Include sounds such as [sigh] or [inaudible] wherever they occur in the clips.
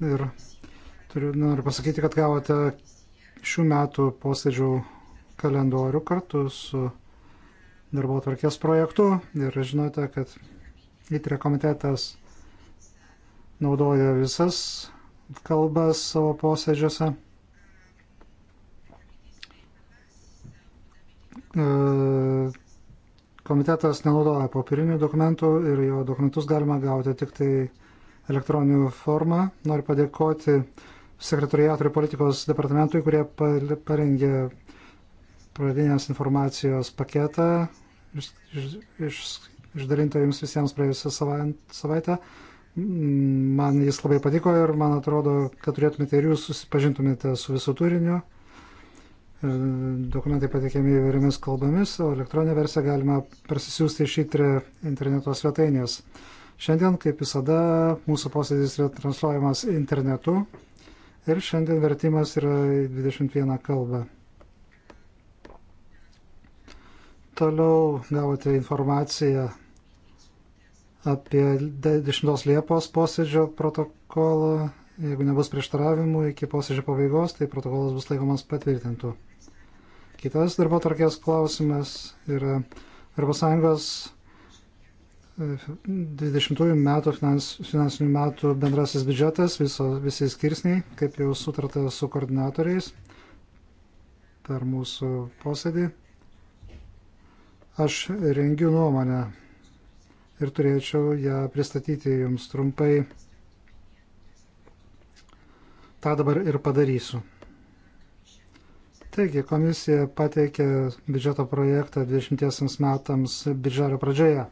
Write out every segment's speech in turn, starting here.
Ir turiu, noriu pasakyti, kad gavote šių metų posėdžių kalendorių kartu su darbo tvarkės projektu ir žinote, kad ITRE komitetas naudoja visas kalbas savo posėdžiuose. E, komitetas nenaudoja popierinių dokumentų ir jo dokumentus galima gauti tik tai elektroninių formą. Noriu padėkoti sekretoriatų ir politikos departamentui, kurie parengė pradinės informacijos paketą iš, iš, išdalinta jums visiems praėjusią savaitę. Man jis labai patiko ir man atrodo, kad turėtumėte ir jūs susipažintumėte su visų turiniu. E, dokumentai pateikiami įvairiomis kalbomis, o elektroninę versiją galima persisiųsti iš įtrė e interneto svetainės. Šiandien, kaip visada, mūsų posėdis yra transliuojamas internetu ir šiandien vertimas yra 21 kalba. Toliau gavote informaciją apie 10 Liepos posėdžio protokolą. Jeigu nebus prieštaravimų iki posėdžio pabaigos, tai protokolas bus laikomas patvirtintų. Kitas darbo tarkės klausimas yra ES 20 metų finans, finansinių metų bendrasis biudžetas, viso, visi skirsniai, kaip jau sutarta su koordinatoriais per mūsų posėdį. Aš rengiu nuomonę ir turėčiau ją pristatyti jums trumpai. Ta dabar ir padarysiu. Taigi, komisija pateikė biudžeto projektą 20 metams birželio pradžioje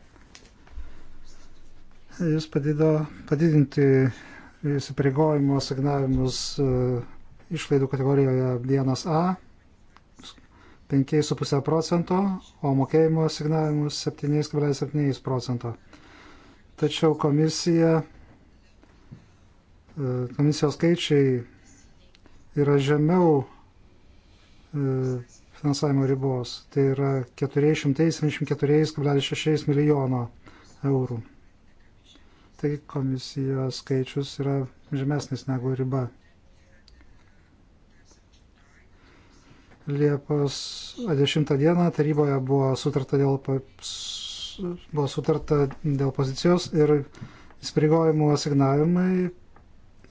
jis padido, padidinti įsipareigojimo asignavimus e, išlaidų kategorijoje 1A 5,5 procento, o mokėjimo asignavimus 7,7 procento. Tačiau komisija, e, komisijos skaičiai yra žemiau e, finansavimo ribos, tai yra 474,6 milijono eurų tai komisijos skaičius yra žemesnis negu riba. Liepos 10 dieną taryboje buvo sutarta dėl, buvo sutarta dėl pozicijos ir įsipareigojimų asignavimai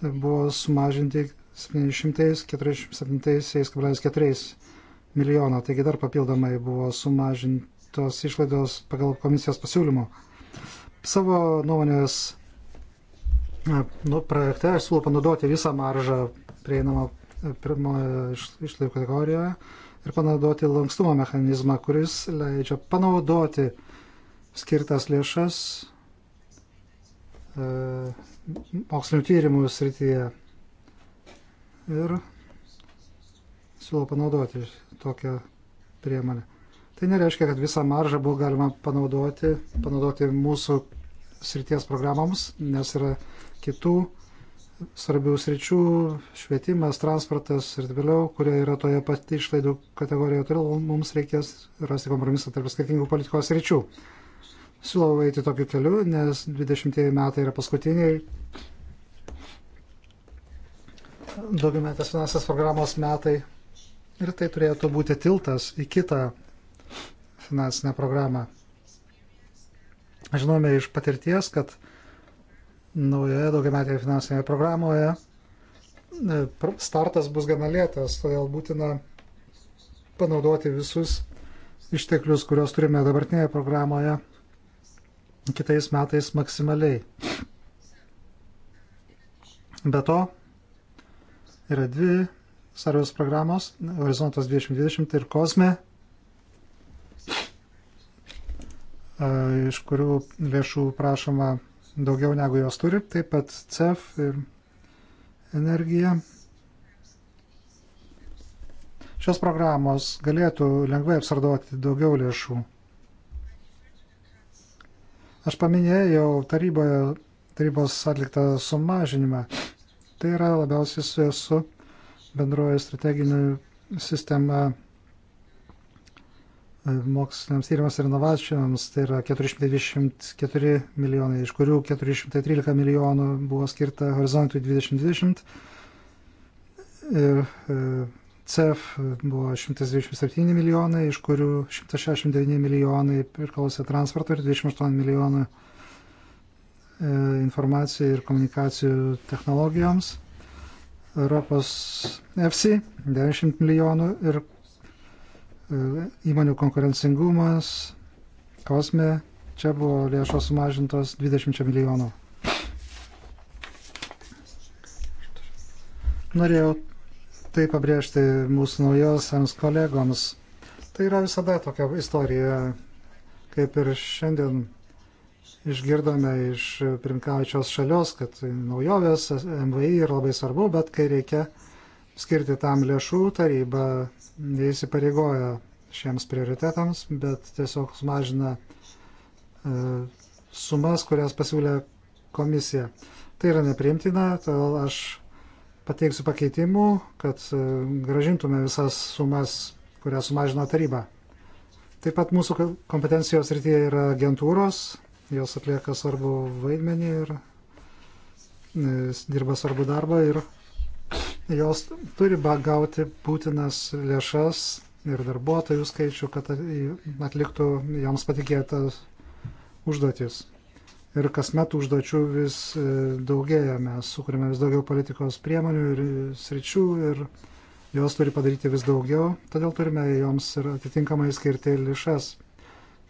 buvo sumažinti 747,4 milijono, taigi dar papildomai buvo sumažintos išlaidos pagal komisijos pasiūlymą. Savo nuomonės nu, projekte aš siūlau panaudoti visą maržą prieinamą pirmojo išlaikų kategorijoje ir panaudoti lankstumo mechanizmą, kuris leidžia panaudoti skirtas lėšas e, mokslinių tyrimų srityje. Ir siūlau panaudoti tokią priemonę. Tai nereiškia, kad visą maržą buvo galima panaudoti, panaudoti mūsų srities programams, nes yra kitų svarbių sričių - švietimas, transportas ir taip toliau, kurie yra toje pati išlaidų kategorijoje. Todėl mums reikės rasti kompromisą tarp skirtingų politikos sričių. Siūlau eiti tokiu keliu, nes 20 metai yra paskutiniai daugiametės finansės programos metai. Ir tai turėtų būti tiltas į kitą finansinę programą. Žinome iš patirties, kad naujoje daugiametėje finansinėje programoje e, startas bus gana lėtas, todėl būtina panaudoti visus išteklius, kuriuos turime dabartinėje programoje kitais metais maksimaliai. Be to, yra dvi svarbios programos - Horizontas 2020 ir Kosme, e, iš kurių lėšų prašoma daugiau negu jos turi, taip pat CEF ir energija. Šios programos galėtų lengvai apsarduoti daugiau lėšų. Aš paminėjau taryboje, tarybos atliktą sumažinimą. Tai yra labiausiai su bendroje strateginė sistema moksliniams tyrimams ir inovacijoms, tai yra 424 milijonai, iš kurių 413 milijonų buvo skirta horizontui 2020 ir e, CEF buvo 127 milijonai, iš kurių 169 milijonai priklausė transporto ir 28 milijonai e, informacijai ir komunikacijų technologijoms. Europos EFSI 90 milijonų ir įmonių konkurencingumas, kosmė, čia buvo lėšos sumažintos 20 milijonų. Norėjau tai pabrėžti mūsų naujosiams kolegoms. Tai yra visada tokia istorija, kaip ir šiandien išgirdome iš pirmkaučios šalios, kad naujovės MVI yra labai svarbu, bet kai reikia skirti tam lėšų, taryba neįsipareigoja šiems prioritetams, bet tiesiog sumažina e, sumas, kurias pasiūlė komisija. Tai yra nepriimtina, todėl aš pateiksiu pakeitimų, kad e, gražintume visas sumas, kurias sumažino taryba. Taip pat mūsų kompetencijos rytyje yra agentūros, jos atlieka svarbu vaidmenį ir e, dirba svarbu darbą ir jos turi gauti būtinas lėšas ir darbuotojų skaičių, kad atliktų joms patikėtas užduotis. Ir kasmet užduočių vis e, daugėja, mes sukūrėme vis daugiau politikos priemonių ir sričių ir jos turi padaryti vis daugiau, todėl turime joms ir atitinkamai skirti lėšas,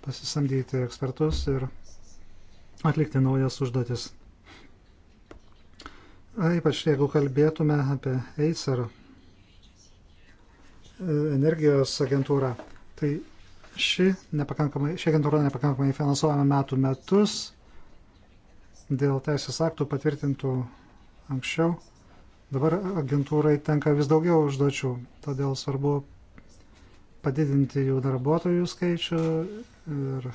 pasisamdyti ekspertus ir atlikti naujas užduotis. Ypač jeigu kalbėtume apie Acer e, energijos agentūrą, tai ši, ši agentūra nepakankamai finansuojama metų metus dėl teisės aktų patvirtintų anksčiau. Dabar agentūrai tenka vis daugiau užduočių, todėl svarbu padidinti jų darbuotojų skaičių ir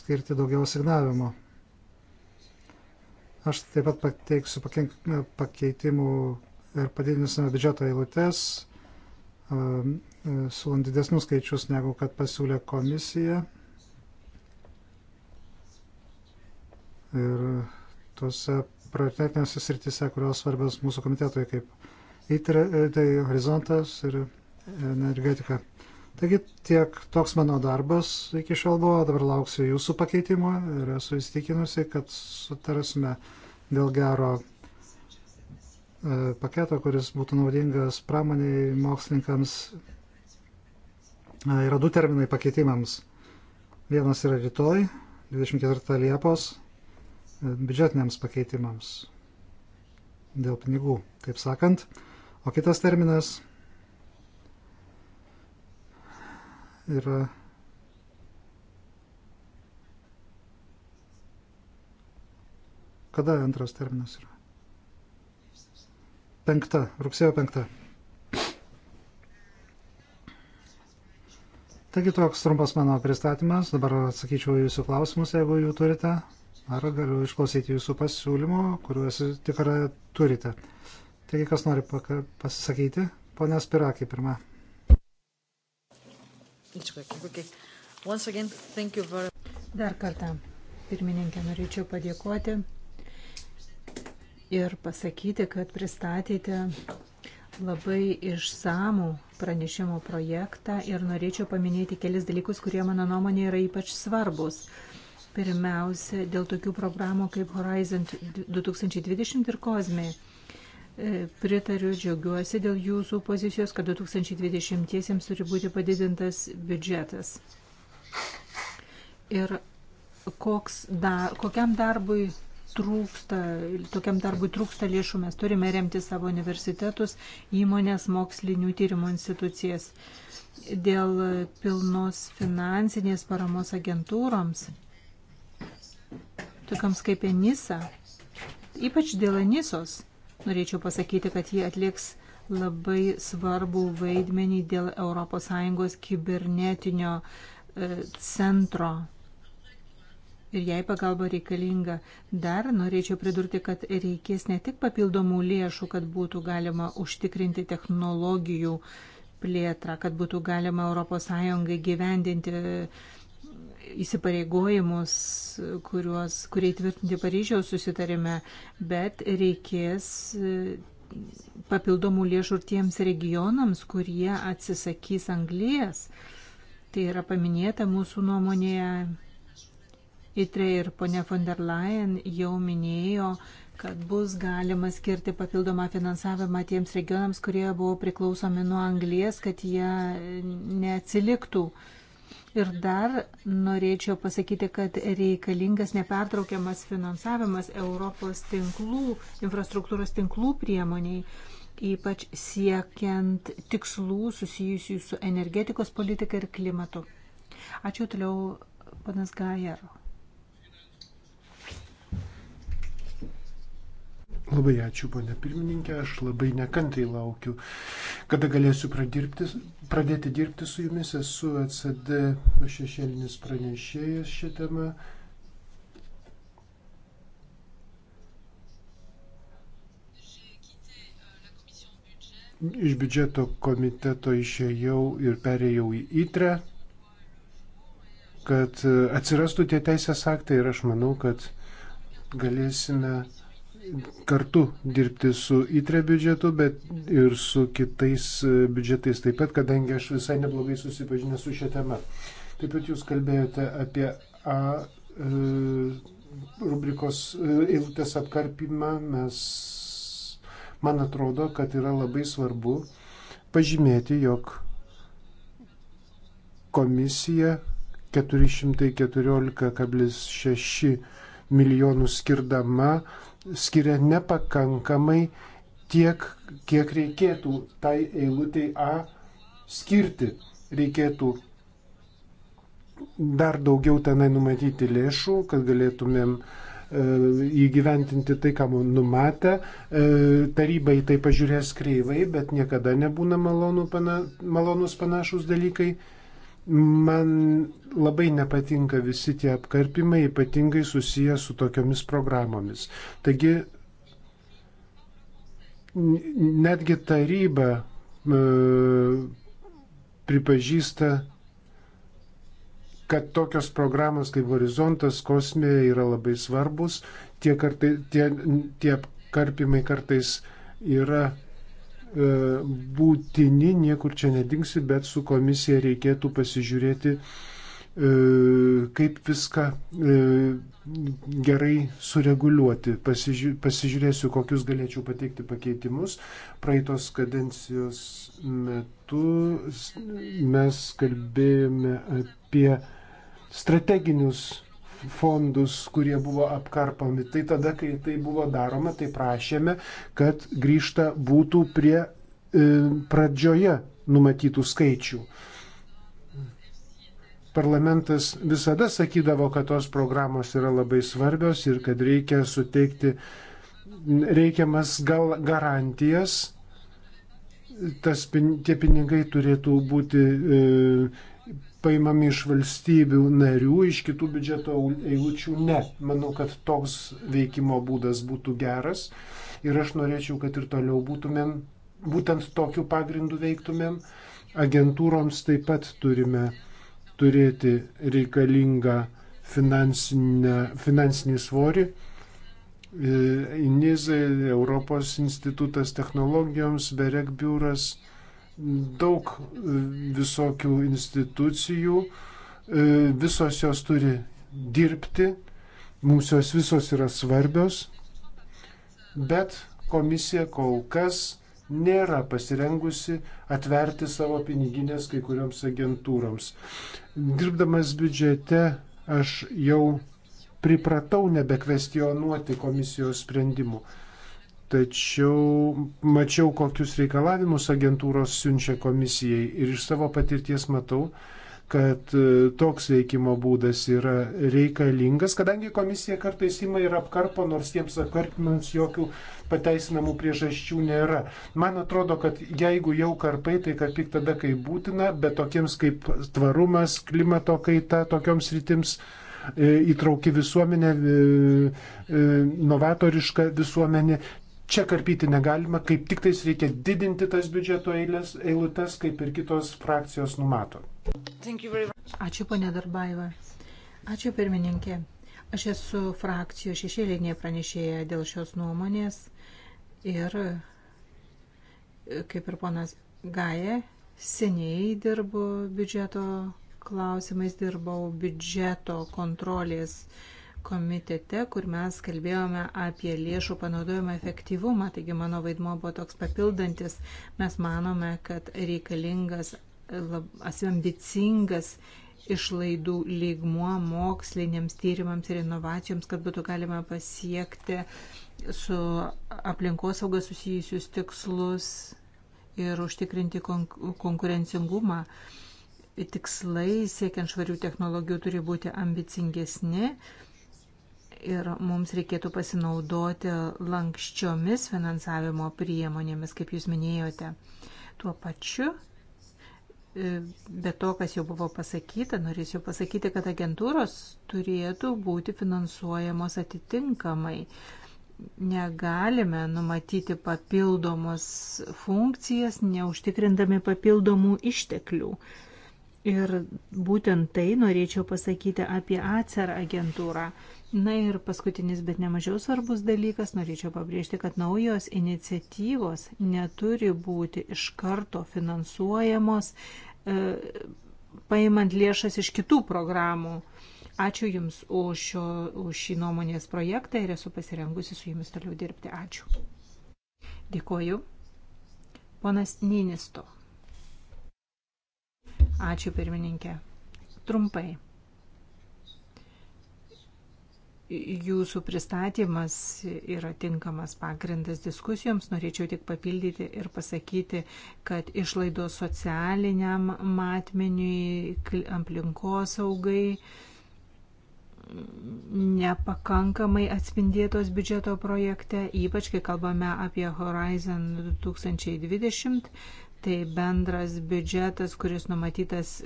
skirti daugiau signavimo. Aš taip pat pateiksiu pakeitimų ir padidinsime biudžeto eilutes, um, siūlant didesnius skaičius negu kad pasiūlė komisija. Ir tuose prioritetinėse srityse, kurios svarbios mūsų komitetui, kaip ITRE, tai horizontas ir energetika. Taigi tiek toks mano darbas iki šiol buvo, dabar lauksiu jūsų pakeitimo ir esu įstikinusi, kad sutarsime dėl gero e, paketo, kuris būtų naudingas pramoniai, mokslininkams. E, yra du terminai pakeitimams. Vienas yra rytoj, 24 Liepos, e, biudžetiniams pakeitimams dėl pinigų, taip sakant. O kitas terminas yra Kada antras terminas yra? Penkta, rugsėjo penkta. Taigi toks trumpas mano pristatymas. Dabar atsakyčiau jūsų klausimus, jeigu jų turite. Ar galiu išklausyti jūsų pasiūlymų, kuriuos tikrai turite. Taigi, kas nori pasisakyti? Pone Spirakį pirmą. It's working. Okay. Once again, thank you very much. Dar kartą, pirmininkė, norėčiau padėkoti ir pasakyti, kad pristatėte labai išsamų pranešimo projektą ir norėčiau paminėti kelis dalykus, kurie mano nuomonė yra ypač svarbus. Pirmiausia, dėl tokių programų kaip Horizon 2020 ir Kozmė. E, pritariu, džiaugiuosi dėl jūsų pozicijos, kad 2020-iesiems turi būti padidintas biudžetas. Ir koks da, kokiam darbui trūksta, tokiam darbui trūksta lėšų, mes turime remti savo universitetus, įmonės, mokslinių tyrimų institucijas. Dėl pilnos finansinės paramos agentūroms, tokiams kaip Enisa, ypač dėl Enisos Norėčiau pasakyti, kad jie atliks labai svarbų vaidmenį dėl ES kibernetinio e, centro. Ir jai pagalba reikalinga. Dar norėčiau pridurti, kad reikės ne tik papildomų lėšų, kad būtų galima užtikrinti technologijų plėtrą, kad būtų galima ES gyvendinti įsipareigojimus, kuriuos, kurie įtvirtinti Paryžiaus susitarime, bet reikės e, papildomų lėšų ir tiems regionams, kurie atsisakys anglijas. Tai yra paminėta mūsų nuomonėje. Itre ir ponia von der Leyen jau minėjo, kad bus galima skirti papildomą finansavimą tiems regionams, kurie buvo priklausomi nuo anglies, kad jie neatsiliktų. Uh, Ir dar norėčiau pasakyti, kad reikalingas nepertraukiamas finansavimas Europos tinklų, infrastruktūros tinklų priemoniai, ypač siekiant tikslų susijusių su energetikos politika ir klimatu. Ačiū toliau, panas Gajero. Labai ačiū, ponė pirmininkė, aš labai nekantai laukiu, kada galėsiu pradirbti, pradėti dirbti su jumis. Esu ECD šešėlinis pranešėjas šią temą. Iš biudžeto komiteto išėjau ir perėjau į ITRE, kad atsirastų tie teisės aktai ir aš manau, kad galėsime kartu dirbti su ITRE biudžetu, bet ir su kitais e, biudžetais taip pat, kadangi aš visai neblogai susipažinęs su šia tema. Taip pat jūs kalbėjote apie A e, rubrikos e, eilutės apkarpimą. Mes, man atrodo, kad yra labai svarbu pažymėti, jog komisija 414,6 milijonų skirdama skiria nepakankamai tiek, kiek reikėtų tai eilutei A skirti. Reikėtų dar daugiau tenai numatyti lėšų, kad galėtumėm e, įgyventinti tai, ką numatę. E, Tarybai tai pažiūrės kreivai, bet niekada nebūna malonu pana, malonus panašus dalykai. Man labai nepatinka visi tie apkarpimai, ypatingai susiję su tokiomis programomis. Taigi netgi taryba e, pripažįsta, kad tokios programos kaip Horizontas kosmė yra labai svarbus, tie, kartai, tie, tie apkarpimai kartais yra E, būtini, niekur čia nedingsi, bet su komisija reikėtų pasižiūrėti, e, kaip viską e, gerai sureguliuoti. Pasiži pasižiūrėsiu, kokius galėčiau pateikti pakeitimus. Praeitos kadencijos metu mes kalbėjome apie strateginius fondus, kurie buvo apkarpami. Tai tada, kai tai buvo daroma, tai prašėme, kad grįžta būtų prie e, pradžioje numatytų skaičių. Parlamentas visada sakydavo, kad tos programos yra labai svarbios ir kad reikia suteikti reikiamas gal garantijas tas, tie pinigai turėtų būti e, paimami iš valstybių narių, iš kitų biudžeto eilučių ne. Manau, kad toks veikimo būdas būtų geras ir aš norėčiau, kad ir toliau būtumėm, būtent tokiu pagrindu veiktumėm. Agentūroms taip pat turime turėti reikalingą finansinį svorį. E, Inizai, Europos institutas technologijoms, Berek biuras daug e, visokių institucijų, e, visos jos turi dirbti, mums jos visos yra svarbios, bet komisija kol kas nėra pasirengusi atverti savo piniginės kai kurioms agentūroms. Dirbdamas biudžete aš jau pripratau nebekvestionuoti komisijos sprendimų. Tačiau mačiau, kokius reikalavimus agentūros siunčia komisijai ir iš savo patirties matau, kad e, toks veikimo būdas yra reikalingas, kadangi komisija kartais ima ir apkarpo, nors tiems apkarpimams jokių pateisinamų priežasčių nėra. Man atrodo, kad jeigu jau karpai, tai karpyk tada, kai būtina, bet tokiems kaip tvarumas, klimato kaita, tokioms rytims e, įtrauki visuomenė, e, novatoriška visuomenė, Čia karpyti negalima, kaip tik tais reikia didinti tas biudžeto eilės, eilutes, kaip ir kitos frakcijos numato. Ačiū, ponė Darbaiva. Ačiū, pirmininkė. Aš esu frakcijos šešėlinė pranešėja dėl šios nuomonės ir, kaip ir ponas Gaje, seniai dirbu biudžeto klausimais, dirbau biudžeto kontrolės uh, komitete, kur mes kalbėjome apie lėšų panaudojimo efektyvumą, taigi mano vaidmo buvo toks papildantis. Mes manome, kad reikalingas ambicingas išlaidų lygmuo moksliniams tyrimams ir inovacijoms, kad būtų galima pasiekti su aplinkosauga susijusius tikslus ir užtikrinti konkurencingumą tikslai siekiant švarių technologijų turi būti ambicingesni, ir mums reikėtų pasinaudoti lankščiomis finansavimo priemonėmis, kaip jūs minėjote. Tuo pačiu, e, be to, kas jau buvo pasakyta, norėčiau pasakyti, kad agentūros turėtų būti finansuojamos atitinkamai. Negalime numatyti papildomas funkcijas, neužtikrindami papildomų išteklių. Ir būtent tai norėčiau pasakyti apie ACER agentūrą. Na ir paskutinis, bet nemažiau svarbus dalykas, norėčiau pabrėžti, kad naujos iniciatyvos neturi būti iš karto finansuojamos, e, paimant lėšas iš kitų programų. Ačiū Jums už, šio, už šį nuomonės projektą ir esu pasirengusi su Jumis toliau dirbti. Ačiū. Dėkoju. Ponas Ninisto. Ačiū pirmininkė. Trumpai jūsų pristatymas yra tinkamas pagrindas diskusijoms. Norėčiau tik papildyti ir pasakyti, kad išlaidos socialiniam matmeniui, aplinkosaugai nepakankamai atspindėtos biudžeto projekte, ypač kai kalbame apie Horizon 2020, tai bendras biudžetas, kuris numatytas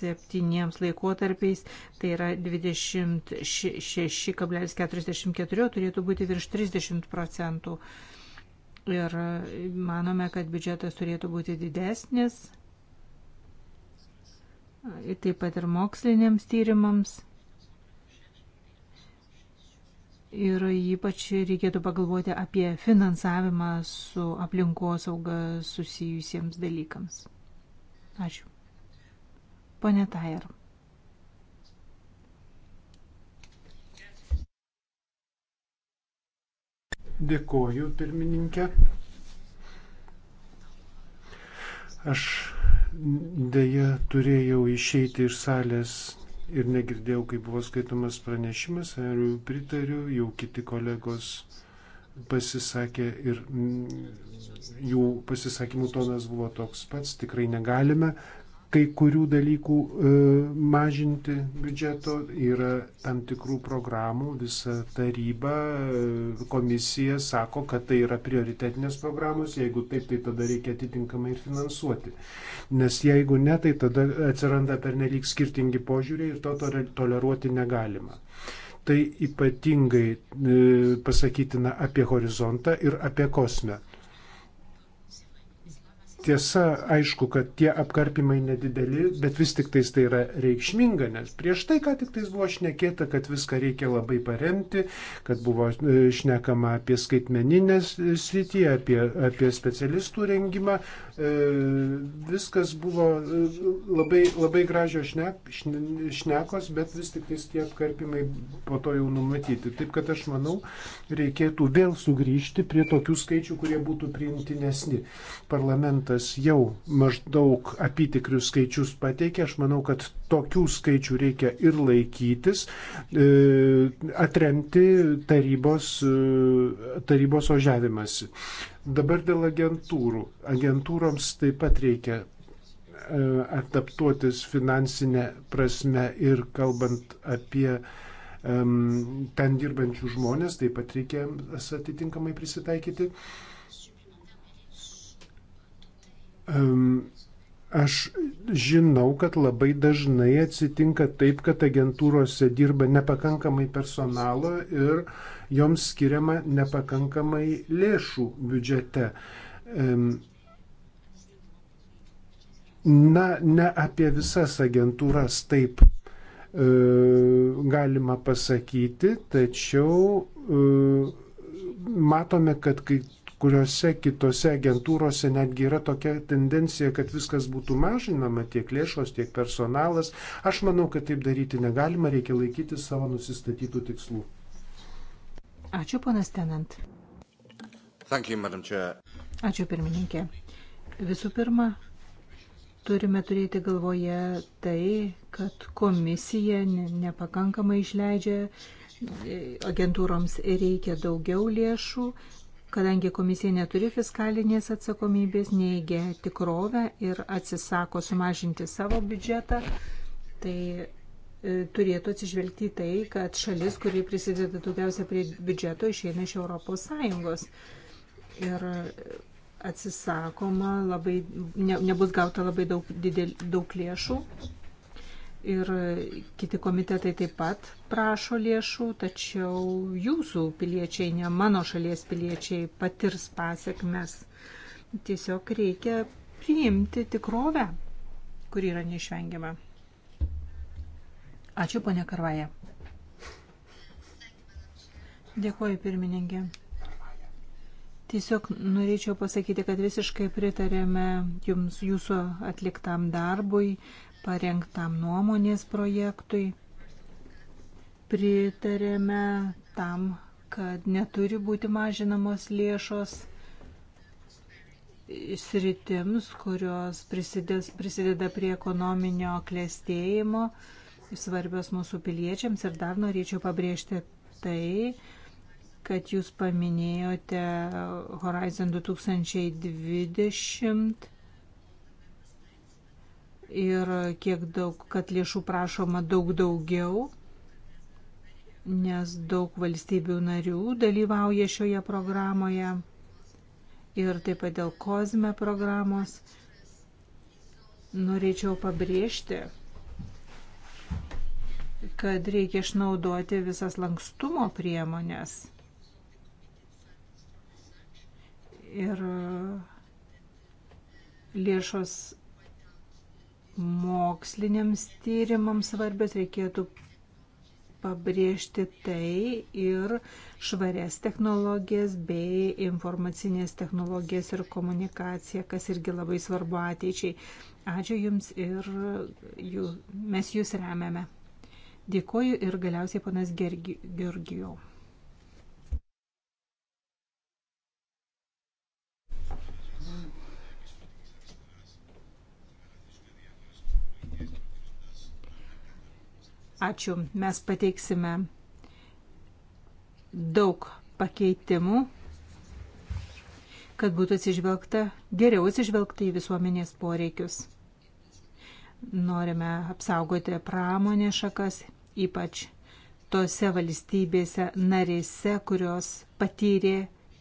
septyniems laikotarpiais, tai yra 26,44 turėtų būti virš 30 procentų. Ir manome, kad biudžetas turėtų būti didesnis, taip pat ir moksliniams tyrimams. Ir ypač reikėtų pagalvoti apie finansavimą su aplinkosauga susijusiems dalykams. Ačiū. Pone Tair. Dėkoju, pirmininkė. Aš dėja turėjau išeiti iš salės ir negirdėjau, kai buvo skaitomas pranešimas, ar jau pritariu, jau kiti kolegos pasisakė ir mm, jų pasisakymų tonas buvo toks pats, tikrai negalime kai kurių dalykų e, mažinti biudžeto, yra tam tikrų programų, visa taryba, e, komisija sako, kad tai yra prioritetinės programos, jeigu taip, tai tada reikia atitinkamai ir finansuoti. Nes jeigu ne, tai tada atsiranda pernelyg skirtingi požiūriai ir to toleruoti negalima. Tai ypatingai e, pasakytina apie horizontą ir apie kosmę. Tiesa, aišku, kad tie apkarpimai nedideli, bet vis tik tais tai yra reikšminga, nes prieš tai, ką tik tais buvo šnekėta, kad viską reikia labai paremti, kad buvo e, šnekama apie skaitmeninę sritį, apie, apie specialistų rengimą, e, viskas buvo e, labai, labai gražios šnek, šnekos, bet vis tik tais tie apkarpimai po to jau numatyti. Taip kad aš manau, reikėtų vėl sugrįžti prie tokių skaičių, kurie būtų priimtinesni. Parlamentas parlamentas jau maždaug apytikrius skaičius pateikė. Aš manau, kad tokių skaičių reikia ir laikytis, e, atremti tarybos, e, tarybos ožiavimąsi. Dabar dėl agentūrų. Agentūroms taip pat reikia e, adaptuotis finansinę prasme ir kalbant apie ten dirbančių žmonės, taip pat reikia atitinkamai prisitaikyti. Uh, Aš žinau, kad labai dažnai atsitinka taip, kad agentūrose dirba nepakankamai personalo ir joms skiriama nepakankamai lėšų biudžete. Na, ne apie visas agentūras taip e, galima pasakyti, tačiau e, matome, kad kai kuriuose kitose agentūrose netgi yra tokia tendencija, kad viskas būtų mažinama, tiek lėšos, tiek personalas. Aš manau, kad taip daryti negalima, reikia laikyti savo nusistatytų tikslų. Ačiū, ponas Tenant. You, Ačiū, pirmininkė. Visų pirma, turime turėti galvoje tai, kad komisija nepakankamai išleidžia e, agentūroms reikia daugiau lėšų, kadangi komisija neturi fiskalinės atsakomybės, neigia tikrovę ir atsisako sumažinti savo biudžetą, tai e, turėtų atsižvelgti į tai, kad šalis, kuri prisideda daugiausia prie biudžeto, išeina iš Europos Sąjungos. Ir atsisakoma, labai, ne, nebus gauta labai daug, didel, daug lėšų ir e, kiti komitetai taip pat prašo lėšų, tačiau jūsų piliečiai, ne mano šalies piliečiai, patirs pasiekmes. Tiesiog reikia priimti tikrovę, kuri yra neišvengiama. Ačiū, ponia Karvaja. Dėkuoju, pirmininkė. Tiesiog norėčiau pasakyti, kad visiškai pritarėme jums jūsų atliktam darbui, parengtam nuomonės projektui. Pritarėme tam, kad neturi būti mažinamos lėšos sritims, kurios prisidės, prisideda prie ekonominio klėstėjimo, svarbios mūsų piliečiams. Ir dar norėčiau pabrėžti tai, kad jūs paminėjote Horizon 2020 ir kiek daug, kad lėšų prašoma daug daugiau, nes daug valstybių narių dalyvauja šioje programoje ir taip pat dėl kozme programos. Norėčiau pabrėžti, kad reikia išnaudoti visas lankstumo priemonės. Ir lėšos moksliniams tyrimams svarbios, reikėtų pabrėžti tai ir švarias technologijas bei informacinės technologijas ir komunikaciją, kas irgi labai svarbu ateičiai. Ačiū Jums ir jų, mes Jūs remiame. Dėkoju ir galiausiai panas Gergijau. Ačiū. Mes pateiksime daug pakeitimų, kad būtų atsižvelgta, geriau atsižvelgta į visuomenės poreikius. Norime apsaugoti pramonės šakas, ypač tose valstybėse narėse, kurios patyrė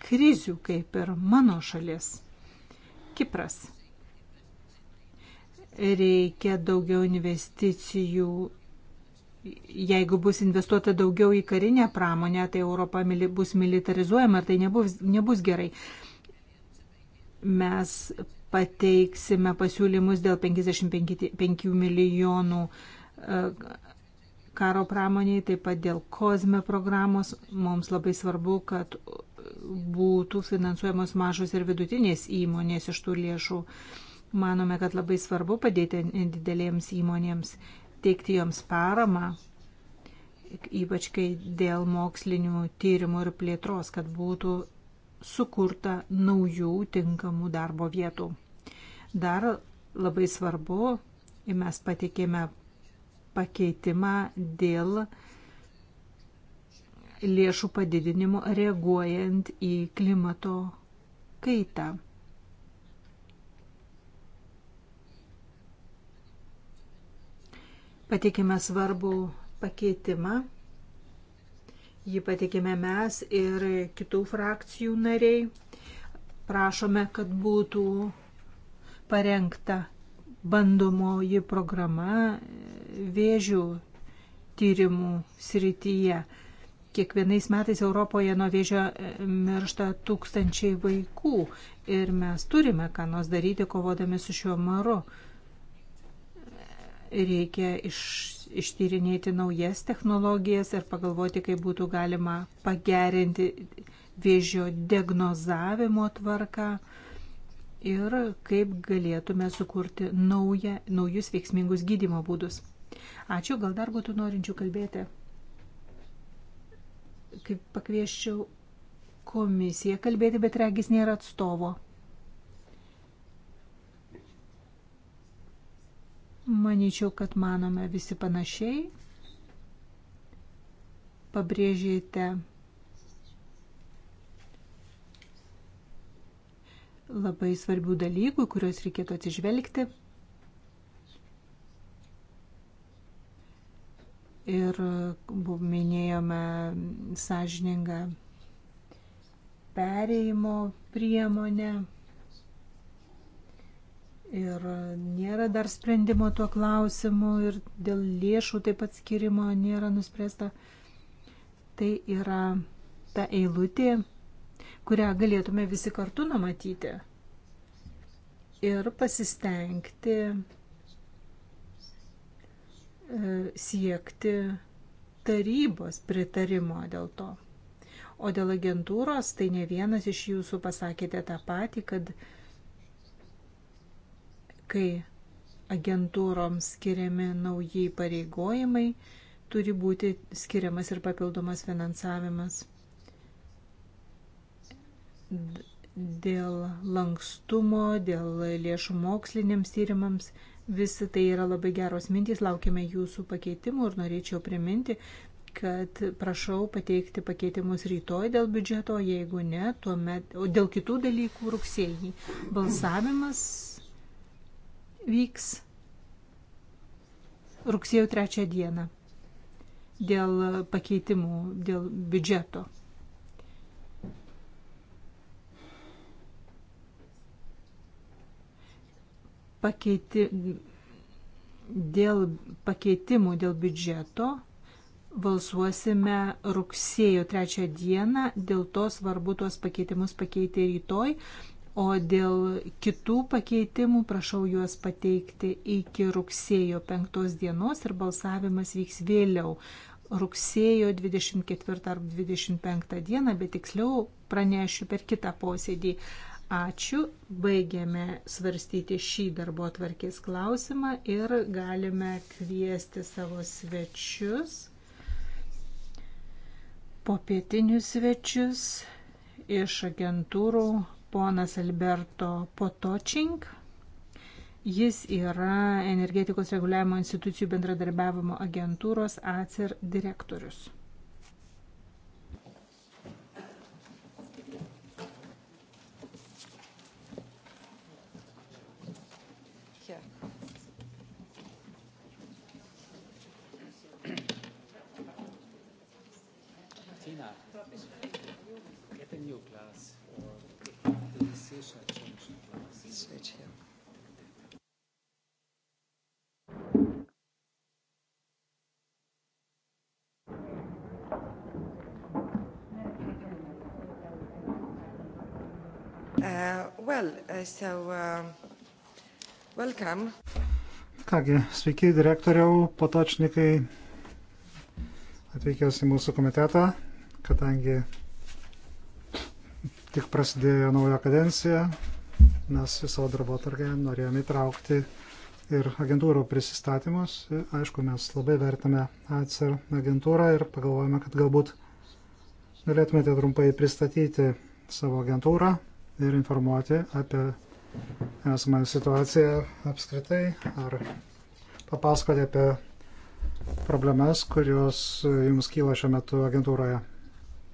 krizių, kaip ir mano šalis. Kipras. Reikia daugiau investicijų jeigu bus investuota daugiau į karinę pramonę, tai Europa bus militarizuojama ir tai nebus, nebus gerai. Mes pateiksime pasiūlymus dėl 55 milijonų e, karo pramoniai, taip pat dėl kozme programos. Mums labai svarbu, kad būtų finansuojamos mažos ir vidutinės įmonės iš tų lėšų. Manome, kad labai svarbu padėti didelėms įmonėms teikti joms paramą, ypač kai dėl mokslinių tyrimų ir plėtros, kad būtų sukurta naujų tinkamų darbo vietų. Dar labai svarbu, mes patikėme pakeitimą dėl lėšų padidinimo reaguojant į klimato kaitą. pateikėme svarbų pakeitimą. Jį pateikėme mes ir kitų frakcijų nariai. Prašome, kad būtų parengta bandomoji programa vėžių tyrimų srityje. Kiekvienais metais Europoje nuo vėžio e, miršta tūkstančiai vaikų ir mes turime ką nors daryti kovodami su šiuo maru reikia iš, ištyrinėti naujas technologijas ir pagalvoti, kaip būtų galima pagerinti vėžio diagnozavimo tvarką ir kaip galėtume sukurti naują, naujus veiksmingus gydimo būdus. Ačiū, gal dar būtų norinčių kalbėti. Kaip pakvieščiau komisiją kalbėti, bet regis nėra atstovo. Manyčiau, kad manome visi panašiai. Pabrėžėte labai svarbių dalykų, kuriuos reikėtų atsižvelgti. Ir minėjome sąžiningą pereimo priemonę. Ir nėra dar sprendimo tuo klausimu ir dėl lėšų taip pat skirimo nėra nuspręsta. Tai yra ta eilutė, kurią galėtume visi kartu numatyti ir pasistengti e, siekti tarybos pritarimo dėl to. O dėl agentūros, tai ne vienas iš jūsų pasakėte tą patį, kad uh, kai agentūroms skiriami nauji pareigojimai, turi būti skiriamas ir papildomas finansavimas. Dėl lankstumo, dėl lėšų moksliniams tyrimams visi tai yra labai geros mintys, laukime jūsų pakeitimų ir norėčiau priminti, kad prašau pateikti pakeitimus rytoj dėl biudžeto, jeigu ne, tuomet, o dėl kitų dalykų rugsėjį. Balsavimas vyks rugsėjo 3 dieną dėl pakeitimų, dėl biudžeto. Pakeiti, dėl pakeitimų dėl biudžeto balsuosime rugsėjo 3 dieną, dėl to svarbu tuos pakeitimus pakeiti rytoj, O dėl kitų pakeitimų prašau juos pateikti iki rugsėjo 5 dienos ir balsavimas vyks vėliau rugsėjo 24 ar 25 dieną, bet tiksliau pranešiu per kitą posėdį. Ačiū, baigėme svarstyti šį darbo atvarkės klausimą ir galime kviesti savo svečius, popietinius svečius iš agentūrų ponas Alberto Potočink. Jis yra energetikos reguliavimo institucijų bendradarbiavimo agentūros ACER direktorius. Uh, well, uh, so, uh, welcome. Kągi, sveiki direktoriau Patočnikai, atvykęs į mūsų komitetą, kadangi tik prasidėjo nauja kadencija, mes į savo darbo targę norėjome įtraukti ir agentūrų prisistatymus. Aišku, mes labai vertame ACER agentūrą ir pagalvojame, kad galbūt galėtumėte trumpai pristatyti savo agentūrą, ir informuoti apie esamą situaciją apskritai ar papasakoti apie problemas, kurios jums kyla šiuo metu agentūroje.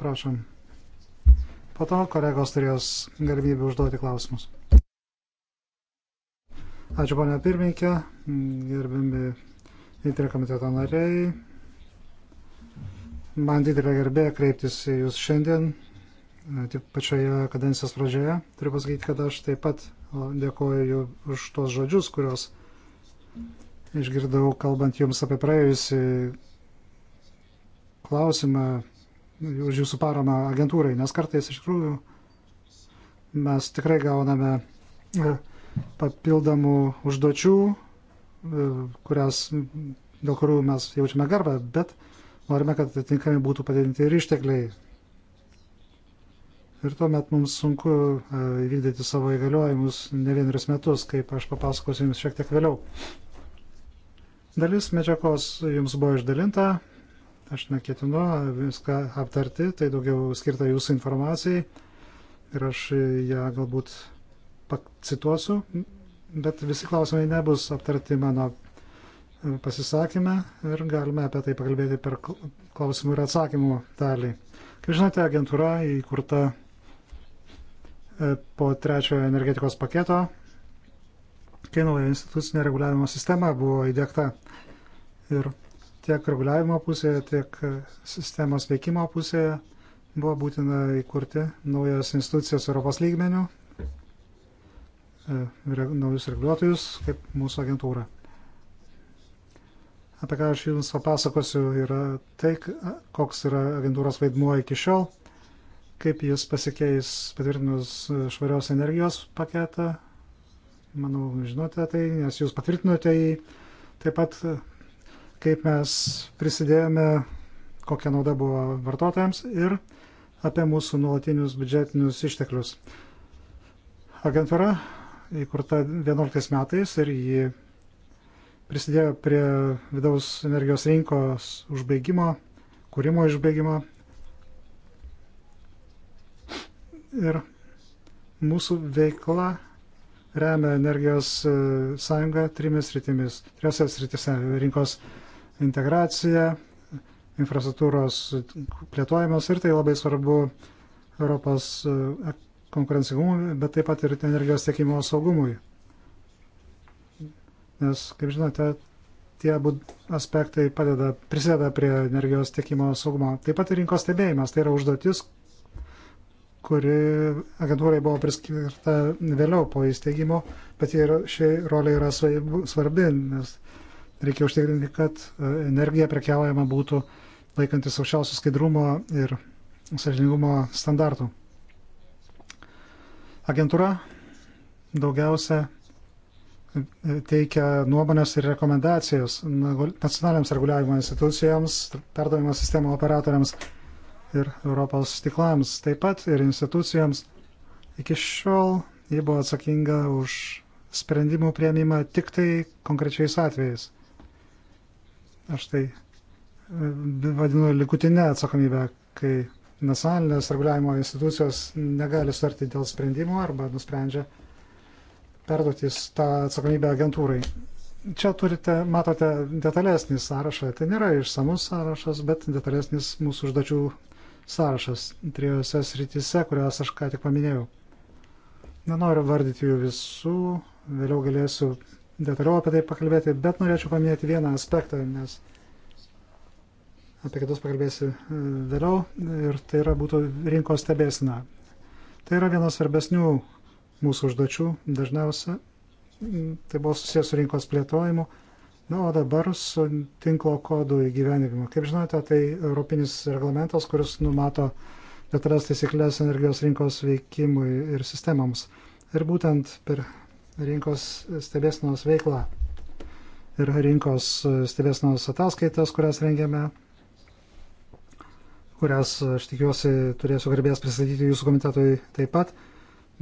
Prašom. Po to kolegos turės galimybę užduoti klausimus. Ačiū, ponia pirmininkė, gerbiami įtrio komiteto nariai. Man didelė garbė kreiptis į jūs šiandien tik pačioje kadencijos pradžioje. Turiu pasakyti, kad aš taip pat dėkoju už tos žodžius, kuriuos išgirdau kalbant jums apie praėjusį klausimą, už jūsų paramą agentūrai, nes kartais iš tikrųjų mes tikrai gauname e, papildomų užduočių, e, kurias, dėl kurių mes jaučiame garbą, bet norime, kad atitinkami būtų padidinti ir ištekliai. Ir tuomet mums sunku e, įvykdyti savo įgaliojimus ne vienerius metus, kaip aš papasakosiu jums šiek tiek vėliau. Dalis medžiagos jums buvo išdalinta, aš neketinu viską aptarti, tai daugiau skirta jūsų informacijai ir aš ją galbūt cituosiu, bet visi klausimai nebus aptarti mano e, pasisakymę ir galime apie tai pakalbėti per klausimų ir atsakymų dalį. Kaip žinote, agentūra įkurta E, po trečiojo energetikos paketo, kai nauja institucinė reguliavimo sistema buvo įdėkta ir tiek reguliavimo pusėje, tiek sistemos veikimo pusėje buvo būtina įkurti naujas institucijas Europos lygmenių, e, naujus reguliuotojus, kaip mūsų agentūra. Apie ką aš Jums papasakosiu, yra tai, koks yra agentūros vaidmuo iki šiol kaip jis pasikeis patvirtinus švarios energijos paketą. Manau, žinote tai, nes jūs patvirtinote jį. Taip pat, kaip mes prisidėjome, kokia nauda buvo vartotojams ir apie mūsų nuolatinius biudžetinius išteklius. Agentūra įkurta 11 metais ir ji prisidėjo prie vidaus energijos rinkos užbaigimo, kūrimo išbaigimo Ir mūsų veikla remia energijos e, sąjungą trimis rytimis, trijose sritise - rinkos integracija, infrastruktūros plėtojimas ir tai labai svarbu Europos e, konkurencingumui, bet taip pat ir energijos tiekimo saugumui. Nes, kaip žinote, tie abu aspektai padeda, prisideda prie energijos tiekimo saugumo. Taip pat ir rinkos stebėjimas, tai yra užduotis, kuri agentūrai buvo priskirta vėliau po įsteigimo, bet ši rolė yra svarbi, nes reikia užtikrinti, kad e, energija prekiaujama būtų laikantis aukščiausių skaidrumo ir sažiningumo standartų. Agentūra daugiausia e, teikia nuomonės ir rekomendacijos nacionaliniams reguliavimo institucijoms, perdavimo sistemo operatoriams ir Europos stiklams, taip pat ir institucijoms. Iki šiol ji buvo atsakinga už sprendimų prieimimą tik tai konkrečiais atvejais. Aš tai e, vadinu likutinę atsakomybę, kai nacionalinės reguliavimo institucijos negali sutarti dėl sprendimų arba nusprendžia perduoti tą atsakomybę agentūrai. Čia turite, matote, detalesnį sąrašą. Tai nėra išsamus sąrašas, bet detalesnis mūsų užduočių sąrašas trijose srityse, kurias aš ką tik paminėjau. Nenoriu vardyti jų visų, vėliau galėsiu detaliau apie tai pakalbėti, bet norėčiau paminėti vieną aspektą, nes apie kitus pakalbėsiu e, vėliau, ir tai yra būtų rinkos stebėsina. Tai yra vienas svarbesnių mūsų užduočių, dažniausia mm, tai buvo susijęs su rinkos plėtojimu Na, o dabar su tinklo kodų įgyvenimu. Kaip žinote, tai Europinis reglamentas, kuris numato detalias taisyklės energijos rinkos veikimui ir sistemams. Ir būtent per rinkos stebėsnos veiklą ir rinkos stebėsnos ataskaitas, kurias rengiame, kurias aš tikiuosi turėsiu garbės pristatyti jūsų komitetui taip pat,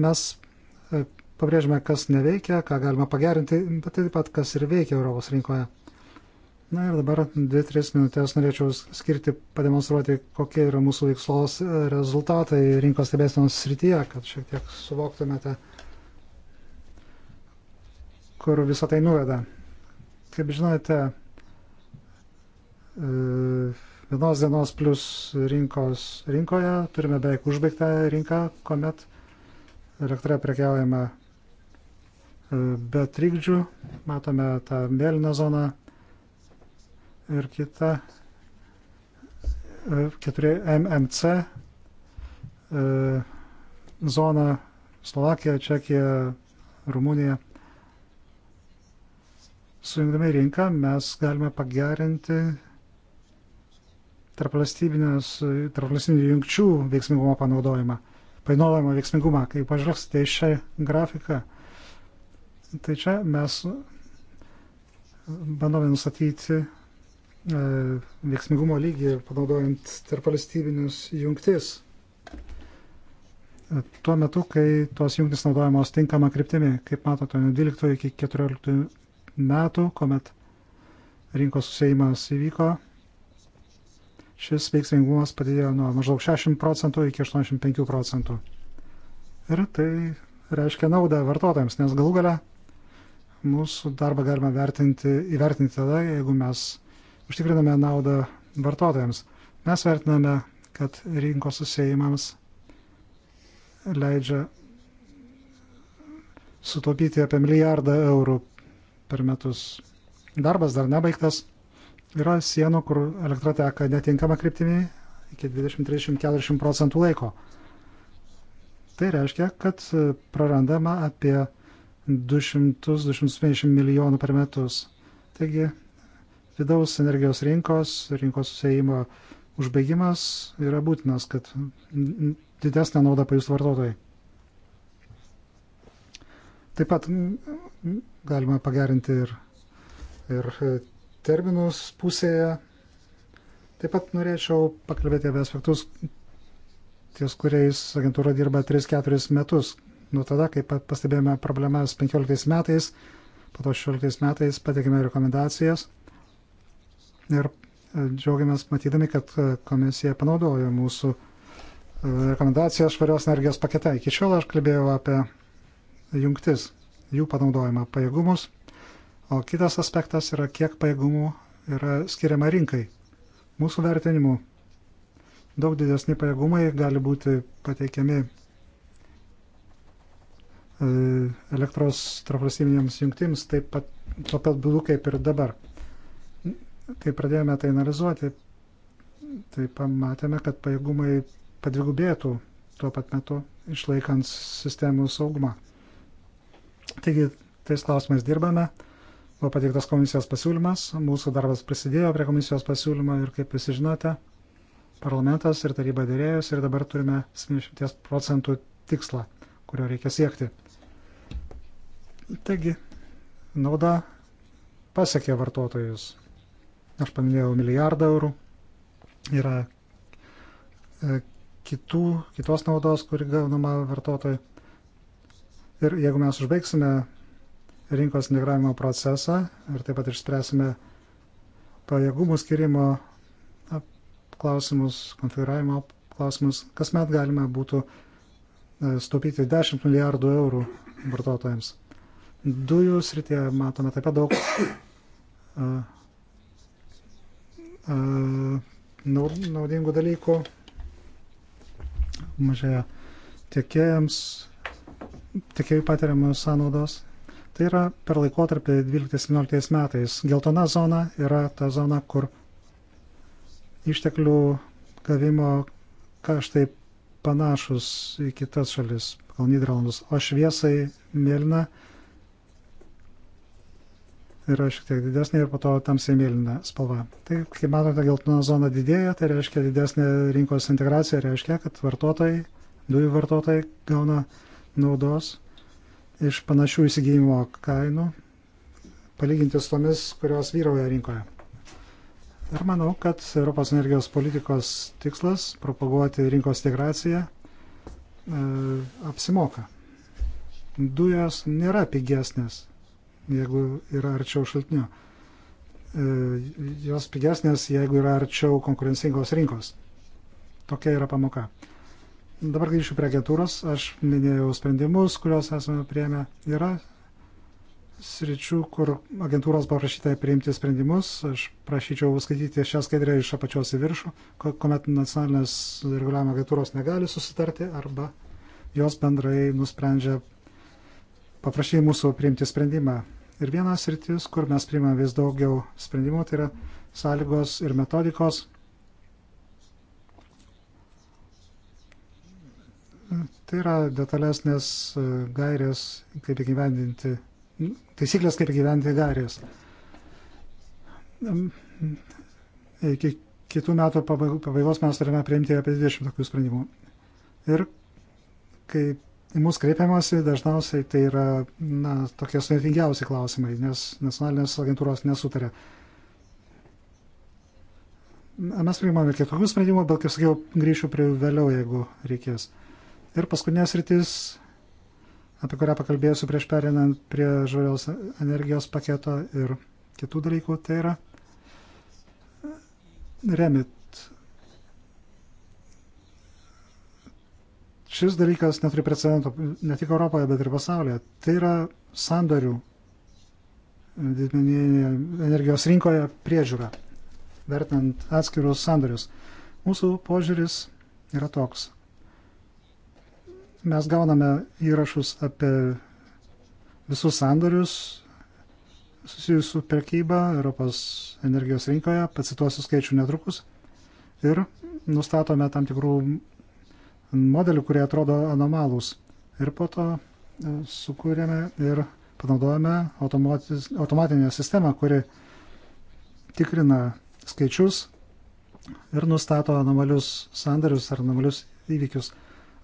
mes pabrėžiame, kas neveikia, ką galima pagerinti, bet taip pat, kas ir veikia Europos rinkoje. Na ir dabar 2-3 minutės norėčiau skirti pademonstruoti, kokie yra mūsų veiklos rezultatai rinkos stebėsenos srityje, kad šiek tiek suvoktumėte, kur visą tai nuveda. Kaip žinote, e, vienos dienos plus rinkos rinkoje turime beveik užbaigtą rinką, kuomet elektra prekiaujama be trikdžių, matome tą mėlyną zoną ir kitą 4MMC e, e, zoną Slovakija, Čekija, Rumunija. Sujungdami rinką mes galime pagerinti tarpvalstybinių jungčių veiksmingumo panaudojimą, panaudojimo veiksmingumą. Kai pažvelgsite į šią grafiką, Tai čia mes bandome nustatyti e, veiksmingumo lygį panaudojant tarpalistybinius jungtis. E, tuo metu, kai tos jungtis naudojamos tinkama kryptimi, kaip matote, nuo 12 iki 14 metų, kuomet rinkos susėjimas įvyko, šis veiksmingumas padidėjo nuo maždaug 60 procentų iki 85 procentų. Ir tai reiškia naudą vartotojams, nes galų gale mūsų darbą galima vertinti, įvertinti tada, jeigu mes užtikriname naudą vartotojams. Mes vertiname, kad rinkos susėjimams leidžia sutaupyti apie milijardą eurų per metus. Darbas dar nebaigtas. Yra sienų, kur elektra teka netinkama kryptimi iki 20-30-40 procentų laiko. Tai reiškia, kad prarandama apie 200-250 milijonų per metus. Taigi vidaus energijos rinkos, rinkos susėjimo užbaigimas yra būtinas, kad didesnę naudą pajus vartotojai. Taip pat galima pagerinti ir, ir terminus pusėje. Taip pat norėčiau pakalbėti apie aspektus, ties kuriais agentūra dirba 3-4 metus, nuo tada, kai pastebėjome problemas 15 metais, po to 16 metais pateikėme rekomendacijas ir e, džiaugiamės matydami, kad e, komisija panaudojo mūsų e, rekomendacijas švarios energijos pakete. Iki šiol aš kalbėjau apie jungtis, jų panaudojimą, pajėgumus, o kitas aspektas yra, kiek pajėgumų yra skiriama rinkai. Mūsų vertinimu daug didesni pajėgumai gali būti pateikiami E, elektros tarpvalstybinėms jungtims taip pat, tuo pat būdu kaip ir dabar. Kai pradėjome tai analizuoti, tai pamatėme, kad pajėgumai padvigubėtų tuo pat metu, išlaikant sistemų saugumą. Taigi, tais klausimais dirbame. Buvo pateiktas komisijos pasiūlymas, mūsų darbas prisidėjo prie komisijos pasiūlymo ir, kaip visi žinote, parlamentas ir taryba dėrėjus ir dabar turime 70 procentų tikslą kurio reikia siekti. Taigi, nauda pasiekė vartotojus. Aš paminėjau milijardą eurų. Yra e, kitų, kitos naudos, kuri gaunama vartotojai. Ir jeigu mes užbaigsime rinkos integravimo procesą ir taip pat išspręsime pajėgumų skirimo klausimus, konfiguravimo klausimus, kasmet galima būtų e, stupyti 10 milijardų eurų vartotojams dujų srityje matome taip pat daug [coughs] naudingų dalykų, mažėja tiekėjams, tiekėjų patiriamos sąnaudos. Tai yra per laikotarpį 12-17 metais. Geltona zona yra ta zona, kur išteklių gavimo kaštai panašus į kitas šalis, pagal Niderlandus, o šviesai mėlyna yra šiek tiek didesnė ir po to tamsiai mėlyna spalva. Tai, kaip matote, geltona zona didėja, tai reiškia didesnė rinkos integracija, reiškia, kad vartotojai, dujų vartotojai gauna naudos iš panašių įsigijimo kainų, palyginti su tomis, kurios vyrauja rinkoje. Ir manau, kad Europos energijos politikos tikslas propaguoti rinkos integraciją e, apsimoka. Dujos nėra pigesnės jeigu yra arčiau šaltinio. E, jos pigesnės, jeigu yra arčiau konkurencingos rinkos. Tokia yra pamoka. Dabar grįšiu prie agentūros. Aš minėjau sprendimus, kuriuos esame prieėmę. Yra sričių, kur agentūros paprašyta priimti sprendimus. Aš prašyčiau skaityti šią skaidrę iš apačios į viršų, kuomet nacionalinės reguliavimo agentūros negali susitarti arba jos bendrai nusprendžia paprašyti mūsų priimti sprendimą. Ir vienas rytis, kur mes priimame vis daugiau sprendimų, tai yra sąlygos ir metodikos. Tai yra detalesnės e, gairės, kaip įgyvendinti, taisyklės, kaip įgyvendinti gairės. Iki kitų metų pabaigos mes turime priimti apie 20 tokių sprendimų. Ir kaip į mus kreipiamasi dažniausiai tai yra na, tokie sudėtingiausi klausimai, nes nacionalinės agentūros nesutarė. Mes priimame kitokių sprendimų, bet, kaip sakiau, grįšiu prie vėliau, jeigu reikės. Ir paskutinės rytis, apie kurią pakalbėsiu prieš perinant prie žalios energijos paketo ir kitų dalykų, tai yra remit Šis dalykas neturi precedento ne tik Europoje, bet ir pasaulyje. Tai yra sandorių energijos rinkoje priežiūra, vertinant atskirus sandorius. Mūsų požiūris yra toks. Mes gauname įrašus apie visus sandorius susijusius su prekyba Europos energijos rinkoje, pacituosiu skaičių netrukus, ir nustatome tam tikrų modelių, kurie atrodo anomalūs. Ir po to e, sukūrėme ir panaudojame automatinę sistemą, kuri tikrina skaičius ir nustato anomalius sandarius ar anomalius įvykius.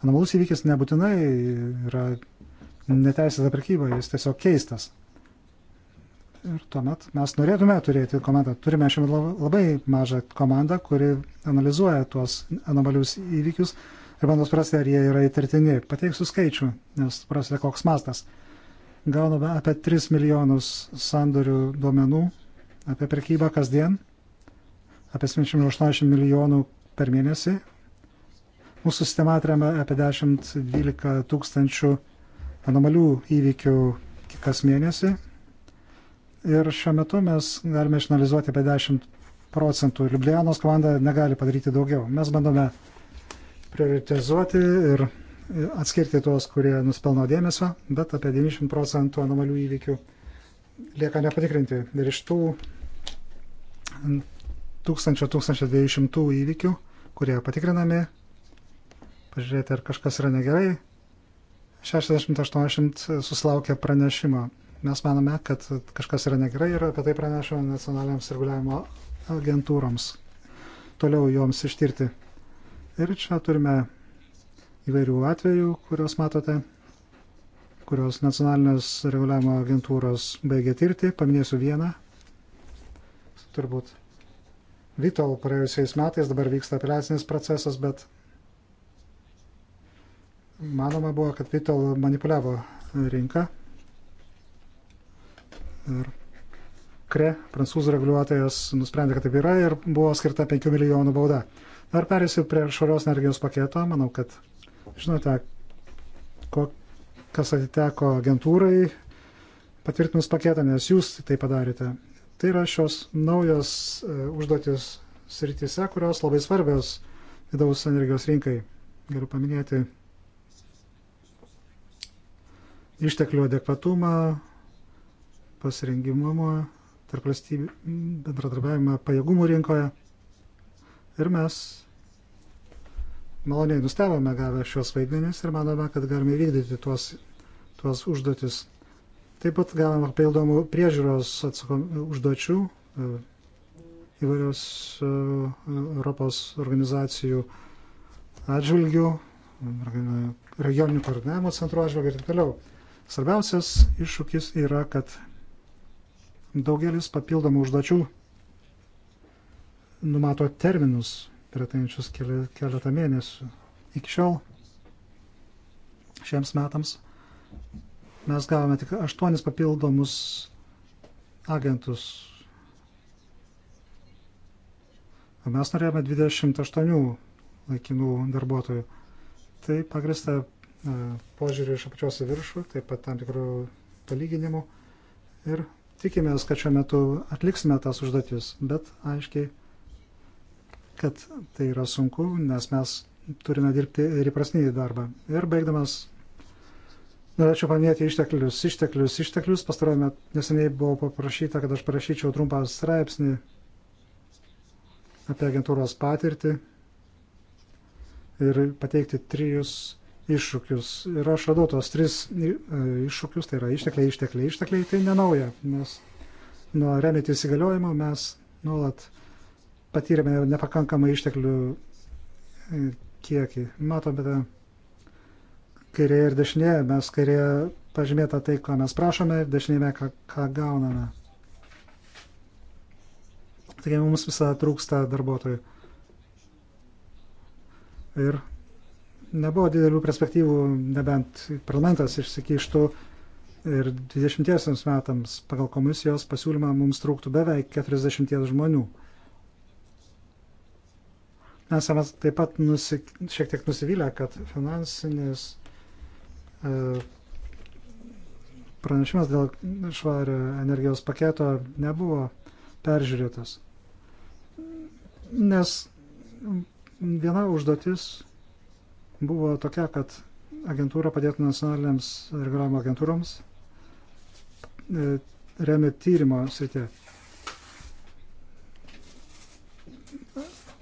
Anomalus įvykis nebūtinai yra neteisėta prekyba, jis tiesiog keistas. Ir tuomet mes norėtume turėti komandą. Turime šiandien labai mažą komandą, kuri analizuoja tuos anomalius įvykius ir bandau suprasti, ar jie yra įtartini. Pateiksiu skaičių, nes suprasite, koks mastas. Gauname apie 3 milijonus sandorių duomenų apie prekybą kasdien, apie 780 milijonų per mėnesį. Mūsų sistema atremia apie 10-12 tūkstančių anomalių įvykių kas mėnesį. Ir šiuo metu mes galime išanalizuoti apie 10 procentų. Liublianos komanda negali padaryti daugiau. Mes bandome prioritizuoti ir atskirti tuos, kurie nuspelno dėmesio, bet apie 90 procentų anomalių įvykių lieka nepatikrinti. Ir iš tų 1000-1200 įvykių, kurie patikrinami, pažiūrėti, ar kažkas yra negerai, 60-80 susilaukia pranešimo. Mes manome, kad kažkas yra negerai ir apie tai pranešome nacionaliniams reguliavimo agentūroms. Toliau joms ištirti. Ir čia turime įvairių atvejų, kuriuos matote, kurios nacionalinės reguliavimo agentūros baigė tirti. Paminėsiu vieną. Turbūt Vitol praėjusiais metais dabar vyksta apeliacinis procesas, bet manoma buvo, kad Vitol manipuliavo rinką. Ir Kre, prancūzų reguliuotojas, nusprendė, kad taip yra ir buvo skirta 5 milijonų bauda. Dar perėsiu prie švarios energijos paketo. Manau, kad žinote, ko, kas atiteko agentūrai patvirtinus paketą, nes jūs tai padarėte. Tai yra šios naujos e, užduotis srityse, kurios labai svarbios vidaus energijos rinkai. Galiu paminėti išteklių adekvatumą, pasirengimumą, tarp valstybių bendradarbiavimą pajėgumų rinkoje. Ir mes maloniai nustebome gavę šios vaidmenis ir manome, kad galime įvykdyti tuos, tuos užduotis. Taip pat gavome papildomų priežiūros atsakom, užduočių e, įvairios e, Europos organizacijų atžvilgių, regioninių koordinavimo centrų atžvilgių ir taip toliau. Svarbiausias iššūkis yra, kad daugelis papildomų užduočių numato terminus per ateinčius keletą mėnesių. Iki šiol šiems metams mes gavome tik aštuonis papildomus agentus. O mes norėjome 28 laikinų darbuotojų. Tai pagrista e, požiūrį iš apačios į viršų, taip pat tam tikrų palyginimų. Ir tikimės, kad šiuo metu atliksime tas užduotis, bet aiškiai kad tai yra sunku, nes mes turime dirbti ir įprasnį darbą. Ir baigdamas, norėčiau paminėti išteklius, išteklius, išteklius. Pastarojame, neseniai buvo paprašyta, kad aš parašyčiau trumpą straipsnį apie agentūros patirtį ir pateikti trijus iššūkius. Ir aš radau tos tris e, iššūkius, tai yra ištekliai, ištekliai, ištekliai, tai nenauja, nes nuo remitį įsigaliojimo mes nuolat patyrėme nepakankamą išteklių e, kiekį. Matome, kairėje ir dešinėje, mes kairėje pažymėta tai, ko mes prašome, ir dešinėje, ką, ką gauname. Taigi mums visada trūksta darbuotojų. Ir nebuvo didelių perspektyvų, nebent parlamentas išsikištų ir 20 metams pagal komisijos pasiūlymą mums trūktų beveik 40 žmonių. Esame taip pat nusi, šiek tiek nusivylę, kad finansinis e, pranešimas dėl švario energijos paketo nebuvo peržiūrėtas. Nes viena užduotis buvo tokia, kad agentūra padėtų nacionaliniams reguliavimo agentūroms e, remia tyrimo srityje.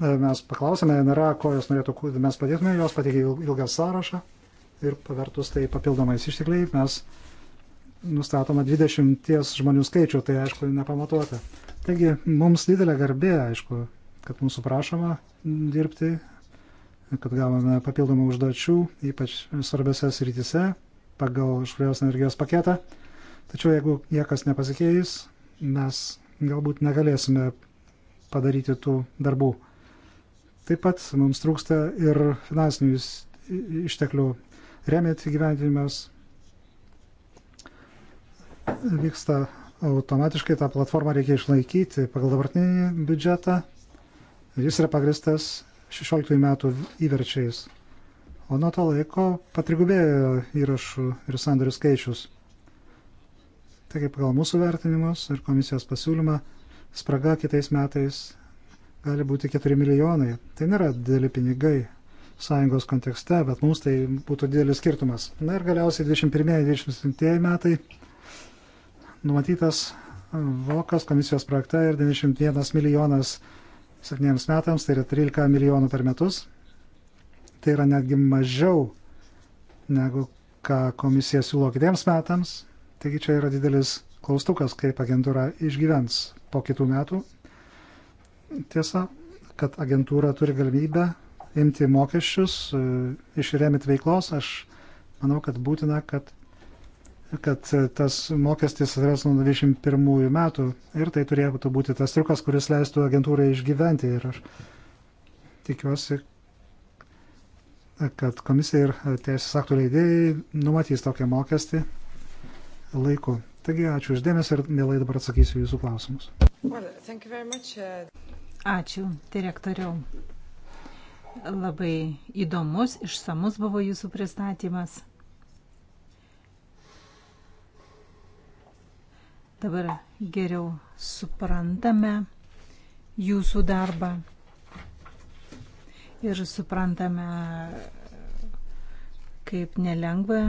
E, mes paklausėme NRA, ko jos norėtų, kad mes padėtume, jos pateikė ilgą sąrašą ir pavertus tai papildomais ištekliai mes nustatoma 20 žmonių skaičių, tai aišku nepamatuota. Taigi mums didelė garbė, aišku, kad mūsų prašoma dirbti, kad gavome papildomų užduočių, ypač svarbiose srityse, pagal švarios energijos paketą. Tačiau jeigu niekas nepasikeis, mes galbūt negalėsime padaryti tų darbų. Taip pat mums trūksta ir finansinių išteklių remėti gyvendinimas. Vyksta automatiškai, tą platformą reikia išlaikyti pagal dabartinį biudžetą. Jis yra pagristas 16 metų įverčiais. O nuo to laiko patrigubėjo įrašų ir sandorių skaičius. Taigi pagal mūsų vertinimus ir komisijos pasiūlymą spraga kitais metais gali būti 4 milijonai. Tai nėra dideli pinigai sąjungos kontekste, bet mums tai būtų didelis skirtumas. Na ir galiausiai 21-27 metai numatytas vokas komisijos projekte ir 91 milijonas 7 metams, tai yra 13 milijonų per metus. Tai yra netgi mažiau negu ką komisija siūlo kitiems metams. Taigi čia yra didelis klaustukas, kaip agentūra išgyvens po kitų metų tiesa, kad agentūra turi galimybę imti mokesčius e, iš remit veiklos. Aš manau, kad būtina, kad, kad e, tas mokestis atsirastų nuo 21 metų ir tai turėtų būti tas triukas, kuris leistų agentūrai išgyventi. Ir aš tikiuosi, kad komisija ir teisės aktų leidėjai numatys tokią mokestį laiku. Taigi ačiū uždėmesi ir mielai dabar atsakysiu jūsų klausimus. Well, Ačiū, direktoriau. Labai įdomus, išsamus buvo jūsų pristatymas. Dabar geriau suprantame jūsų darbą ir suprantame, kaip nelengva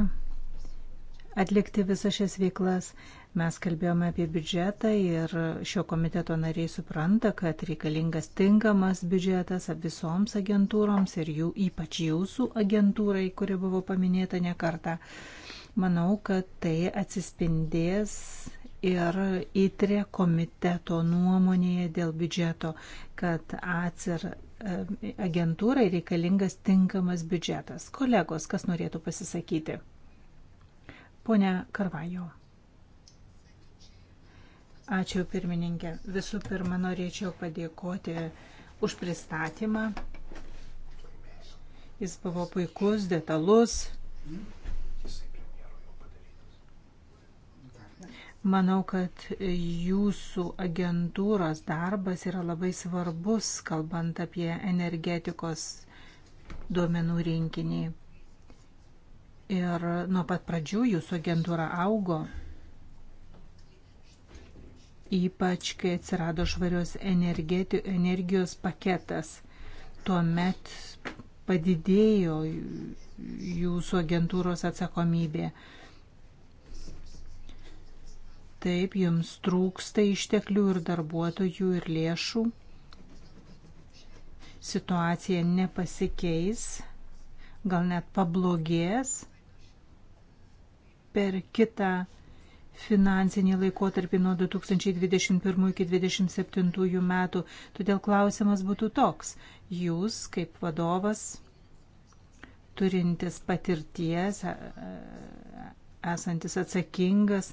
atlikti visas šias veiklas. Mes kalbėjome apie biudžetą ir šio komiteto nariai supranta, kad reikalingas tinkamas biudžetas visoms agentūroms ir jų ypač jūsų agentūrai, kuri buvo paminėta ne kartą. Manau, kad tai atsispindės ir įtrė komiteto nuomonėje dėl biudžeto, kad atsir e, agentūrai reikalingas tinkamas biudžetas. Kolegos, kas norėtų pasisakyti? Pone Karvajo. Ačiū pirmininkė. Visų pirma, norėčiau padėkoti už pristatymą. Jis buvo puikus, detalus. Manau, kad jūsų agentūros darbas yra labai svarbus, kalbant apie energetikos duomenų rinkinį. Ir nuo pat pradžių jūsų agentūra augo ypač kai atsirado švarios energijos paketas. Tuomet padidėjo jūsų agentūros atsakomybė. Taip, jums trūksta išteklių ir darbuotojų ir lėšų. Situacija nepasikeis, gal net pablogės per kitą finansinį laikotarpį nuo 2021 iki 2027 metų. Todėl klausimas būtų toks. Jūs, kaip vadovas, turintis patirties, e, e, esantis atsakingas,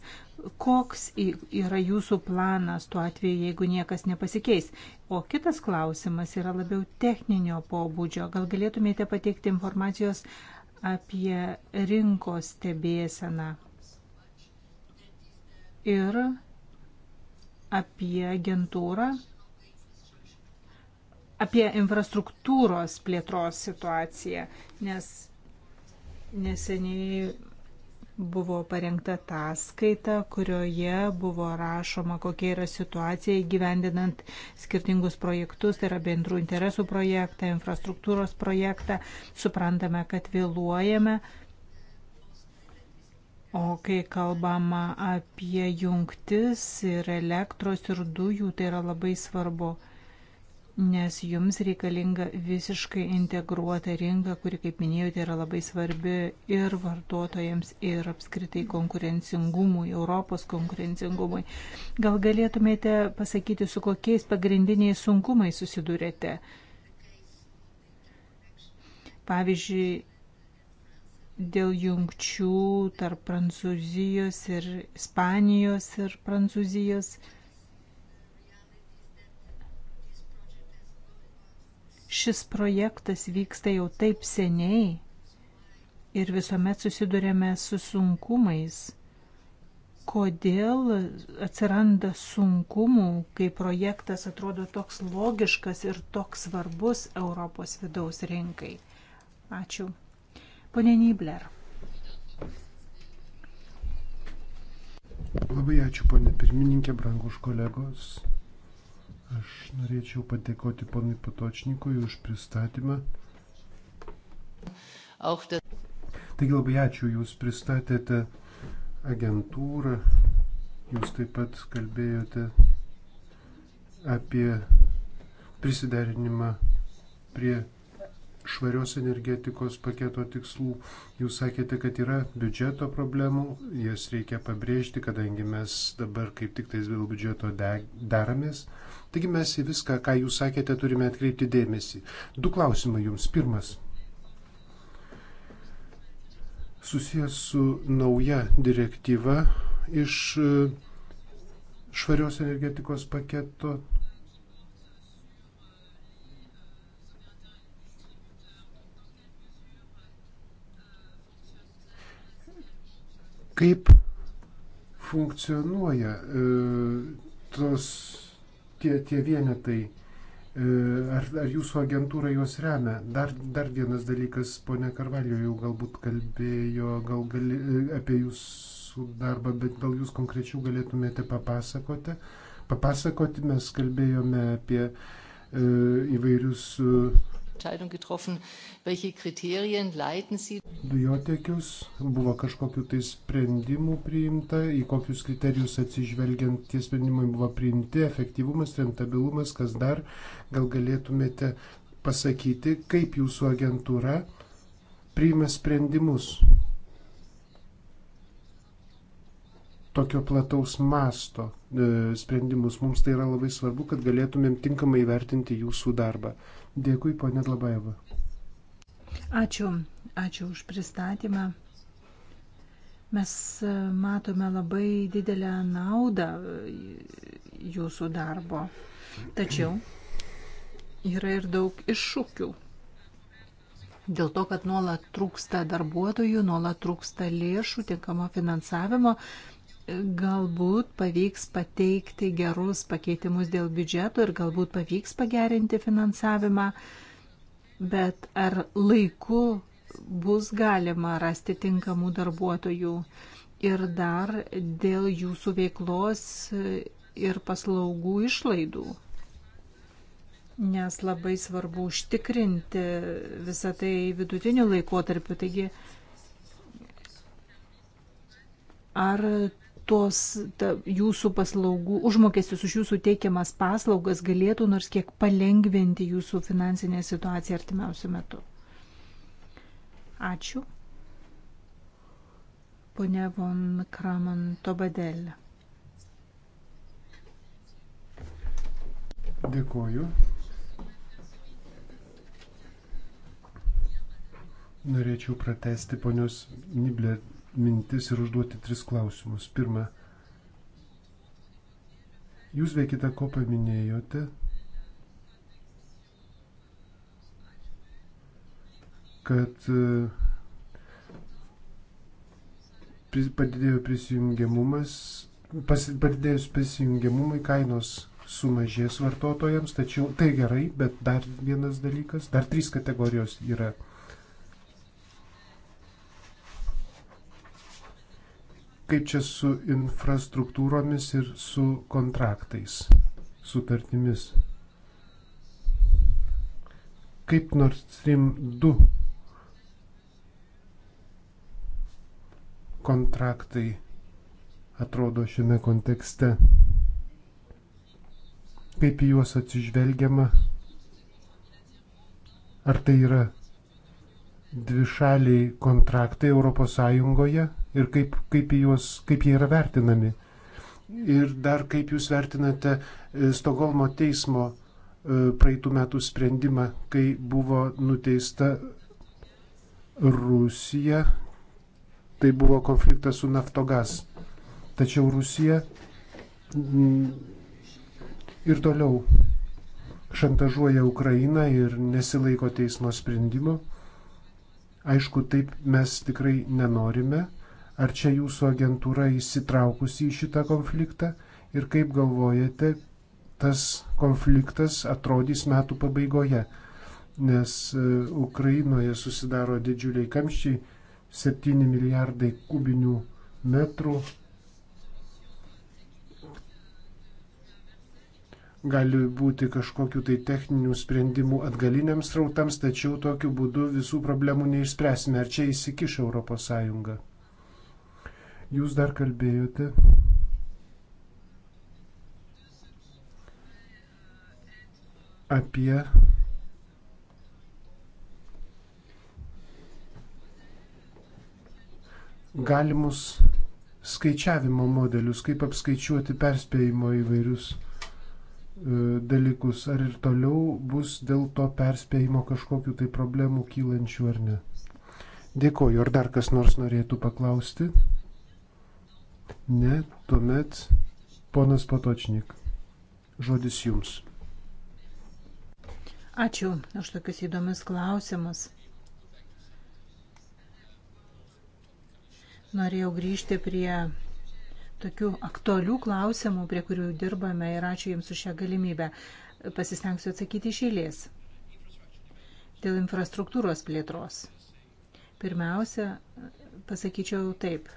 koks yra jūsų planas tuo atveju, jeigu niekas nepasikeis. O kitas klausimas yra labiau techninio pobūdžio. Gal galėtumėte pateikti informacijos apie rinkos stebėseną? ir apie agentūrą, apie infrastruktūros plėtros situaciją, nes neseniai buvo parengta ataskaita, kurioje buvo rašoma, kokia yra situacija įgyvendinant skirtingus projektus, tai yra bendrų interesų projektą, infrastruktūros projektą. Suprantame, kad vėluojame, O kai kalbama apie jungtis ir elektros ir dujų, tai yra labai svarbu, nes jums reikalinga visiškai integruota rinka, kuri, kaip minėjote, yra labai svarbi ir vartotojams, ir apskritai konkurencingumui, Europos konkurencingumui. Gal galėtumėte pasakyti, su kokiais pagrindiniais sunkumais susidurėte? Pavyzdžiui, dėl jungčių tarp Prancūzijos ir Ispanijos ir Prancūzijos. Šis projektas vyksta jau taip seniai ir visuomet susidurėme su sunkumais. Kodėl atsiranda sunkumų, kai projektas atrodo toks logiškas ir toks svarbus Europos vidaus rinkai? Ačiū. Pone Nybler. Labai ačiū, ponė pirmininkė, brangus kolegos. Aš norėčiau padėkoti ponui Patočnikui už pristatymą. Taigi labai ačiū, jūs pristatėte agentūrą, jūs taip pat kalbėjote apie prisiderinimą prie švarios energetikos paketo tikslų. Jūs sakėte, kad yra biudžeto problemų, jas reikia pabrėžti, kadangi mes dabar kaip tik tais dėl biudžeto deramės. Taigi mes į viską, ką jūs sakėte, turime atkreipti dėmesį. Du klausimai jums. Pirmas. Susijęs su nauja direktyva iš e, švarios energetikos paketo Kaip funkcionuoja e, tos, tie, tie vienetai? E, ar, ar jūsų agentūra juos remia? Dar, dar vienas dalykas, ponė Karvalio jau galbūt kalbėjo gal gali, e, apie jūsų darbą, bet gal jūs konkrečiau galėtumėte papasakoti. Papasakoti mes kalbėjome apie e, įvairius e, Entscheidung getroffen, welche Kriterien leiten Sie? Dujotiekius buvo kažkokiu tai sprendimu priimta, į kokius kriterijus atsižvelgiant tie sprendimai buvo priimti, efektyvumas, rentabilumas, kas dar, gal galėtumėte pasakyti, kaip jūsų agentūra priima sprendimus tokio plataus masto e, sprendimus. Mums tai yra labai svarbu, kad galėtumėm tinkamai vertinti jūsų darbą. Dėkui, ponė Dlabaeva. Ačiū. Ačiū už pristatymą. Mes e, matome labai didelę naudą e, jūsų darbo. Tačiau yra ir daug iššūkių. Dėl to, kad nuolat trūksta darbuotojų, nuolat trūksta lėšų, tinkamo finansavimo, galbūt pavyks pateikti gerus pakeitimus dėl biudžeto ir galbūt pavyks pagerinti finansavimą, bet ar laiku bus galima rasti tinkamų darbuotojų ir dar dėl jūsų veiklos ir paslaugų išlaidų. Nes labai svarbu užtikrinti visą tai vidutiniu laikotarpiu. Taigi, ar tos ta, jūsų paslaugų, užmokestis už jūsų teikiamas paslaugas galėtų nors kiek palengventi jūsų finansinę situaciją artimiausiu metu. Ačiū. Pone von Kraman Tobadelė. Dėkoju. Norėčiau pratesti ponios Nibler mintis ir užduoti tris klausimus. Pirma, jūs veikite, ko paminėjote, kad e, padidėjo prisijungiamumas, pas, padidėjus prisijungiamumui kainos sumažės vartotojams, tačiau tai gerai, bet dar vienas dalykas, dar trys kategorijos yra kaip čia su infrastruktūromis ir su kontraktais, sutartimis. Kaip Nord Stream 2 kontraktai atrodo šiame kontekste, kaip į juos atsižvelgiama, ar tai yra dvišaliai kontraktai Europos Sąjungoje ir kaip, kaip, juos, kaip jie yra vertinami. Ir dar kaip jūs vertinate e, Stokholmo teismo e, praeitų metų sprendimą, kai buvo nuteista Rusija, tai buvo konfliktas su naftogas. Tačiau Rusija mm, ir toliau šantažuoja Ukrainą ir nesilaiko teismo sprendimo. Aišku, taip mes tikrai nenorime Ar čia jūsų agentūra įsitraukusi į šitą konfliktą ir kaip galvojate, tas konfliktas atrodys metų pabaigoje, nes e, Ukrainoje susidaro didžiuliai kamščiai 7 milijardai kubinių metrų. Gali būti kažkokiu tai techninių sprendimų atgaliniams rautams, tačiau tokiu būdu visų problemų neišspręsime. Ar čia įsikiš ES? Jūs dar kalbėjote apie galimus skaičiavimo modelius, kaip apskaičiuoti perspėjimo įvairius e, dalykus, ar ir toliau bus dėl to perspėjimo kažkokiu tai problemu kylančių ar ne. Dėkoju, ar dar kas nors norėtų paklausti? Ne, tuomet ponas Patočnik. Žodis jums. Ačiū už tokius įdomius klausimus. Norėjau grįžti prie tokių aktualių klausimų, prie kurių dirbame ir ačiū Jums už šią galimybę. Pasistengsiu atsakyti iš eilės. Dėl infrastruktūros plėtros. Pirmiausia, pasakyčiau taip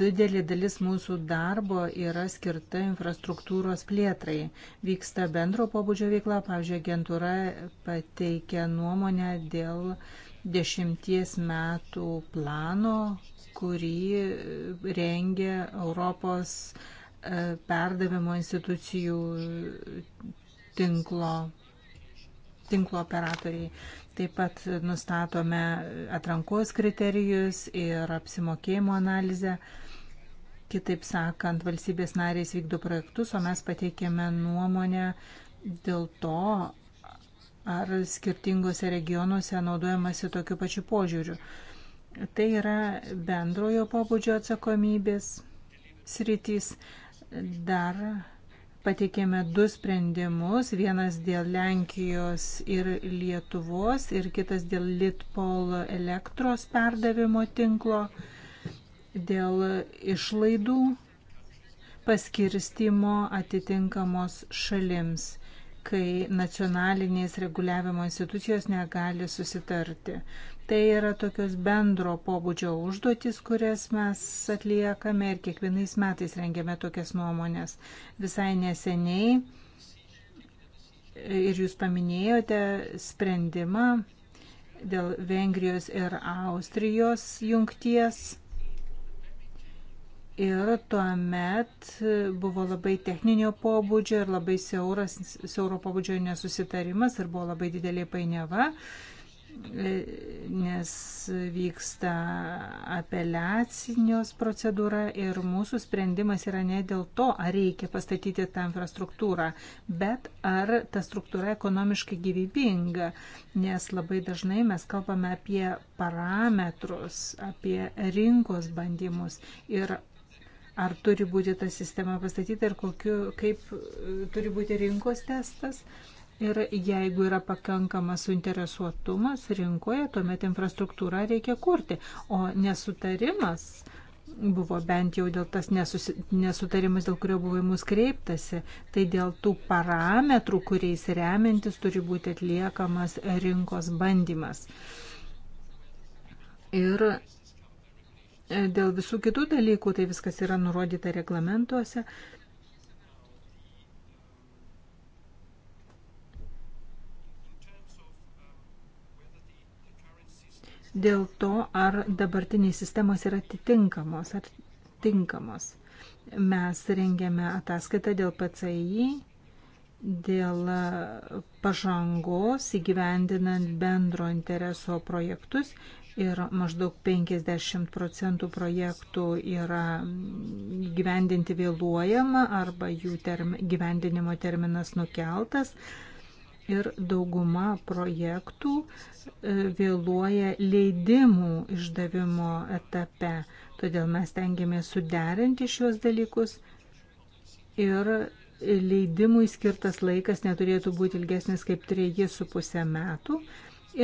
didelė dalis mūsų darbo yra skirta infrastruktūros plėtrai. Vyksta bendro pobūdžio veikla, pavyzdžiui, agentūra pateikia nuomonę dėl dešimties metų plano, kurį rengia Europos e, perdavimo institucijų tinklo, tinklo operatoriai. Taip pat nustatome atrankos kriterijus ir apsimokėjimo analizę. Kitaip sakant, valstybės narės vykdo projektus, o mes pateikėme nuomonę dėl to, ar skirtingose regionuose naudojamasi tokiu pačiu požiūriu. Tai yra bendrojo pobūdžio atsakomybės sritys. Dar pateikėme du sprendimus, vienas dėl Lenkijos ir Lietuvos ir kitas dėl Litpol elektros perdavimo tinklo, dėl išlaidų paskirstimo atitinkamos šalims, kai nacionalinės reguliavimo institucijos negali susitarti. Tai yra tokios bendro pobūdžio užduotis, kurias mes atliekame ir kiekvienais metais rengiame tokias nuomonės. Visai neseniai ir jūs paminėjote sprendimą dėl Vengrijos ir Austrijos jungties. Ir tuomet buvo labai techninio pobūdžio ir labai siauras, siauro pobūdžio nesusitarimas ir buvo labai didelė painiava nes vyksta apeliacinios procedūra ir mūsų sprendimas yra ne dėl to, ar reikia pastatyti tą infrastruktūrą, bet ar ta struktūra ekonomiškai gyvybinga, nes labai dažnai mes kalbame apie parametrus, apie rinkos bandymus ir ar turi būti ta sistema pastatyta ir kokiu, kaip turi būti rinkos testas Ir jeigu yra pakankamas suinteresuotumas rinkoje, tuomet infrastruktūrą reikia kurti. O nesutarimas buvo bent jau dėl tas nesusi, nesutarimas, dėl kurio buvo į mus kreiptasi, tai dėl tų parametrų, kuriais remiantis turi būti atliekamas rinkos bandymas. Ir e, dėl visų kitų dalykų, tai viskas yra nurodyta reglamentuose. dėl to, ar dabartiniai sistemos yra atitinkamos ar tinkamos. Mes rengėme ataskaitą dėl PCI, dėl pažangos įgyvendinant bendro intereso projektus ir maždaug 50 procentų projektų yra gyvendinti vėluojama arba jų term, gyvendinimo terminas nukeltas ir dauguma projektų e, vėluoja leidimų išdavimo etape. Todėl mes tengiamės suderinti šios dalykus ir leidimui skirtas laikas neturėtų būti ilgesnis kaip 3,5 metų.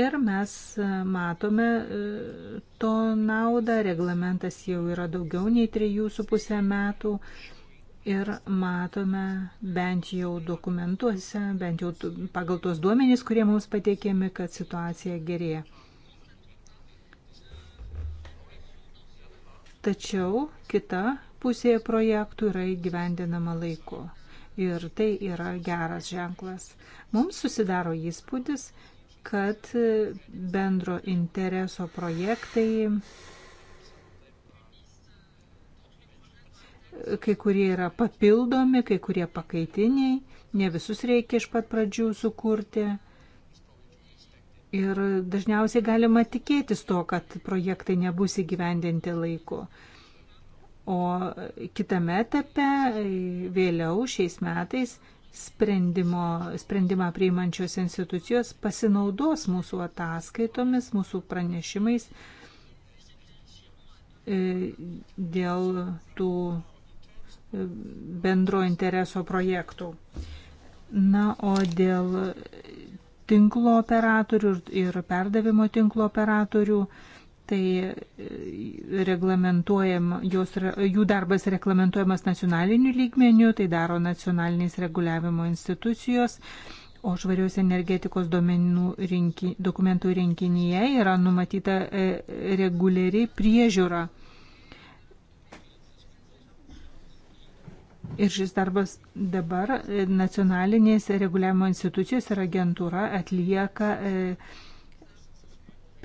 Ir mes e, matome e, to naudą, reglamentas jau yra daugiau nei 3,5 metų ir matome bent jau dokumentuose, bent jau pagal tos duomenys, kurie mums pateikėmi, kad situacija gerėja. Tačiau kita pusė projektų yra įgyvendinama laiku. Ir tai yra geras ženklas. Mums susidaro įspūdis, kad bendro intereso projektai kai kurie yra papildomi, kai kurie pakaitiniai, ne visus reikia iš pat pradžių sukurti. Ir dažniausiai galima tikėtis to, kad projektai nebus įgyvendinti laiku. O kitame etape, vėliau šiais metais, sprendimo, sprendimą priimančios institucijos pasinaudos mūsų ataskaitomis, mūsų pranešimais e, dėl tų bendro intereso projektų. Na, o dėl tinklo operatorių ir perdavimo tinklo operatorių, tai e, jos, jų darbas reglamentuojamas nacionaliniu lygmeniu, tai daro nacionalinės reguliavimo institucijos, o švarios energetikos rinki, dokumentų rinkinyje yra numatyta e, reguliariai priežiūra Ir šis darbas dabar nacionalinės reguliavimo institucijos ir agentūra atlieka e,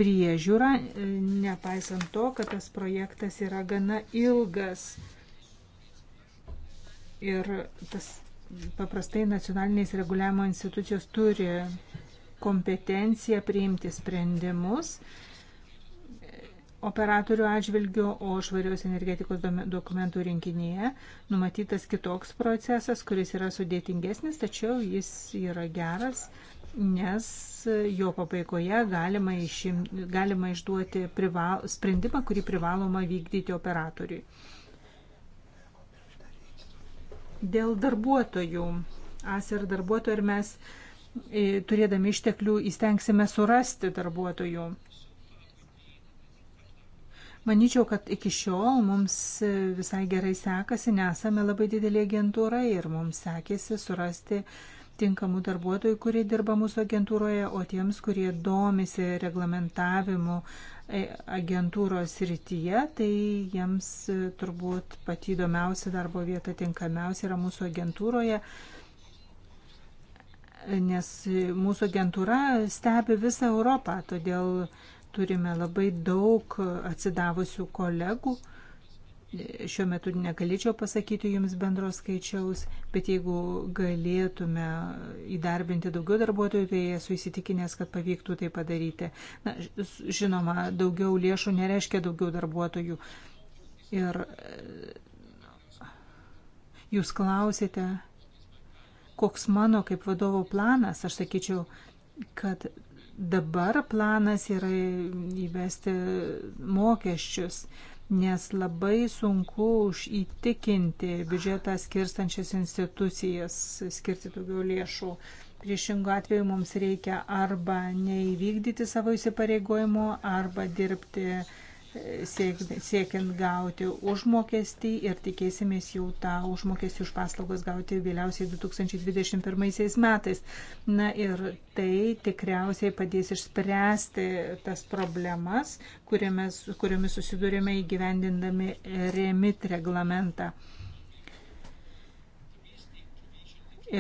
priežiūrą, e, nepaisant to, kad tas projektas yra gana ilgas. Ir tas paprastai nacionalinės reguliavimo institucijos turi kompetenciją priimti sprendimus operatorių atžvilgių, o švarios energetikos dokumentų rinkinyje numatytas kitoks procesas, kuris yra sudėtingesnis, tačiau jis yra geras, nes jo pabaigoje galima, išim, galima išduoti prival, sprendimą, kurį privaloma vykdyti operatoriui. Dėl darbuotojų, ASER darbuotojų ir mes e, turėdami išteklių įstengsime surasti darbuotojų Manyčiau, kad iki šiol mums e, visai gerai sekasi, nesame labai didelė agentūra ir mums sekėsi surasti tinkamų darbuotojų, kurie dirba mūsų agentūroje, o tiems, kurie domisi reglamentavimu e, agentūros rytyje, tai jiems e, turbūt pati įdomiausia darbo vieta tinkamiausia yra mūsų agentūroje nes mūsų agentūra stebi visą Europą, todėl Turime labai daug atsidavusių kolegų. Šiuo metu negalėčiau pasakyti jums bendros skaičiaus, bet jeigu galėtume įdarbinti daugiau darbuotojų, tai esu įsitikinęs, kad pavyktų tai padaryti. Na, žinoma, daugiau lėšų nereiškia daugiau darbuotojų. Ir jūs klausite, koks mano kaip vadovo planas, aš sakyčiau, kad Dabar planas yra įvesti mokesčius, nes labai sunku įtikinti biudžetą skirstančias institucijas skirti daugiau lėšų. Priešingų atveju mums reikia arba neįvykdyti savo įsipareigojimų, arba dirbti uh, siekiant gauti užmokestį ir tikėsimės jau tą užmokestį už paslaugas gauti vėliausiai 2021 metais. Na ir tai tikriausiai padės išspręsti tas problemas, kuriomis, kuriomis susidurime įgyvendindami remit reglamentą.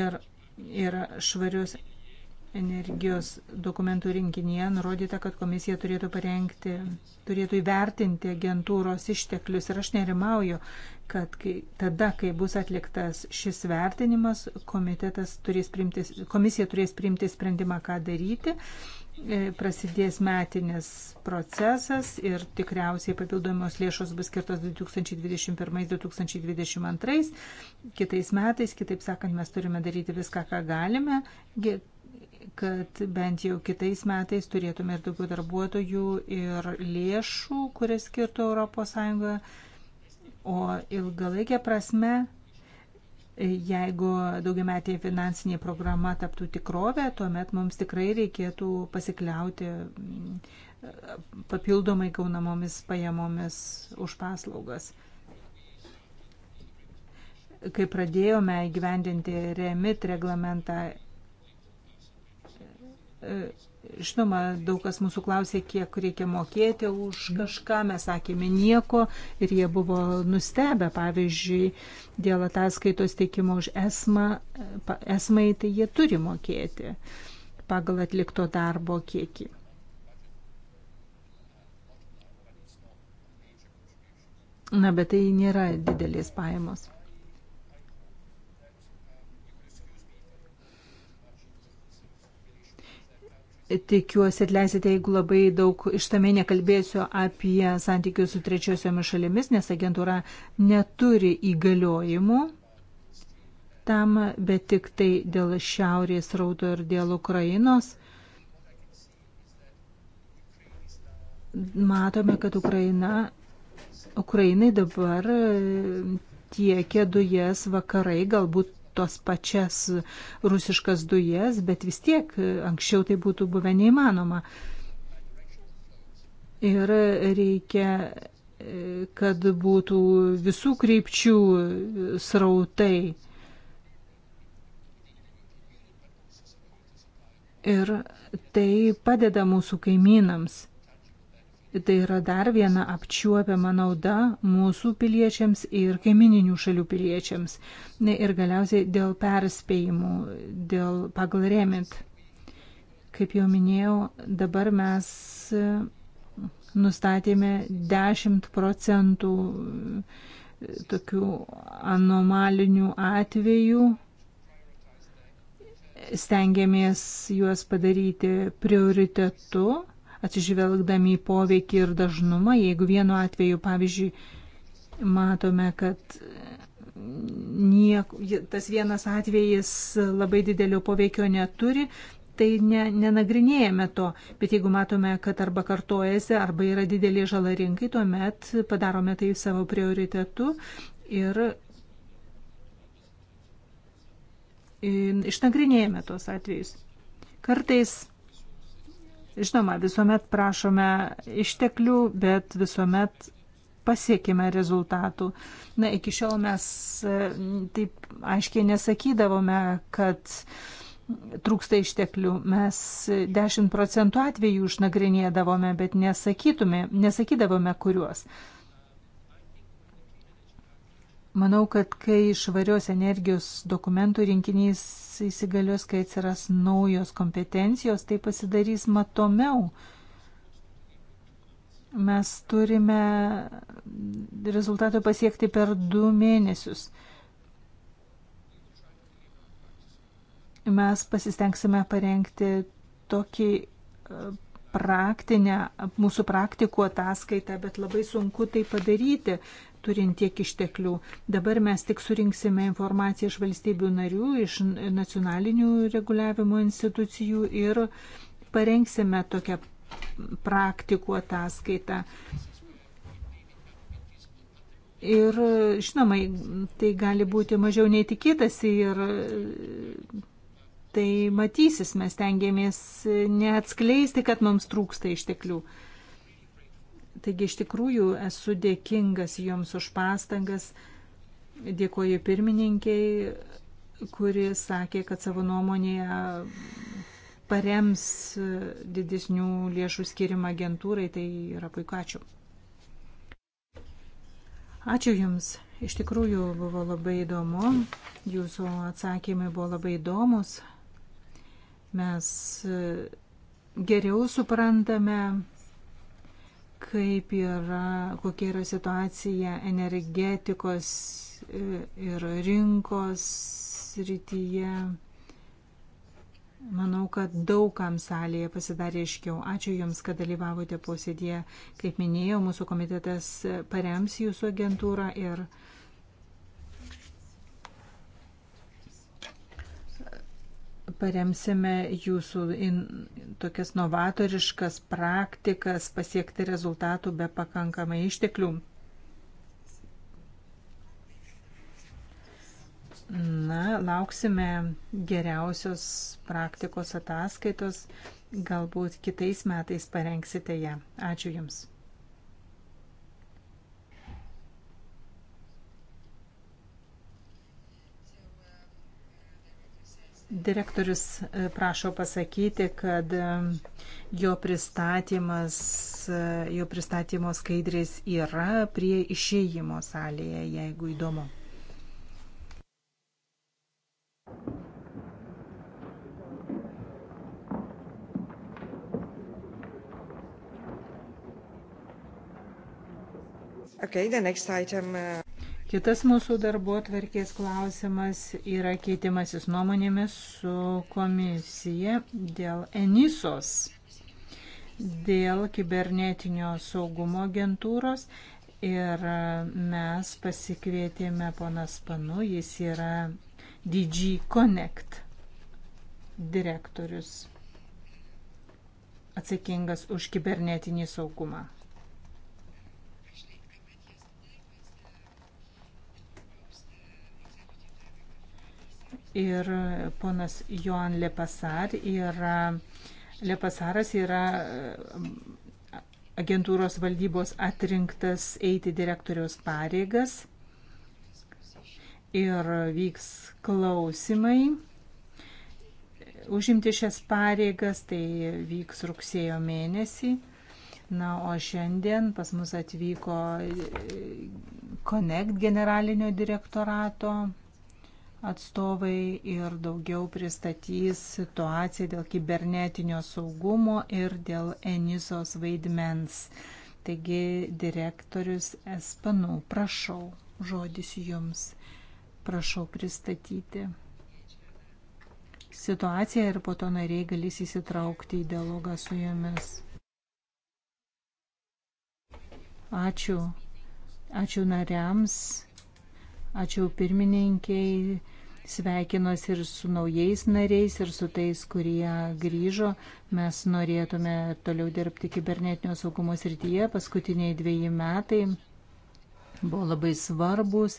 Ir, ir švarius energijos dokumentų rinkinyje nurodyta, kad komisija turėtų parengti, turėtų įvertinti agentūros išteklius ir aš nerimauju, kad kai, tada, kai bus atliktas šis vertinimas, turės primti, komisija turės priimti sprendimą, ką daryti, e, prasidės metinis procesas ir tikriausiai papildomos lėšos bus skirtos 2021-2022 kitais metais, kitaip sakant, mes turime daryti viską, ką galime, kad bent jau kitais metais turėtume ir daugiau darbuotojų ir lėšų, kurias skirtų ES. O ilgalaikė prasme, jeigu daugiametė finansinė programa taptų tikrovę, tuomet mums tikrai reikėtų pasikliauti mm, papildomai gaunamomis pajamomis už paslaugas kai pradėjome įgyvendinti remit reglamentą Žinoma, daug kas mūsų klausė, kiek reikia mokėti už kažką, mes sakėme nieko ir jie buvo nustebę, pavyzdžiui, dėl ataskaitos teikimo už esmą, esmai, tai jie turi mokėti pagal atlikto darbo kiekį. Na, bet tai nėra didelės pajamos. Tikiuosi atleisite, jeigu labai daug ištamei nekalbėsiu apie santykius su trečiosiomis šalimis, nes agentūra neturi įgaliojimų tam, bet tik tai dėl šiaurės rauto ir dėl Ukrainos. Matome, kad Ukraina, Ukrainai dabar tiekia dujas vakarai, galbūt tos pačias rusiškas dujas, bet vis tiek e, anksčiau tai būtų buvę neįmanoma. Ir reikia, e, kad būtų visų krypčių e, srautai. Ir tai padeda mūsų kaimynams Tai yra dar viena apčiuopiama nauda mūsų piliečiams ir kaimininių šalių piliečiams. Ir galiausiai dėl perspėjimų, dėl pagal remit. Kaip jau minėjau, dabar mes nustatėme 10 procentų e, tokių anomalinių atvejų. Stengiamės juos padaryti prioritetu atsižvelgdami į poveikį ir dažnumą. Jeigu vienu atveju, pavyzdžiui, matome, kad niek, tas vienas atvejis labai didelio poveikio neturi, tai ne, nenagrinėjame to. Bet jeigu matome, kad arba kartojasi, arba yra didelė žala rinkai, tuomet padarome tai savo prioritetu ir išnagrinėjame tuos atvejus. Kartais Žinoma, visuomet prašome išteklių, bet visuomet pasiekime rezultatų. Na, iki šiol mes e, taip aiškiai nesakydavome, kad trūksta išteklių. Mes 10 procentų atvejų išnagrinėdavome, bet nesakytume, nesakydavome kuriuos. Manau, kad kai švarios energijos dokumentų rinkinys įsigalios, kai atsiras naujos kompetencijos, tai pasidarys matomiau. Mes turime rezultato pasiekti per du mėnesius. Mes pasistengsime parengti tokį e, praktinę, mūsų praktikų ataskaitą, bet labai sunku tai padaryti turint tiek išteklių. Dabar mes tik surinksime informaciją iš valstybių narių, iš nacionalinių reguliavimo institucijų ir parengsime tokią praktikų ataskaitą. Ir žinoma, tai gali būti mažiau neįtikėtasi ir tai matysis, mes tengiamės neatskleisti, kad mums trūksta išteklių. Taigi iš tikrųjų esu dėkingas Jums už pastangas. Dėkoju pirmininkiai, kuri sakė, kad savo nuomonėje parems didesnių lėšų skirimą agentūrai. Tai yra puiku. Ačiū. Ačiū Jums. Iš tikrųjų buvo labai įdomu. Jūsų atsakymai buvo labai įdomus. Mes geriau suprantame kaip yra, kokia yra situacija energetikos e, ir rinkos srityje. Manau, kad daugam salėje pasidarė aiškiau. Ačiū Jums, kad dalyvavote posėdėje. Kaip minėjau, mūsų komitetas parems Jūsų agentūrą ir paremsime jūsų in, tokias novatoriškas praktikas pasiekti rezultatų be pakankamai išteklių. Na, lauksime geriausios praktikos ataskaitos, galbūt kitais metais parengsite ją. Ačiū Jums. Direktorius e, prašo pasakyti, kad e, jo pristatymas, e, jo pristatymo skaidrės yra prie išėjimo salėje, jeigu įdomu. Okay, the next item. Uh... Kitas mūsų darbo tvarkės klausimas yra keitimasis nuomonėmis su komisija dėl Enisos, dėl kibernetinio saugumo agentūros. Ir mes pasikvietėme ponas Panu, jis yra DG Connect direktorius atsakingas už kibernetinį saugumą. ir e, ponas Joan Lepasar yra, Lepasaras yra e, agentūros valdybos atrinktas eiti direktoriaus pareigas ir vyks klausimai. Užimti šias pareigas tai vyks rugsėjo mėnesį. Na, o šiandien pas mus atvyko e, Connect generalinio direktorato atstovai ir daugiau pristatys situaciją dėl kibernetinio saugumo ir dėl Enisos vaidmens. Taigi direktorius Espanu, prašau, žodis jums, prašau pristatyti situaciją ir po to nariai galės įsitraukti į dialogą su jumis. Ačiū. Ačiū nariams. Ačiū pirmininkiai sveikinuosi ir su naujais nariais, ir su tais, kurie grįžo. Mes norėtume toliau dirbti kibernetinio saugumo srityje. Paskutiniai dviejai metai buvo labai svarbus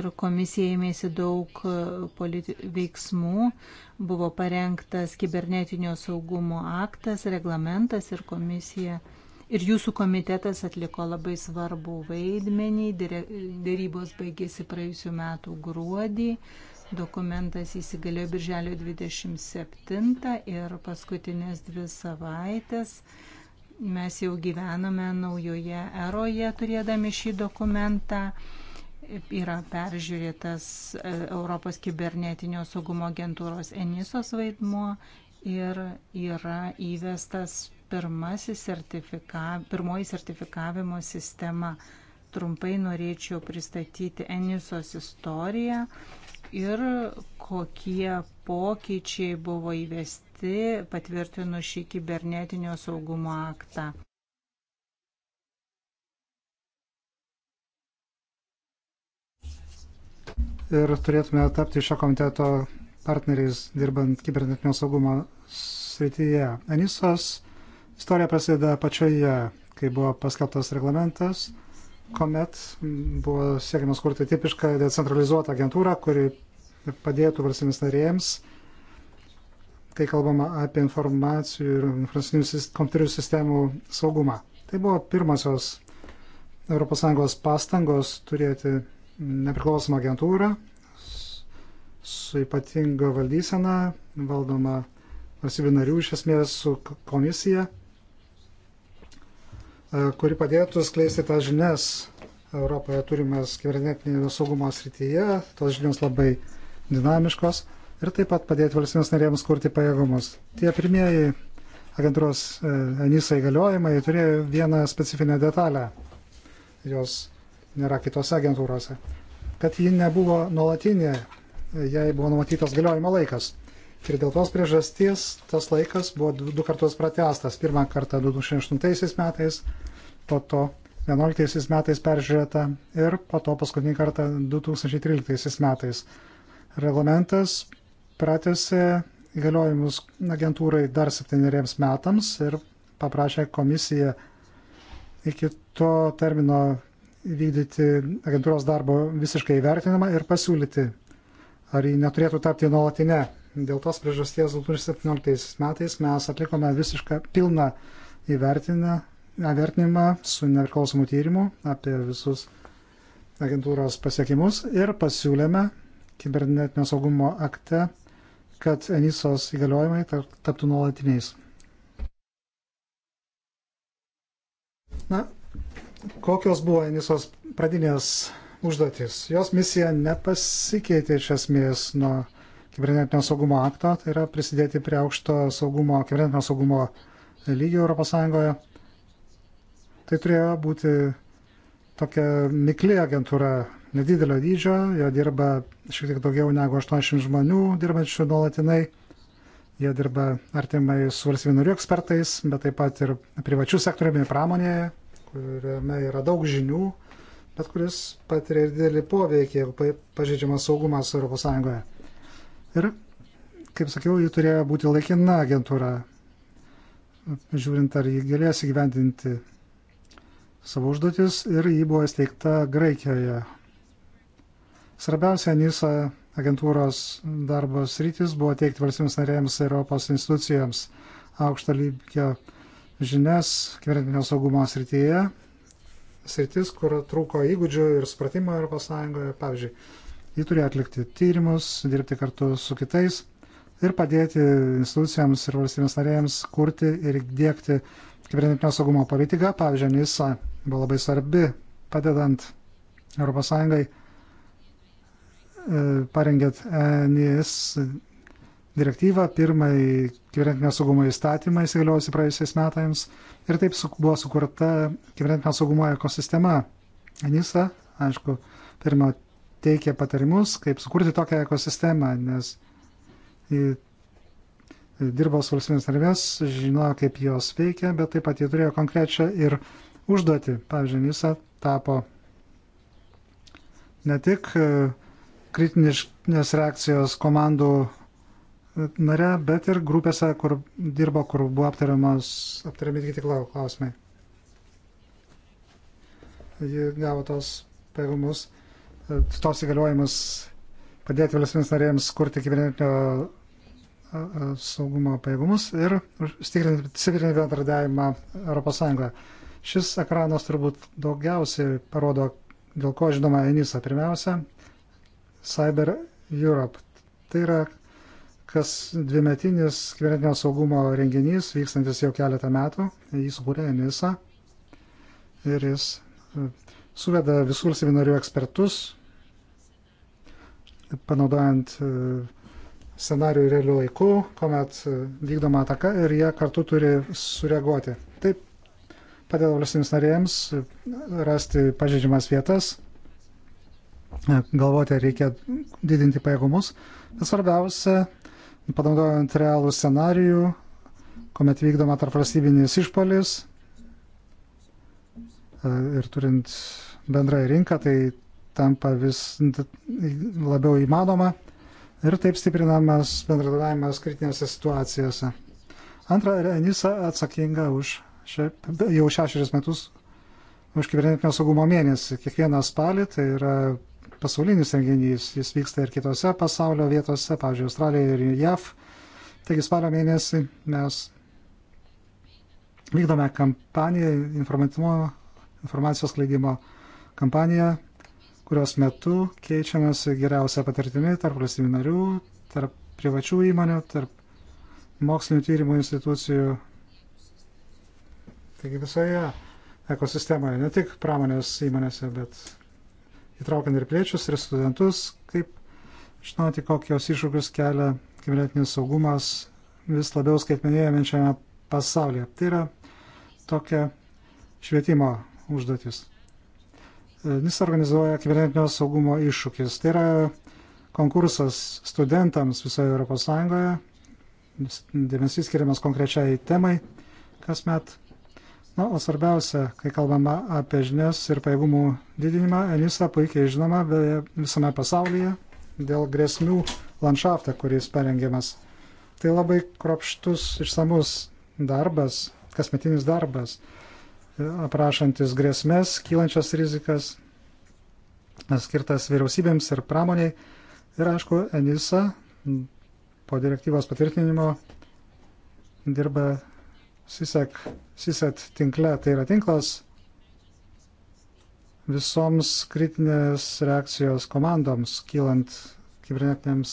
ir komisija ėmėsi daug e, veiksmų. Buvo parengtas kibernetinio saugumo aktas, reglamentas ir komisija. Ir jūsų komitetas atliko labai svarbų vaidmenį. Dėrybos baigėsi praėjusiu metu gruodį. Dokumentas įsigalėjo birželio 27 ir paskutinės dvi savaitės mes jau gyvename naujoje eroje turėdami šį dokumentą. Yra peržiūrėtas e, Europos kibernetinio saugumo agentūros Enisos vaidmuo ir yra įvestas sertifika, pirmoji sertifikavimo sistema. Trumpai norėčiau pristatyti Enisos istoriją ir kokie pokyčiai buvo įvesti patvirtinu šį kibernetinio saugumo aktą. Ir turėtume tapti šio komiteto partneriais dirbant kibernetinio saugumo srityje. Anisos istorija prasideda pačioje, kai buvo paskelbtas reglamentas kuomet buvo siekiamas kurti tipišką decentralizuotą agentūrą, kuri padėtų valstybės narėjams, kai kalbama apie informacijų ir informacinių kompiuterių sistemų saugumą. Tai buvo pirmosios ES pastangos turėti nepriklausomą agentūrą su ypatinga valdysena, valdoma valstybių narių iš esmės su komisija E, kuri padėtų skleisti tas žinias. Europoje turime kibernetinio saugumo srityje, tos žinios labai dinamiškos ir taip pat padėti valstybės narėms kurti pajėgumus. Tie pirmieji agentūros Enisa įgaliojimai turėjo vieną specifinę detalę. Jos nėra kitose agentūrose. Kad ji nebuvo nuolatinė, jai buvo numatytas galiojimo laikas. Ir dėl tos priežasties tas laikas buvo du kartus pratestas. Pirmą kartą 2008 metais po to 2011 metais peržiūrėta ir po to paskutinį kartą 2013 metais. Reglamentas pratėsi įgaliojimus agentūrai dar septyneriems metams ir paprašė komisiją iki to termino vykdyti agentūros darbo visiškai įvertinimą ir pasiūlyti, ar ji neturėtų tapti nuolatinę. Dėl tos priežasties 2017 metais mes atlikome visišką pilną įvertinimą vertinimą su nepriklausomu tyrimu apie visus agentūros pasiekimus ir pasiūlėme kibernetinio saugumo akte, kad Enisos įgaliojimai taptų nuolatiniais. Na, kokios buvo Enisos pradinės užduotis? Jos misija nepasikeitė iš esmės nuo kibernetinio saugumo akto, tai yra prisidėti prie aukšto saugumo, kibernetinio saugumo lygio ES Tai turėjo būti tokia mikli agentūra, nedidelio dydžio, jo dirba šiek tiek daugiau negu 80 žmonių dirbančių nuolatinai. Jie dirba artimai su valstybinarių ekspertais, bet taip pat ir privačių sektoriumi pramonėje, kuriame yra daug žinių, bet kuris patiria ir didelį poveikį, jeigu pažeidžiamas saugumas ES. Ir, kaip sakiau, ji turėjo būti laikina agentūra, žiūrint, ar jį galės įgyvendinti savo užduotis ir jį buvo įsteigta Graikijoje. Svarbiausia NISA agentūros darbos rytis buvo teikti valstybėms narėms ir Europos institucijoms aukšto lygio žinias kibernetinio saugumo srityje, sritis, kur trūko įgūdžių ir supratimo ES, pavyzdžiui, ji turėjo atlikti tyrimus, dirbti kartu su kitais ir padėti institucijams ir valstybėms narėms kurti ir dėkti kibernetinio saugumo politiką, pavyzdžiui, NISA buvo labai svarbi, padedant ES e, parengėt e NIS direktyvą, pirmąjį kibernetinio saugumo įstatymą įsigaliojusi praėjusiais metais ir taip buvo sukurta kibernetinio saugumo ekosistema. E NISA, aišku, pirmą teikia patarimus, kaip sukurti tokią ekosistemą, nes dirbo su valstybės narvės, žinojo, kaip jos veikia, bet taip pat jie turėjo konkrečią ir uh, užduotį. Pavyzdžiui, Nisa tapo ne tik e, kritinės reakcijos komandų e, nare, bet ir grupėse, kur dirbo, kur buvo aptariami kiti klausimai. Ji gavo tos pajėgumus, e, tos įgaliojimus padėti valstybės narėms kurti kibernetinio saugumo pajėgumus ir stiprinti bendradavimą ES. Šis ekranas turbūt daugiausiai parodo, dėl ko žinoma Enisa pirmiausia, Cyber Europe. Tai yra kas dvimetinis kibernetinio saugumo renginys, vykstantis jau keletą metų. Jį sukūrė Enisa ir jis e, suveda visų valstybių narių ekspertus, panaudojant e, scenarių realiu laiku, kuomet e, vykdoma ataka ir jie kartu turi sureaguoti padeda valstybėms narėms rasti pažeidžiamas vietas, galvoti, ar reikia didinti pajėgumus. Bet svarbiausia, panaudojant realų scenarijų, kuomet vykdoma tarp valstybinis išpolis e, ir turint bendrąją rinką, tai tampa vis labiau įmanoma ir taip stiprinamas bendradavimas kritinėse situacijose. Antra, Enisa atsakinga už še, jau šešerius metus už kibernetinio saugumo mėnesį. Kiekvieną spalį tai yra pasaulinis renginys, jis vyksta ir kitose pasaulio vietose, pavyzdžiui, Australijoje ir JAV. Taigi spalio mėnesį mes vykdome kampaniją, informacijos klaidimo kampaniją, kurios metu keičiamės geriausią patirtimį tarp valstybių narių, tarp privačių įmonių, tarp mokslinių tyrimų institucijų Taigi visoje ekosistemoje, ne tik pramonės įmonėse, bet įtraukiant ir plėčius, ir studentus, kaip žinoti, kokios iššūkius kelia kibernetinis saugumas vis labiau skaitmenėjančiame pasaulyje. Tai yra tokia švietimo užduotis. NIS organizuoja kibernetinio saugumo iššūkis. Tai yra konkursas studentams visoje Europos Sąjungoje. Dėmesys skiriamas konkrečiai temai kasmet. Na, o svarbiausia, kai kalbama apie žinias ir pajėgumų didinimą, Enisa puikiai žinoma visame pasaulyje dėl grėsmių landšaftą, kuris parengiamas. Tai labai kropštus, išsamus darbas, kasmetinis darbas, aprašantis grėsmės, kylančias rizikas, skirtas vyriausybėms ir pramoniai. Ir aišku, Enisa po direktyvos patvirtinimo dirba SISEC, SISET tinkle, tai yra tinklas visoms kritinės reakcijos komandoms kylant kibernetiniams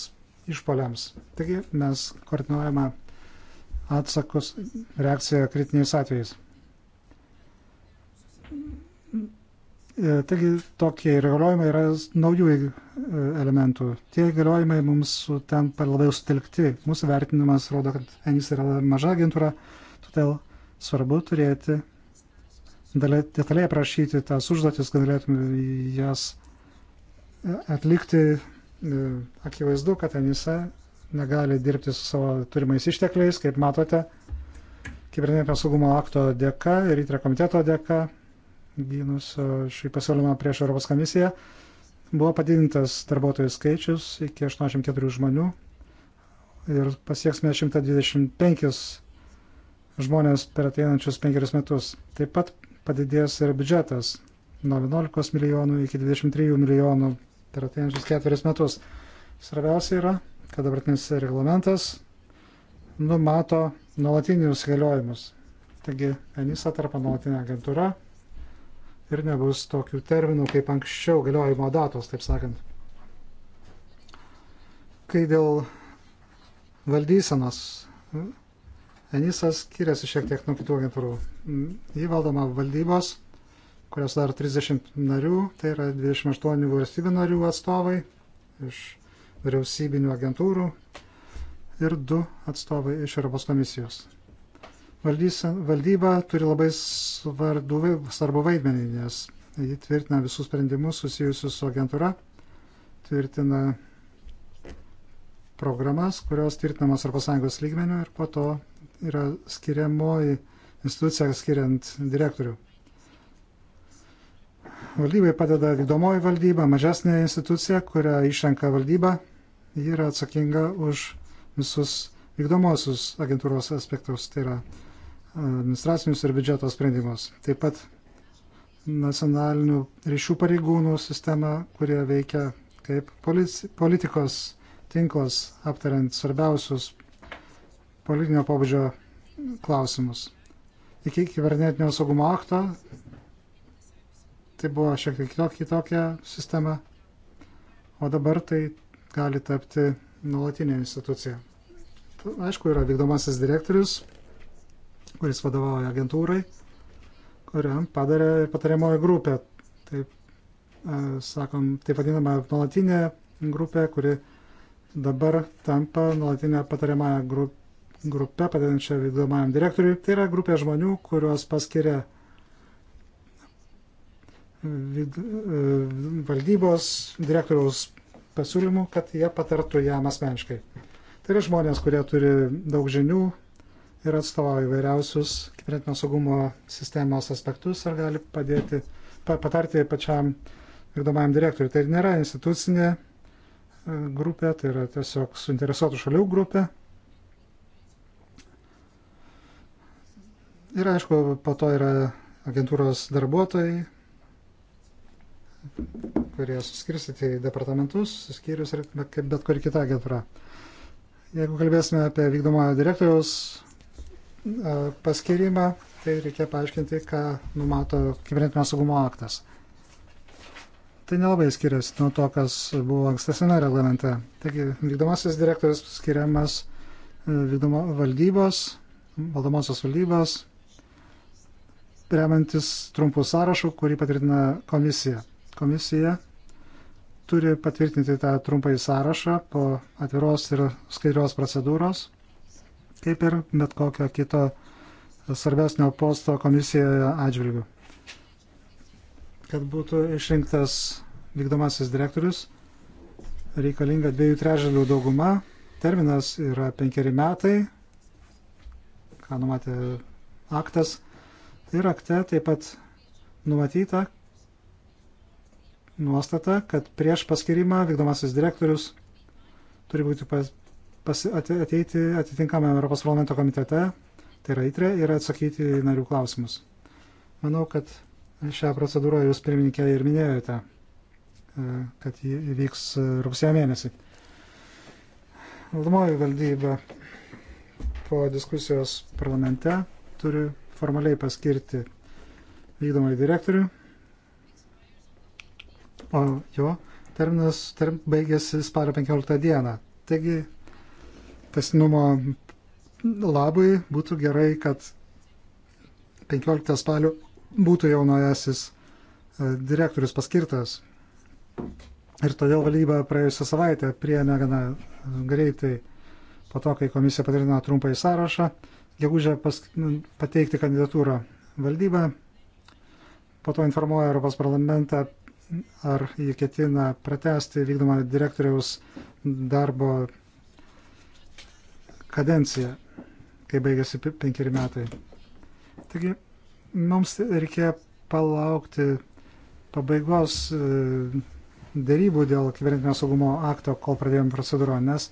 išpoliams. Taigi mes koordinuojame atsakus reakciją kritiniais atvejais. E, taigi tokie įgaliojimai yra naujų e, elementų. Tie įgaliojimai mums tampa labai sutelkti. Mūsų vertinimas rodo, kad ENIS yra maža agentūra, Todėl svarbu turėti detaliai aprašyti tas užduotis, kad galėtume jas e, atlikti. E, akivaizdu, kad Anisa negali dirbti su savo turimais ištekliais, kaip matote, kibernetinio saugumo akto dėka ir įtrio komiteto dėka, gynus e, šį pasiūlymą prieš Europos komisiją, buvo padidintas darbuotojų skaičius iki 84 žmonių ir pasieksime 125 žmonės per ateinančius penkerius metus. Taip pat padidės ir biudžetas nuo 11 milijonų iki 23 milijonų per ateinančius ketverius metus. Svarbiausia yra, kad dabartinis reglamentas numato nuolatinius galiojimus. Taigi Enisa tarpa nuolatinė agentūra ir nebus tokių terminų kaip anksčiau galiojimo datos, taip sakant. Kai dėl valdysenos Enisas skiriasi šiek tiek nuo kitų agentūrų. Mm, Jį valdoma valdybos, kurios dar 30 narių, tai yra 28 valstybių narių atstovai iš vyriausybinių agentūrų ir du atstovai iš Europos komisijos. Valdys, valdyba turi labai svardu, svarbu vaidmenį, nes ji tvirtina visus sprendimus susijusius su agentūra, tvirtina programas, kurios tvirtinamos Europos Sąjungos lygmenių ir po to yra skiriamoji institucija skiriant direktorių. Valdybai padeda vykdomoji valdyba, mažesnė institucija, kurią išrenka valdyba. Ji yra atsakinga už visus vykdomosius agentūros aspektus, tai yra administracinius ir biudžeto sprendimus. Taip pat nacionalinių ryšių pareigūnų sistema, kurie veikia kaip politikos tinklas, aptariant svarbiausius politinio pobūdžio klausimus. Iki kibernetinio saugumo akto tai buvo šiek tiek kitokia, kitokia sistema, o dabar tai gali tapti nuolatinė institucija. Aišku, yra vykdomasis direktorius, kuris vadovauja agentūrai, kuriam padarė patariamoji grupė. Taip, e, sakom, taip vadinama nuolatinė grupė, kuri dabar tampa nuolatinė patariamąją grupę grupę padedančią vykdomajam direktoriui. Tai yra grupė žmonių, kuriuos paskiria valdybos direktoriaus pasiūlymų, kad jie patartų jam asmeniškai. Tai yra žmonės, kurie turi daug žinių ir atstovauja įvairiausius kibernetinio saugumo sistemos aspektus ar gali padėti, pa, patarti pačiam vykdomajam direktoriui. Tai nėra institucinė e, grupė, tai yra tiesiog suinteresuotų šalių grupė. Ir aišku, po to yra agentūros darbuotojai, kurie suskirstyti į departamentus, skyrius ir kaip bet kur kita agentūra. Jeigu kalbėsime apie vykdomojo direktoriaus e, paskirimą, tai reikia paaiškinti, ką numato kibernetinio saugumo aktas. Tai nelabai skiriasi nuo to, kas buvo ankstesnėme reglamente. Taigi, vykdomasis direktorius skiriamas e, vykdomo valdybos, valdomosios valdybos, remiantis trumpų sąrašų, kurį patvirtina komisija. Komisija turi patvirtinti tą trumpąjį sąrašą po atviros ir skaidrios procedūros, kaip ir bet kokio kito svarbesnio posto komisijoje atžvilgių. Kad būtų išrinktas vykdomasis direktorius, reikalinga dviejų trečdalių dauguma. Terminas yra penkeri metai, ką numatė aktas Ir akte taip pat numatyta nuostata, kad prieš paskirimą vykdomasis direktorius turi būti pas, pas, ateiti atitinkamą Europos parlamento komitete, tai yra įtrė, ir atsakyti į narių klausimus. Manau, kad šią procedūrą jūs pirmininkė ir minėjote, e, kad ji įvyks rugsėjo mėnesį. Valdomoji valdyba po diskusijos parlamente turi formaliai paskirti vykdomai direktorių, o jo terminas term, baigėsi spalio 15 dieną. Taigi, tesinumo labui būtų gerai, kad 15 spalio būtų jaunojasis e, direktorius paskirtas. Ir todėl valdyba praėjusią savaitę priėmė gana greitai po to, kai komisija patvirtino trumpąjį sąrašą gegužę nu, pateikti kandidatūrą valdybą, po to informuoja Europos parlamentą, ar jį ketina pratesti vykdomą direktoriaus darbo kadenciją, kai baigėsi penkeri metai. Taigi mums reikėjo palaukti pabaigos e, dėrybų dėl kibernetinio saugumo akto, kol pradėjome procedūrą, nes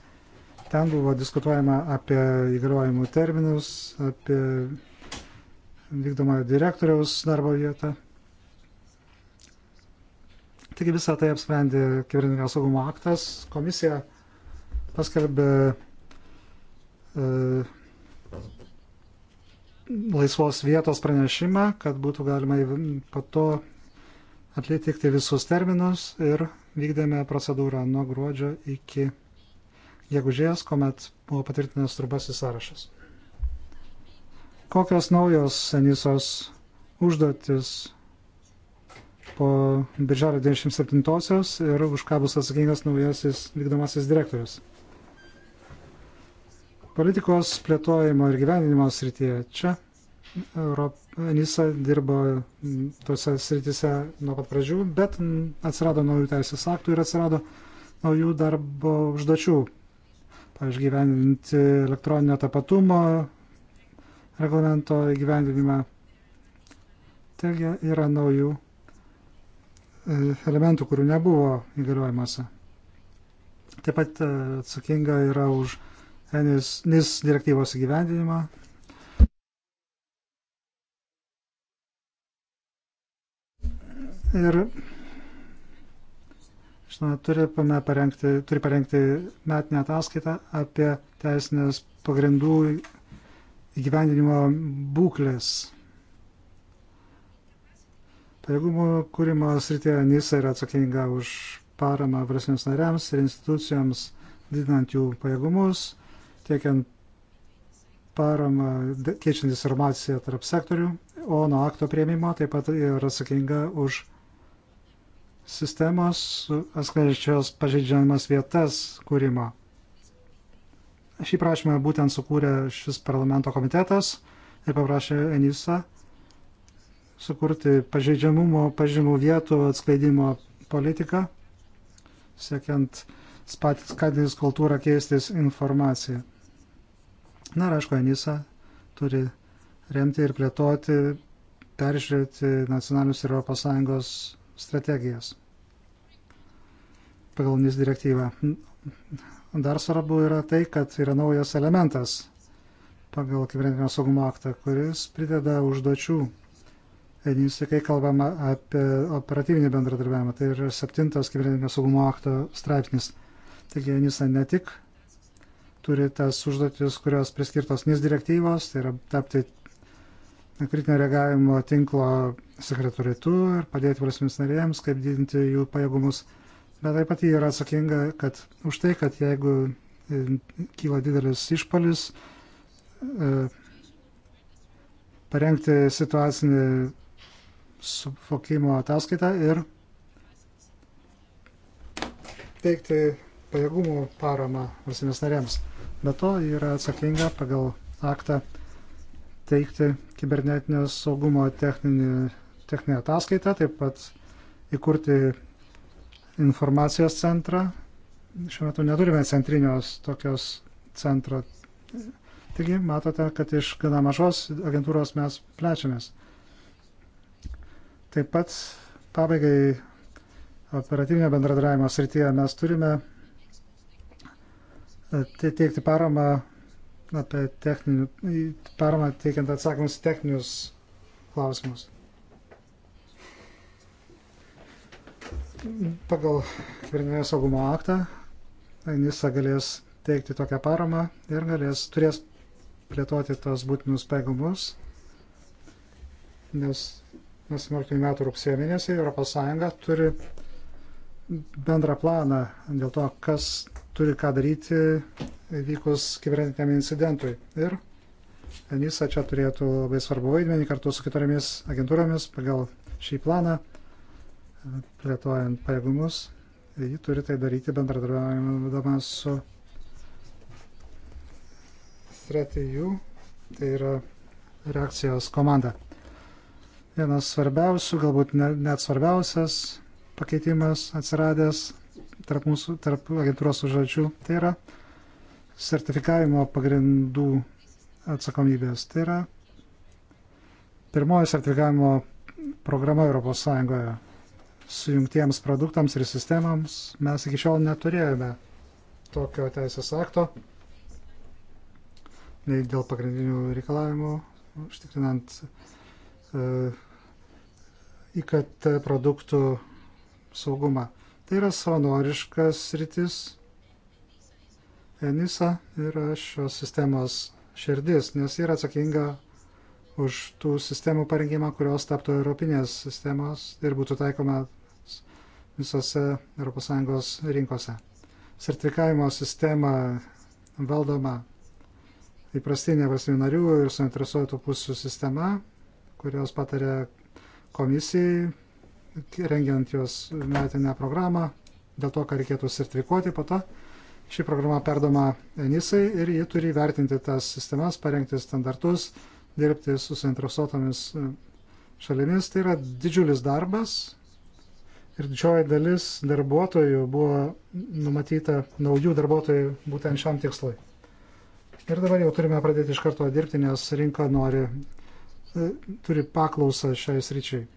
Ten buvo diskutuojama apie įgaliojimų terminus, apie vykdomą direktoriaus darbo vietą. Taigi visą tai apsprendė kibernetinio saugumo aktas. Komisija paskelbė e, laisvos vietos pranešimą, kad būtų galima po to atlikti visus terminus ir vykdėme procedūrą nuo gruodžio iki gegužės, kuomet buvo patvirtintas trumpasis sąrašas. Kokios naujos Enisos užduotis po birželio 27-osios ir už ką bus atsakingas naujasis vykdomasis direktorius? Politikos plėtojimo ir gyvenimo srityje čia Nisa dirbo tose sritise nuo pat pradžių, bet atsirado naujų teisės aktų ir atsirado naujų darbo užduočių pavyzdžiui, gyvendinti elektroninio tapatumo reglamento įgyvendinimą. Taigi yra naujų e, elementų, kurių nebuvo įgaliojimuose. Taip pat e, atsakinga yra už NIS, NIS direktyvos įgyvendinimą. Ir Žinoma, turime parengti, turi parengti metinę ataskaitą apie teisinės pagrindų įgyvendinimo būklės. Pajėgumų kūrimo srityje NISA yra atsakinga už paramą valstybėms nariams ir institucijoms, didinant jų pajėgumus, tiekiant paramą, keičiant informaciją tarp sektorių, o nuo akto prieimimo taip pat yra atsakinga už sistemos atskleidžiančios pažeidžiamas vietas kūrimo. Šį prašymą būtent sukūrė šis parlamento komitetas ir paprašė Enisa sukurti pažeidžiamumo pažymų vietų atskleidimo politiką, siekiant skatins kultūrą keistis informaciją. Na ir aišku, Enisa turi remti ir plėtoti, peržiūrėti nacionalinius ir ES strategijas pagal NIS direktyvą. Dar svarbu yra tai, kad yra naujas elementas pagal kibernetinio saugumo aktą, kuris prideda užduočių. Edinsi, kai kalbama apie operatyvinį bendradarbiavimą, tai yra septintas kibernetinio saugumo akto straipsnis. Taigi Enisa ne tik turi tas užduotis, kurios priskirtos NIS direktyvos, tai yra tapti kritinio reagavimo tinklo sekretoritu ir padėti valstybėms narėjams, kaip didinti jų pajėgumus. Bet taip pat jie yra atsakinga kad, už tai, kad jeigu e, kyla didelis išpalis, e, parengti situacinį sufokimo ataskaitą ir teikti pajėgumų paramą valstybės narėms. Be to yra atsakinga pagal aktą teikti kibernetinio saugumo techninį, techninę ataskaitą, taip pat įkurti informacijos centrą. Šiuo metu neturime centrinios tokios centro. Taigi matote, kad iš gana mažos agentūros mes plečiamės. Taip pat pabaigai operatyvinio bendradarbiavimo srityje mes turime e, teikti paramą apie techninių, paramą teikiant atsakymus techninius klausimus. Pagal Kibernetinio saugumo aktą NISA galės teikti tokią paramą ir galės, turės plėtoti tos būtinus pajėgumus, nes 18 metų rugsėjo mėnesį ES turi bendrą planą dėl to, kas turi ką daryti vykus kibernetiniam incidentui. Ir NISA čia turėtų labai svarbu vaidmenį kartu su kitomis agentūromis pagal šį planą, plėtojant pajėgumus. Ji turi tai daryti bendradarbiavimą su Stratiju, tai yra reakcijos komanda. Vienas svarbiausių, galbūt net svarbiausias pakeitimas atsiradęs tarp, mūsų, tarp agentūros užduočių, tai yra sertifikavimo pagrindų atsakomybės. Tai yra pirmoji sertifikavimo programa ES sujungtiems produktams ir sistemams. Mes iki šiol neturėjome tokio teisės akto, nei dėl pagrindinių reikalavimų, užtikrinant uh, e, IKT produktų saugumą. Tai yra savanoriškas rytis. Enisa yra šios sistemos širdis, nes yra atsakinga už tų sistemų parengimą, kurios taptų europinės sistemos ir būtų taikoma visose ES rinkose. Sertifikavimo sistema valdoma įprastinė valstybių narių ir suinteresuotų pusių sistema, kurios patarė komisijai rengiant jos metinę programą, dėl to, ką reikėtų sertifikuoti po to. Ši programa perdoma Enisai ir ji turi vertinti tas sistemas, parengti standartus, dirbti su suinteresuotomis e, šalimis. Tai yra didžiulis darbas ir didžioji dalis darbuotojų buvo numatyta naujų darbuotojų būtent šiam tikslui. Ir dabar jau turime pradėti iš karto dirbti, nes rinka nori, e, turi paklausą šiais ryčiai.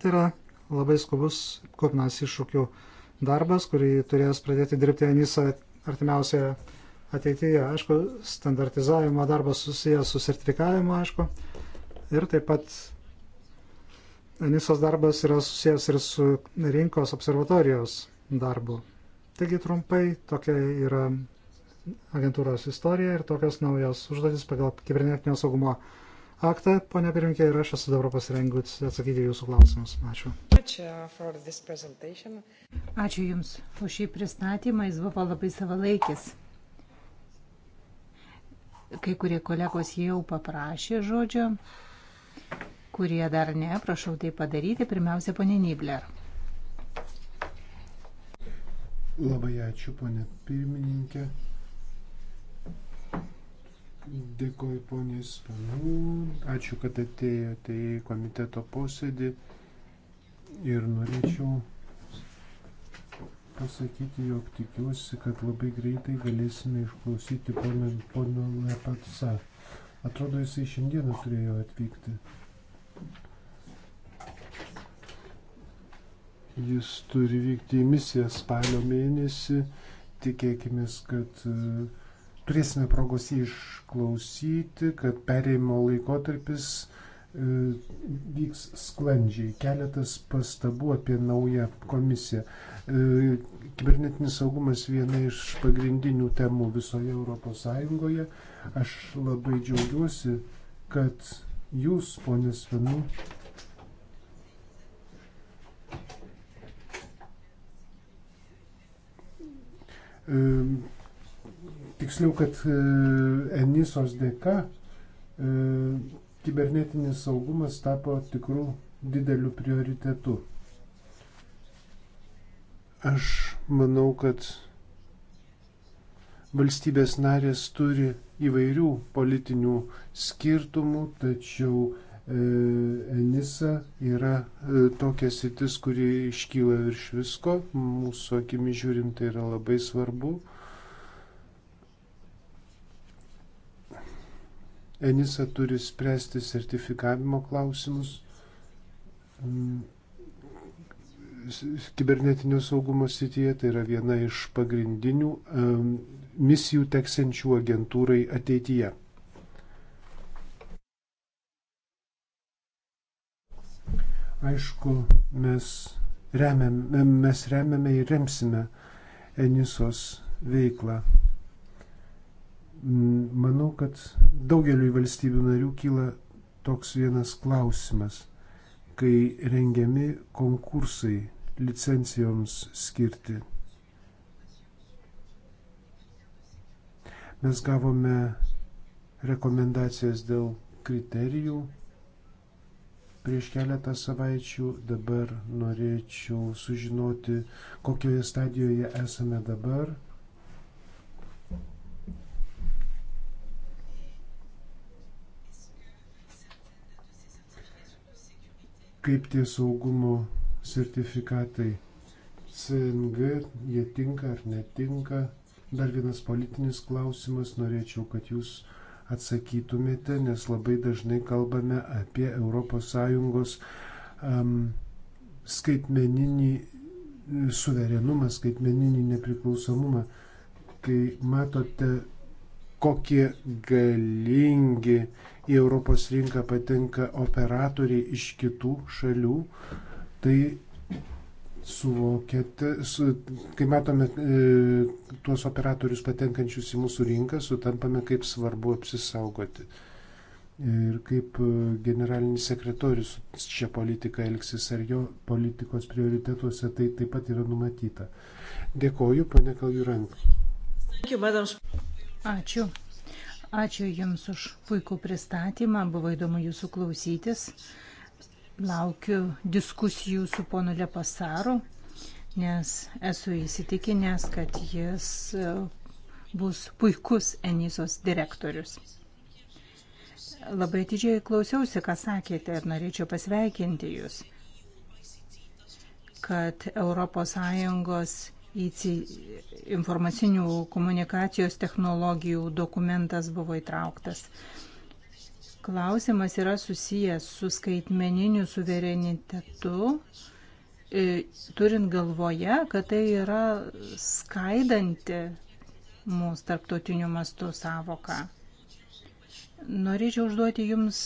Tai yra labai skubus, kupinas iššūkių darbas, kurį turės pradėti dirbti Anisa artimiausioje ateityje. Aišku, standartizavimo darbas susijęs su sertifikavimu, aišku. Ir taip pat Anisos darbas yra susijęs ir su rinkos observatorijos darbu. Taigi trumpai tokia yra agentūros istorija ir tokios naujos užduotis pagal kibernetinio saugumo aktą, ponia pirmininkė, ir aš esu dabar pasirengus atsakyti jūsų klausimus. Ačiū. Ačiū Jums už šį pristatymą, jis buvo labai savalaikis. Kai kurie kolegos jau paprašė žodžio, kurie dar ne, prašau tai padaryti. Pirmiausia, ponė Nibler. Labai ačiū, ponė pirmininkė. Dėkoju ponės panų, ačiū, kad atėjote į komiteto posėdį ir norėčiau pasakyti, jog tikiuosi, kad labai greitai galėsime išklausyti pono Lepatsa. Atrodo, jisai šiandieną nu turėjo atvykti. Jis turi vykti į misiją spalio mėnesį. Tikėkime, kad uh, turėsime progos jį išklausyti, kad perėjimo laikotarpis e, vyks sklandžiai. Keletas pastabų apie naują komisiją. E, kibernetinis saugumas viena iš pagrindinių temų visoje ES. Aš labai džiaugiuosi, kad jūs, ponės Venu, um, e, tiksliau, kad e, Enisos dėka e, kibernetinis saugumas tapo tikrų didelių prioritetų. Aš manau, kad valstybės narės turi įvairių politinių skirtumų, tačiau e, Enisa yra tokia sitis, kuri iškyla virš visko, mūsų akimi žiūrint tai yra labai svarbu. Enisa turi spręsti sertifikavimo klausimus, mm, kibernetinio saugumo srityje tai yra viena iš pagrindinių misijų teksenčių agentūrai ateityje. Aišku, mes remiame, mes remiame ir remsime Enisos veiklą. Manau, kad daugeliu valstybių narių kyla toks vienas klausimas, kai rengiami konkursai licencijoms skirti. Mes gavome rekomendacijas dėl kriterijų prieš keletą savaičių. Dabar norėčiau sužinoti, kokioje stadijoje esame dabar kaip tie saugumo sertifikatai CNG, jie tinka ar netinka. Dar vienas politinis klausimas, norėčiau, kad jūs atsakytumėte, nes labai dažnai kalbame apie ES um, skaitmeninį suverenumą, skaitmeninį nepriklausomumą. Kai matote kokie galingi į Europos rinką patenka operatoriai iš kitų šalių, tai suvokėte, su, kai matome e, tuos operatorius patenkančius į mūsų rinką, sutampame, kaip svarbu apsisaugoti. Ir kaip e, generalinis sekretorius šią politiką elgsis, ar jo politikos prioritetuose tai taip pat yra numatyta. Dėkoju, pane Kaljurant. Thank you, madam. Ačiū. Ačiū Jums už puikų pristatymą, buvo įdomu Jūsų klausytis. Laukiu diskusijų su ponu Lepasaru, nes esu įsitikinęs, kad jis e, bus puikus Enisos direktorius. Labai didžiai klausiausi, ką sakėte ir norėčiau pasveikinti Jūs, kad ES informacinių komunikacijos technologijų dokumentas buvo įtrauktas. Klausimas yra susijęs su skaitmeniniu suverenitetu, e, turint galvoje, kad tai yra skaidanti mūsų tarptautinių mastų savoką. Norėčiau užduoti Jums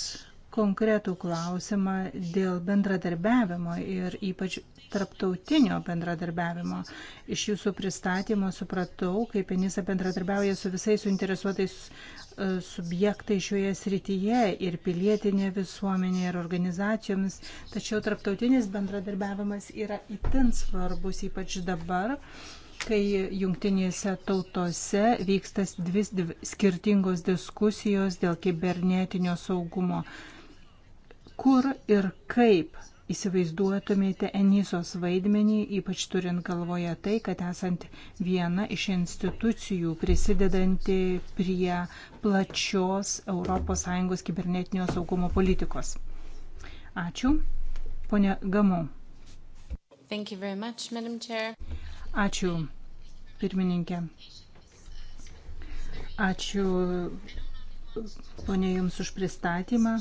konkretų klausimą dėl bendradarbiavimo ir ypač tarptautinio bendradarbiavimo. Iš jūsų pristatymo supratau, kaip Enisa bendradarbiauja su visais suinteresuotais e, subjektai šioje srityje ir pilietinė visuomenė ir organizacijomis, tačiau tarptautinis bendradarbiavimas yra itin svarbus, ypač dabar kai jungtinėse tautose vyksta dvi skirtingos diskusijos dėl kibernetinio saugumo. Kur ir kaip įsivaizduotumėte Enisos vaidmenį, ypač turint galvoje tai, kad esant viena iš institucijų prisidedanti prie plačios ES kibernetinio saugumo politikos? Ačiū. Pone Gamu. Much, Ačiū, pirmininkė. Ačiū, ponė, Jums už pristatymą.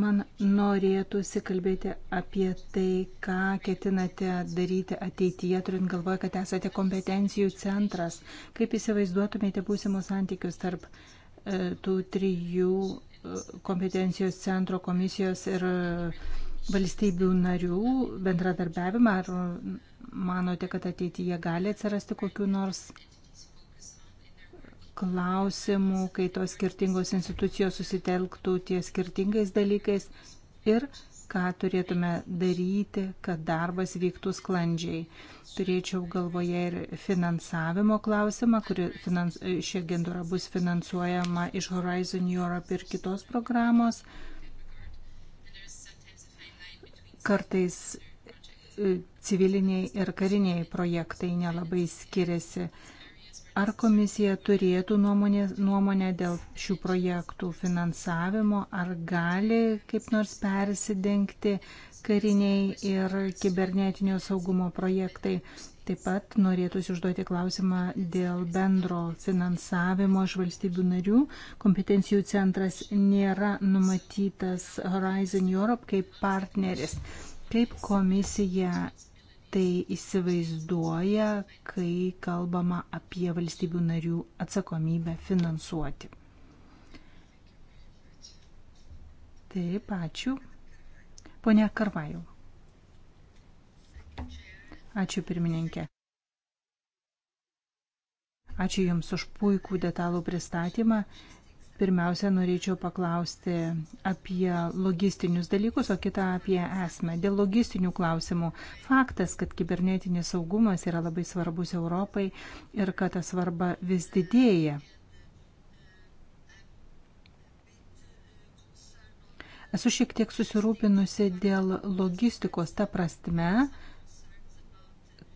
Man norėtųsi kalbėti apie tai, ką ketinate daryti ateityje, turint galvoje, kad esate kompetencijų centras. Kaip įsivaizduotumėte būsimus santykius tarp e, tų trijų e, kompetencijos centro komisijos ir e, valstybių narių bendradarbiavimą? Ar manote, kad ateityje gali atsirasti kokiu nors klausimų, kai tos skirtingos institucijos susitelktų ties skirtingais dalykais ir ką turėtume daryti, kad darbas vyktų sklandžiai. Turėčiau galvoje ir finansavimo klausimą, kuri finans, ši agentūra bus finansuojama iš Horizon Europe ir kitos programos. Kartais e, civiliniai ir kariniai projektai nelabai skiriasi. Ar komisija turėtų nuomonę, nuomonę dėl šių projektų finansavimo, ar gali kaip nors persidengti kariniai ir kibernetinio saugumo projektai? Taip pat norėtųsi užduoti klausimą dėl bendro finansavimo iš valstybių narių. Kompetencijų centras nėra numatytas Horizon Europe kaip partneris. Kaip komisija tai įsivaizduoja, kai kalbama apie valstybių narių atsakomybę finansuoti. Taip, ačiū. Pone Karvajau. Ačiū pirmininkė. Ačiū Jums už puikų detalų pristatymą. Pirmiausia, norėčiau paklausti apie logistinius dalykus, o kitą apie esmę. Dėl logistinių klausimų. Faktas, kad kibernetinis saugumas yra labai svarbus Europai ir kad ta svarba vis didėja. Esu šiek tiek susirūpinusi dėl logistikos ta prasme,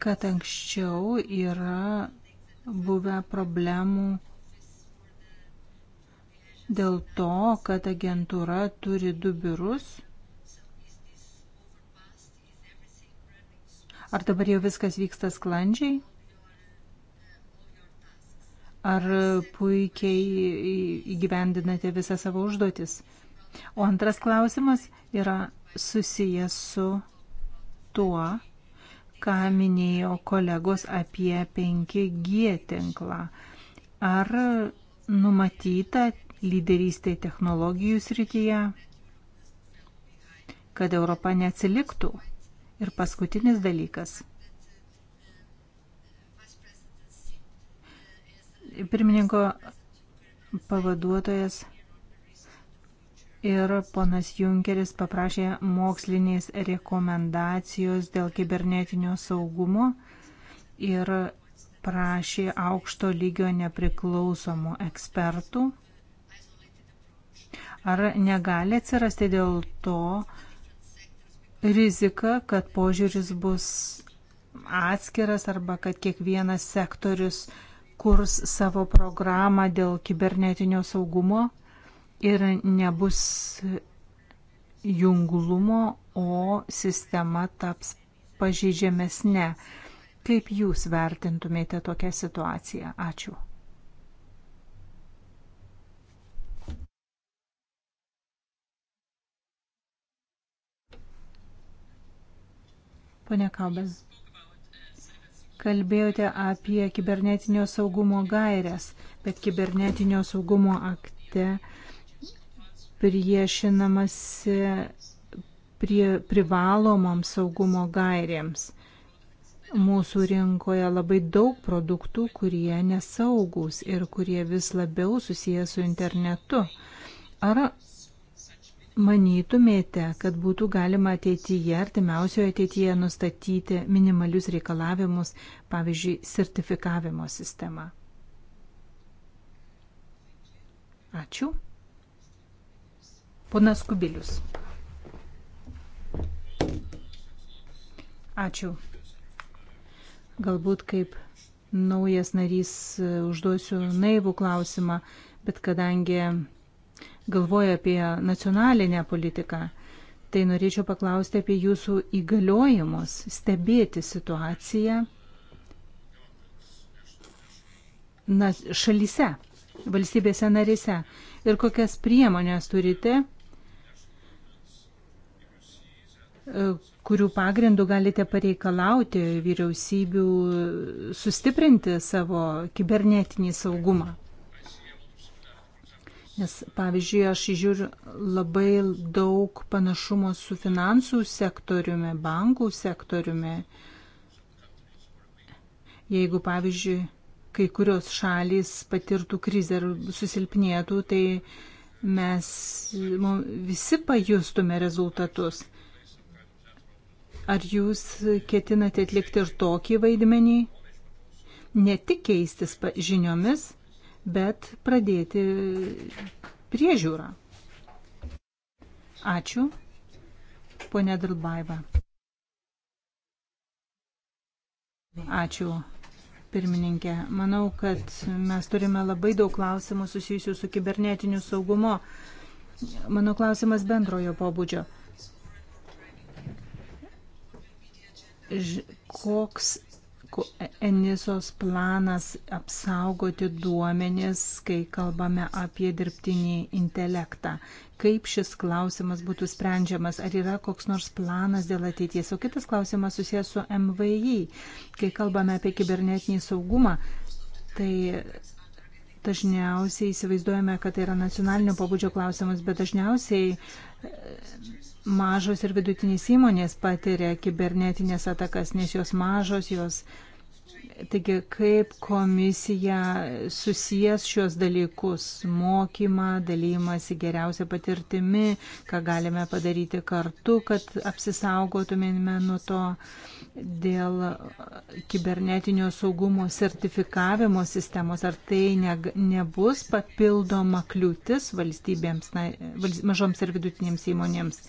kad anksčiau yra buvę problemų dėl to, kad agentūra turi du biurus. Ar dabar jau viskas vyksta sklandžiai? Ar puikiai įgyvendinate visą savo užduotis? O antras klausimas yra susijęs su tuo, ką minėjo kolegos apie 5G tinklą. Ar numatyta lyderystė technologijų srityje, kad Europa neatsiliktų. Ir paskutinis dalykas. Pirmininko pavaduotojas ir ponas Junkeris paprašė mokslinės rekomendacijos dėl kibernetinio saugumo ir prašė aukšto lygio nepriklausomų ekspertų Ar negali atsirasti dėl to rizika, kad požiūris bus atskiras arba kad kiekvienas sektorius kurs savo programą dėl kibernetinio saugumo ir nebus junglumo, o sistema taps pažeidžiamesnė. Kaip Jūs vertintumėte tokią situaciją? Ačiū. Pone Kaubel, kalbėjote apie kibernetinio saugumo gairias, bet kibernetinio saugumo akte priešinamasi prie privalomams saugumo gairėms. Mūsų rinkoje labai daug produktų, kurie nesaugus ir kurie vis labiau susiję su internetu. Ar manytumėte, kad būtų galima ateityje, artimiausioje ateityje nustatyti minimalius reikalavimus, pavyzdžiui, sertifikavimo sistemą? Ačiū. Ponas Kubilius. Ačiū. Galbūt kaip naujas narys e, užduosiu naivų klausimą, bet kadangi galvoja apie nacionalinę politiką, tai norėčiau paklausti apie jūsų įgaliojimus stebėti situaciją na, šalyse, valstybėse narėse ir kokias priemonės turite, e, kurių pagrindų galite pareikalauti vyriausybių sustiprinti savo kibernetinį saugumą. Nes, pavyzdžiui, aš žiūriu labai daug panašumo su finansų sektoriumi, bankų sektoriumi. Jeigu, pavyzdžiui, kai kurios šalys patirtų krizę ir susilpnėtų, tai mes visi pajustume rezultatus. Ar jūs ketinate atlikti ir tokį vaidmenį? Ne tik keistis žiniomis, bet pradėti priežiūrą. Ačiū, ponė Dalbaiva. Ačiū, pirmininkė. Manau, kad mes turime labai daug klausimų susijusių su kibernetiniu saugumu. Mano klausimas bendrojo pobūdžio. Koks Enisos planas apsaugoti duomenis, kai kalbame apie dirbtinį intelektą. Kaip šis klausimas būtų sprendžiamas? Ar yra koks nors planas dėl ateities? O kitas klausimas susijęs su MVI. Kai kalbame apie kibernetinį saugumą, tai dažniausiai įsivaizduojame, kad tai yra nacionalinio pabudžio klausimas, bet dažniausiai e, mažos ir vidutinės įmonės patiria kibernetinės atakas, nes jos mažos, jos Taigi, kaip komisija susijęs šios dalykus - mokymą, dalymasi geriausia patirtimi, ką galime padaryti kartu, kad apsisaugotumėme nuo to dėl kibernetinio saugumo sertifikavimo sistemos. Ar tai ne, nebus papildoma kliūtis valstybėms, na, valst, mažoms ir vidutinėms įmonėms?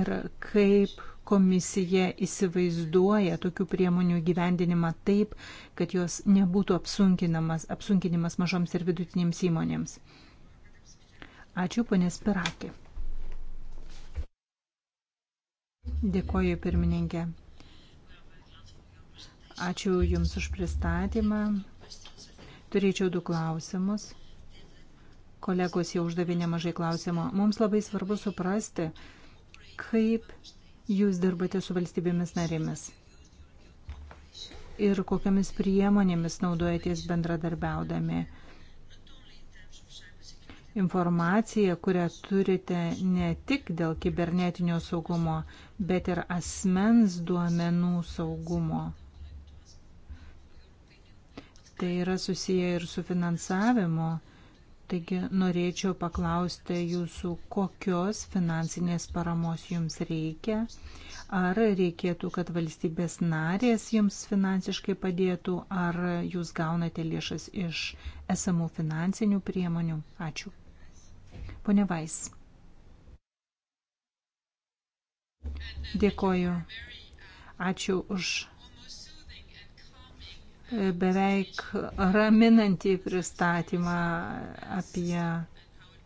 Ir kaip komisija įsivaizduoja tokių priemonių gyvendinimą taip, kad jos nebūtų apsunkinamas, apsunkinimas mažoms ir vidutinėms įmonėms. Ačiū, ponės Pirakė. Dėkoju, pirmininkė. Ačiū Jums už pristatymą. Turėčiau du klausimus. Kolegos jau uždavė nemažai klausimų. Mums labai svarbu suprasti, kaip jūs dirbate su valstybėmis narėmis? Ir kokiamis priemonėmis naudojatės bendradarbiaudami? Informacija, kurią turite ne tik dėl kibernetinio saugumo, bet ir asmens duomenų saugumo. Tai yra susiję ir su finansavimu Taigi norėčiau paklausti jūsų, kokios finansinės paramos jums reikia. Ar reikėtų, kad valstybės narės jums finansiškai padėtų, ar jūs gaunate lėšas iš esamų finansinių priemonių? Ačiū. Pone Vais. Dėkoju. Ačiū už beveik raminantį pristatymą apie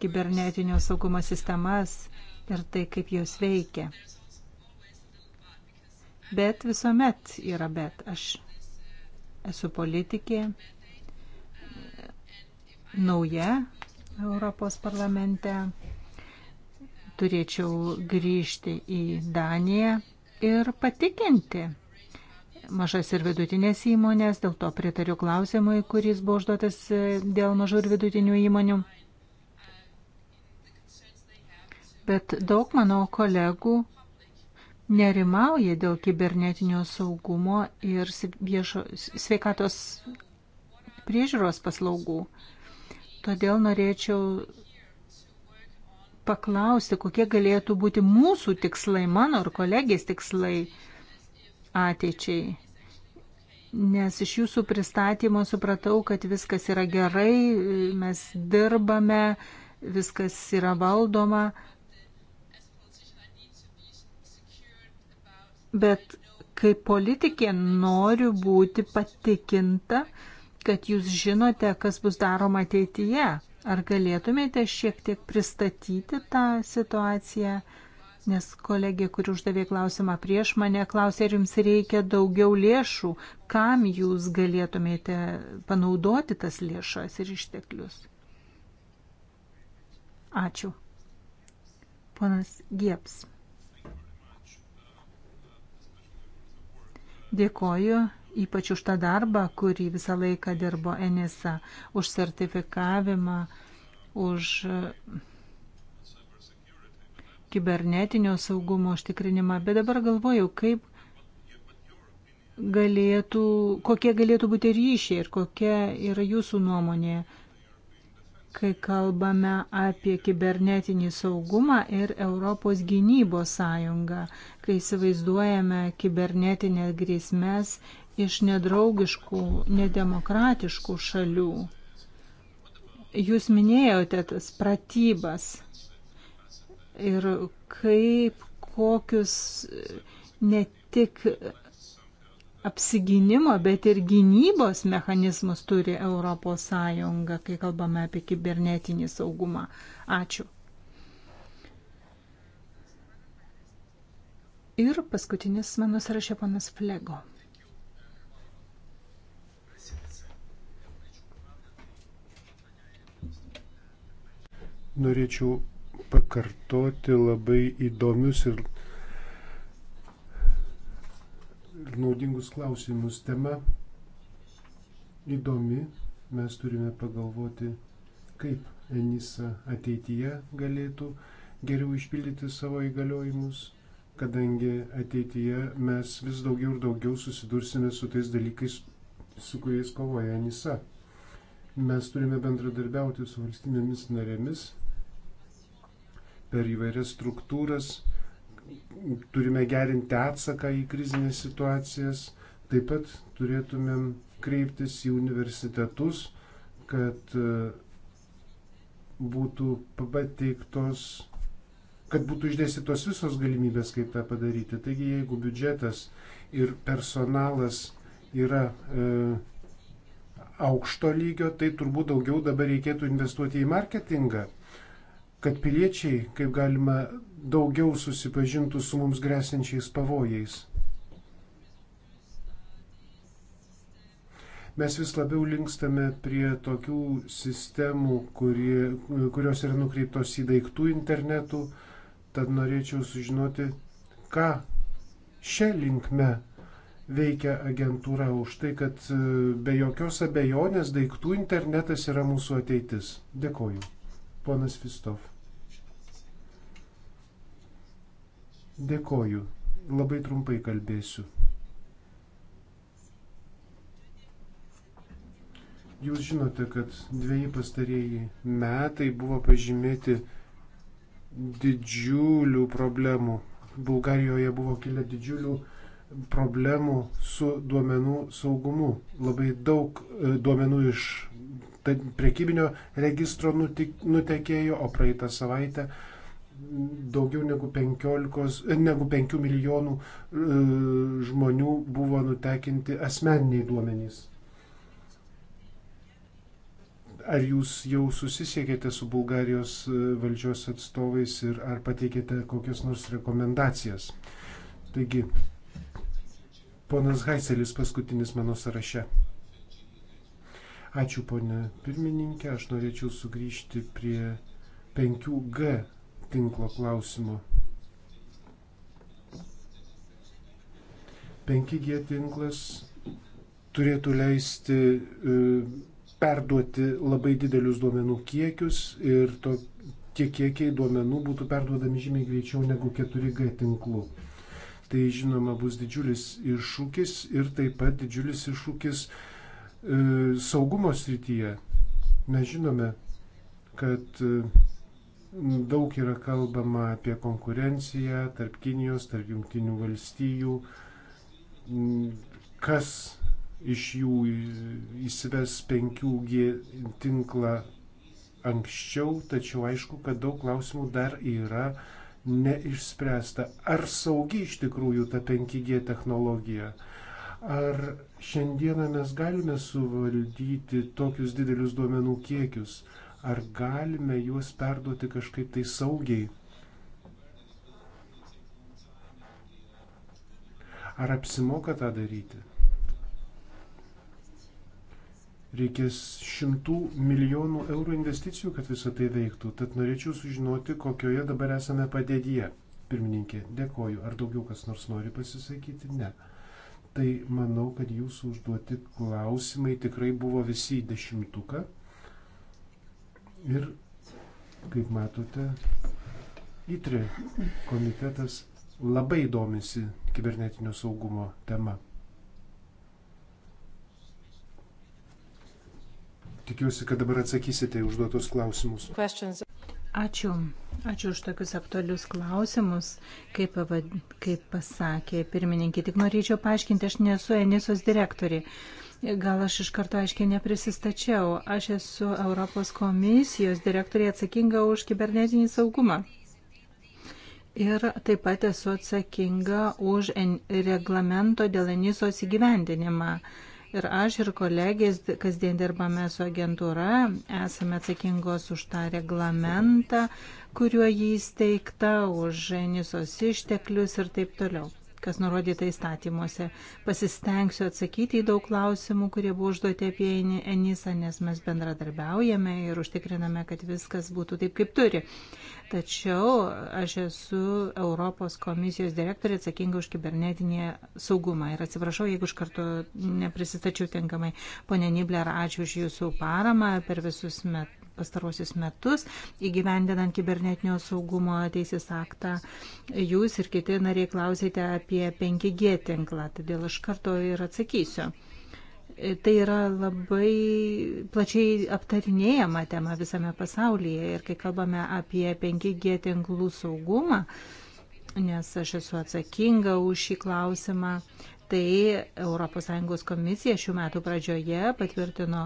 kibernetinio saugumo sistemas ir tai, kaip jos veikia. Bet visuomet yra bet. Aš esu politikė, nauja Europos parlamente, turėčiau grįžti į Daniją ir patikinti mažas ir vidutinės įmonės, dėl to pritariu klausimui, kuris buvo užduotas e, dėl mažų ir vidutinių įmonių. Bet daug mano kolegų nerimauja dėl kibernetinio saugumo ir viešo, sveikatos priežiūros paslaugų. Todėl norėčiau paklausti, kokie galėtų būti mūsų tikslai, mano ir kolegės tikslai ateičiai. Nes iš jūsų pristatymo supratau, kad viskas yra gerai, mes dirbame, viskas yra valdoma. Bet kaip politikė noriu būti patikinta, kad jūs žinote, kas bus daroma ateityje. Ar galėtumėte šiek tiek pristatyti tą situaciją? Nes kolegė, kuri uždavė klausimą prieš mane, klausė, ar jums reikia daugiau lėšų, kam jūs galėtumėte panaudoti tas lėšas ir išteklius. Ačiū. Ponas Gieps. Dėkoju ypač už tą darbą, kurį visą laiką dirbo Enisa, už sertifikavimą, už kibernetinio saugumo užtikrinimą, bet dabar galvoju, kaip galėtų, kokie galėtų būti ryšiai ir kokia yra jūsų nuomonė, kai kalbame apie kibernetinį saugumą ir Europos gynybos sąjungą, kai įsivaizduojame kibernetinės grėsmės iš nedraugiškų, nedemokratiškų šalių. Jūs minėjote tas pratybas ir kaip, kokius ne tik apsiginimo, bet ir gynybos mechanizmus turi ES, kai kalbame apie kibernetinį saugumą. Ačiū. Ir paskutinis mano sąrašė panas Flego. Norėčiau pakartoti labai įdomius ir ir naudingus klausimus. Tema įdomi, mes turime pagalvoti, kaip Enisa ateityje galėtų geriau išpildyti savo įgaliojimus, kadangi ateityje mes vis daugiau ir daugiau susidursime su tais dalykais, su kuriais kovoja Enisa. Mes turime bendradarbiauti su valstybėmis narėmis, per įvairias struktūras, turime gerinti atsaką į krizinės situacijas, taip pat turėtumėm kreiptis į universitetus, kad e, būtų pateiktos kad būtų išdėstytos visos galimybės, kaip tą padaryti. Taigi, jeigu biudžetas ir personalas yra e, aukšto lygio, tai turbūt daugiau dabar reikėtų investuoti į marketingą, kad piliečiai kaip galima daugiau susipažintų su mums grėsinčiais pavojais. Mes vis labiau linkstame prie tokių sistemų, kurie, kurios yra nukreiptos į daiktų internetų, tad norėčiau sužinoti, ką šią linkmę veikia agentūra už tai, kad e, be jokios abejonės daiktų internetas yra mūsų ateitis. Dėkoju. Ponas Vistov. Dėkoju. Labai trumpai kalbėsiu. Jūs žinote, kad dviejai pastarėjai metai buvo pažymėti didžiulių problemų. Bulgarijoje buvo kilę didžiulių problemų su duomenų saugumu. Labai daug e, duomenų iš prekybinio registro nutekėjo, o praeitą savaitę uh, daugiau negu, 15, e, negu 5 milijonų e, žmonių buvo nutekinti asmeniniai duomenys. Ar jūs jau susisiekėte su Bulgarijos e, valdžios atstovais ir ar pateikėte kokias nors rekomendacijas? Taigi, ponas Haiselis paskutinis mano sąraše. Ačiū, ponė pirmininkė, aš norėčiau sugrįžti prie 5G tinklo klausimo. 5G tinklas turėtų leisti e, perduoti labai didelius duomenų kiekius ir to, tie kiekiai duomenų būtų perduodami žymiai greičiau negu 4G tinklų. Tai žinoma bus didžiulis iššūkis ir taip pat didžiulis iššūkis e, saugumo srityje. Mes žinome, kad e, daug yra kalbama apie konkurenciją tarp Kinijos, tarp jungtinių valstijų, kas iš jų įsives 5G tinklą anksčiau, tačiau aišku, kad daug klausimų dar yra neišspręsta. Ar saugi iš tikrųjų ta 5G technologija? Ar šiandieną mes galime suvaldyti tokius didelius duomenų kiekius? ar galime juos perduoti kažkaip tai saugiai? Ar apsimoka tą daryti? Reikės šimtų milijonų eurų investicijų, kad visą tai veiktų. Tad norėčiau sužinoti, kokioje dabar esame padėdyje. Pirmininkė, dėkoju. Ar daugiau kas nors nori pasisakyti? Ne tai manau, kad jūsų užduoti klausimai tikrai buvo visi į dešimtuką. Ir, kaip matote, ITRI komitetas labai domisi kibernetinio saugumo tema. Tikiuosi, kad dabar atsakysite į užduotus klausimus. Questions. Ačiū. Ačiū už tokius aktualius klausimus. Kaip, kaip pasakė pirmininkė, tik norėčiau paaiškinti, aš nesu Enisos direktorė. Gal aš iš karto aiškiai neprisistačiau. Aš esu Europos komisijos direktorė atsakinga už kibernetinį saugumą. Ir taip pat esu atsakinga už reglamento dėl ENISOS įgyvendinimą. Ir aš ir kolegės kasdien dirbame su agentūra, esame atsakingos už tą reglamentą, kuriuo jį įsteigta, už ENISOS išteklius ir taip toliau kas nurodyta įstatymuose. Pasistengsiu atsakyti į daug klausimų, kurie buvo užduoti apie Enisą, nes mes bendradarbiaujame ir užtikriname, kad viskas būtų taip, kaip turi. Tačiau aš esu Europos komisijos direktorė atsakinga už kibernetinį saugumą ir atsiprašau, jeigu iš karto neprisistačiau tinkamai. Pone Nibler, ačiū už Jūsų paramą per visus metus pastarosius metus įgyvendinant kibernetinio saugumo teisės aktą. Jūs ir kiti nariai klausėte apie 5G tinklą, todėl aš karto ir atsakysiu. Tai yra labai plačiai aptarinėjama tema visame pasaulyje ir kai kalbame apie 5G tinklų saugumą, nes aš esu atsakinga už šį klausimą tai ES komisija šių metų pradžioje patvirtino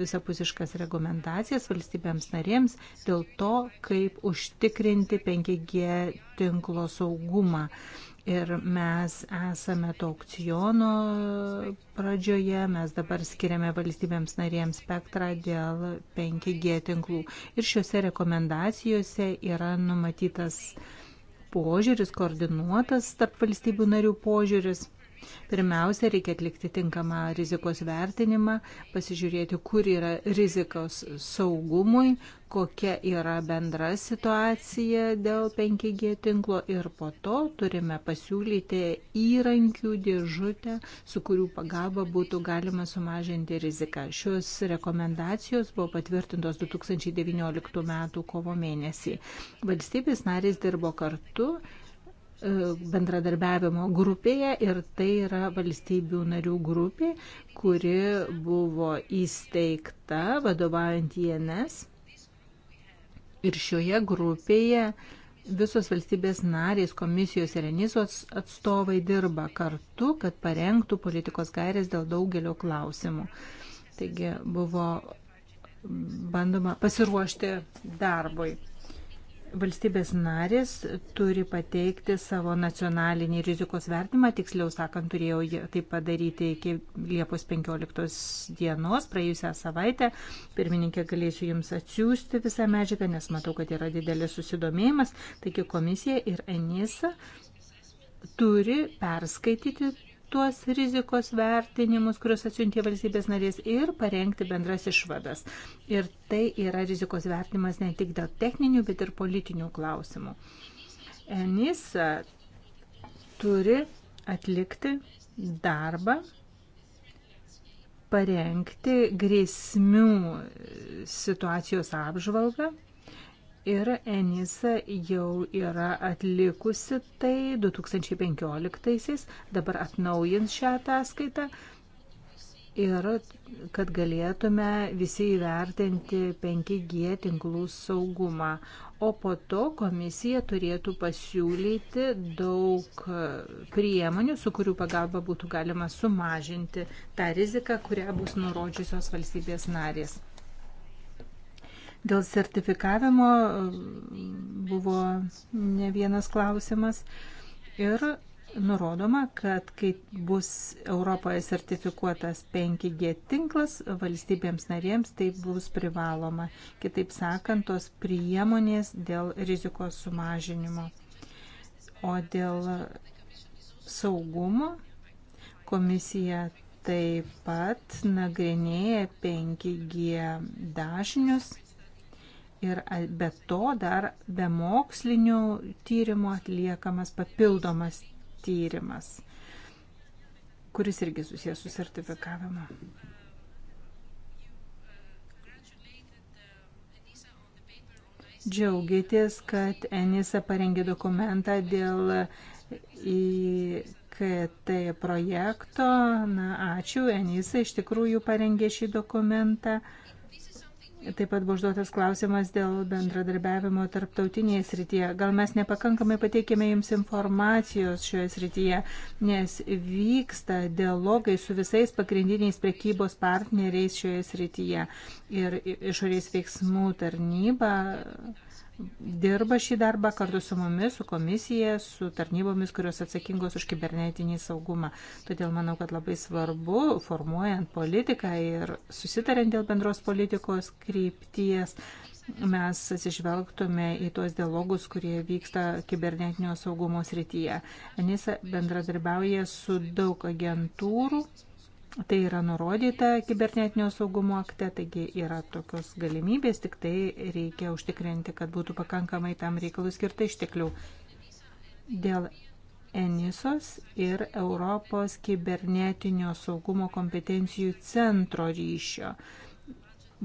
visapusiškas rekomendacijas valstybėms narėms dėl to, kaip užtikrinti 5G tinklo saugumą. Ir mes esame to aukciono pradžioje, mes dabar skiriame valstybėms narėms spektrą dėl 5G tinklų. Ir šiuose rekomendacijose yra numatytas požiūris, koordinuotas tarp valstybių narių požiūris Pirmiausia, reikia atlikti tinkamą rizikos vertinimą, pasižiūrėti, kur yra rizikos saugumui, kokia yra bendra situacija dėl 5G tinklo ir po to turime pasiūlyti įrankių dėžutę, su kurių pagalba būtų galima sumažinti riziką. Šios rekomendacijos buvo patvirtintos 2019 m. kovo mėnesį. Valstybės narės dirbo kartu E, bendradarbiavimo grupėje ir tai yra valstybių narių grupė, kuri buvo įsteigta vadovaujant INS. Ir šioje grupėje visos valstybės narės, komisijos ir ENISOS atstovai dirba kartu, kad parengtų politikos gairės dėl daugelio klausimų. Taigi buvo bandoma pasiruošti darbui valstybės narės turi pateikti savo nacionalinį rizikos vertimą, tiksliau sakant, turėjau tai padaryti iki Liepos 15 dienos, praėjusią savaitę. Pirmininkė, galėsiu Jums atsiųsti visą medžiagą, nes matau, kad yra didelis susidomėjimas. Taigi komisija ir Enisa turi perskaityti tuos rizikos vertinimus, kuriuos atsiuntė valstybės narės ir parengti bendras išvadas. Ir tai yra rizikos vertinimas ne tik dėl techninių, bet ir politinių klausimų. Enisa turi atlikti darbą parengti grėsmių situacijos apžvalgą ir Enisa jau yra atlikusi tai 2015-aisiais, dabar atnaujins šią ataskaitą ir kad galėtume visi įvertinti 5G tinklų saugumą. O po to komisija turėtų pasiūlyti daug priemonių, su kurių pagalba būtų galima sumažinti tą riziką, kurią bus nurodžiusios valstybės narės. Dėl sertifikavimo e, buvo ne vienas klausimas ir nurodoma, kad kai bus Europoje sertifikuotas 5G tinklas, valstybėms narėms tai bus privaloma. Kitaip sakant, tos priemonės dėl rizikos sumažinimo. O dėl saugumo komisija taip pat nagrinėja 5G dažnius ir be to dar be mokslinių tyrimų atliekamas papildomas tyrimas, kuris irgi susijęs su sertifikavimu. Džiaugitės, kad Enisa parengė dokumentą dėl IKT projekto. Na, ačiū, Enisa iš tikrųjų parengė šį dokumentą. Uh, Taip pat buvo užduotas klausimas dėl bendradarbiavimo tarptautinėje srityje. Gal mes nepakankamai pateikėme jums informacijos šioje srityje, nes vyksta dialogai su visais pagrindiniais prekybos partneriais šioje srityje. Ir išorės veiksmų tarnyba dirba šį darbą kartu su mumis, su komisija, su tarnybomis, kurios atsakingos už kibernetinį saugumą. Todėl manau, kad labai svarbu, formuojant politiką ir susitariant dėl bendros politikos krypties, mes atsižvelgtume į tuos dialogus, kurie vyksta kibernetinio saugumo srityje. Enisa bendradarbiauja su daug agentūrų Tai yra nurodyta kibernetinio saugumo akte, taigi yra tokios galimybės, tik tai reikia užtikrinti, kad būtų pakankamai tam reikalui skirta išteklių. Dėl ENISOS ir Europos kibernetinio saugumo kompetencijų centro ryšio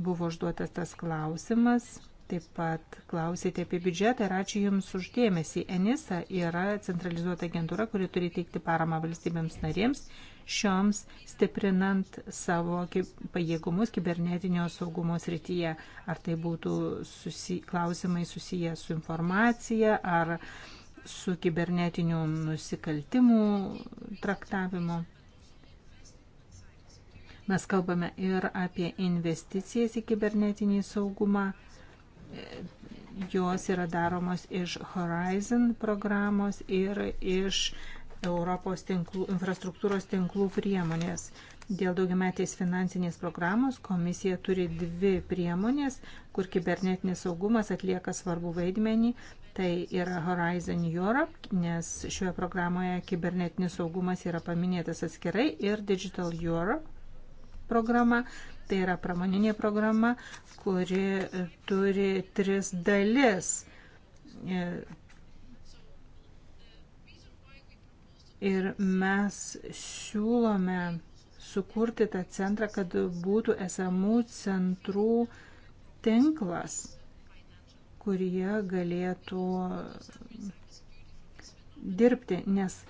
buvo užduotas tas klausimas. Taip pat klausėte apie biudžetą ir ačiū Jums uždėmesį. ENISA yra centralizuota agentūra, kuri turi teikti paramą valstybėms narėms šioms, stiprinant savo pajėgumus kibernetinio saugumo srityje. Ar tai būtų susi, klausimai susiję su informacija, ar su kibernetiniu nusikaltimu traktavimu. Mes kalbame ir apie investicijas į kibernetinį saugumą jos yra daromos iš Horizon programos ir iš Europos tinklų, infrastruktūros tinklų priemonės. Dėl daugiametės finansinės programos komisija turi dvi priemonės, kur kibernetinis saugumas atlieka svarbu vaidmenį. Tai yra Horizon Europe, nes šioje programoje kibernetinis saugumas yra paminėtas atskirai ir Digital Europe programa. Tai yra pramoninė programa, kuri turi tris dalis Ir mes siūlome sukurti tą centrą, kad būtų esamų centrų tinklas, kurie galėtų dirbti, nes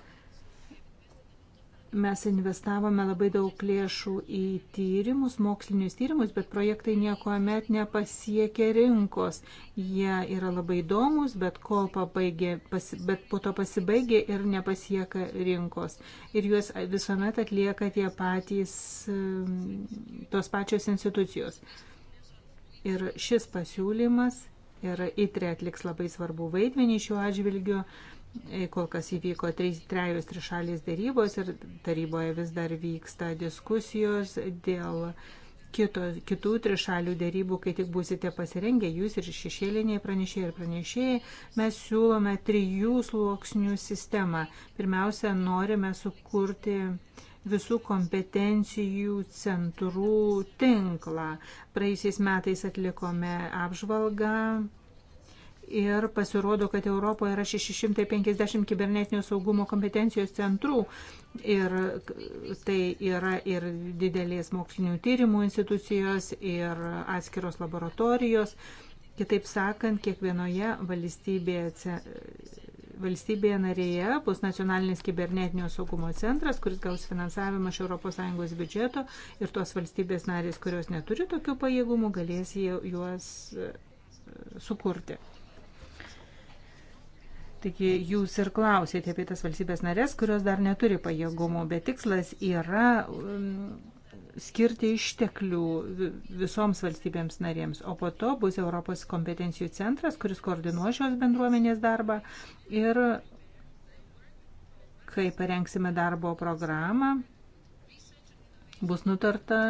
mes investavome labai daug lėšų į tyrimus, mokslinius tyrimus, bet projektai nieko met nepasiekė rinkos. Jie yra labai įdomus, bet, pabaigė, pas, bet po to pasibaigė ir nepasieka rinkos. Ir juos visuomet atlieka tie patys, mm, tos pačios institucijos. Ir šis pasiūlymas ir ITRE atliks labai svarbu vaidmenį šiuo atžvilgiu kol kas įvyko trejos trišalės dėrybos ir taryboje vis dar vyksta diskusijos dėl kito, kitų trišalių dėrybų, kai tik būsite pasirengę, jūs ir šešėliniai pranešėjai ir pranešėjai, mes siūlome trijų sluoksnių sistemą. Pirmiausia, norime sukurti visų kompetencijų centrų tinklą. Praeisiais metais atlikome apžvalgą ir pasirodo, kad Europoje yra 650 kibernetinio saugumo kompetencijos centrų ir tai yra ir didelės mokslinių tyrimų institucijos ir atskiros laboratorijos. Kitaip sakant, kiekvienoje valstybėje, valstybėje narėje bus nacionalinis kibernetinio saugumo centras, kuris gaus finansavimą iš ES biudžeto ir tos valstybės narės, kurios neturi tokių pajėgumų, galės juos e, sukurti. Taigi jūs ir klausėte apie tas valstybės narės, kurios dar neturi pajėgumų, bet tikslas yra um, skirti išteklių visoms valstybėms narėms, o po to bus Europos kompetencijų centras, kuris koordinuos šios bendruomenės darbą ir kai parengsime darbo programą, bus nutarta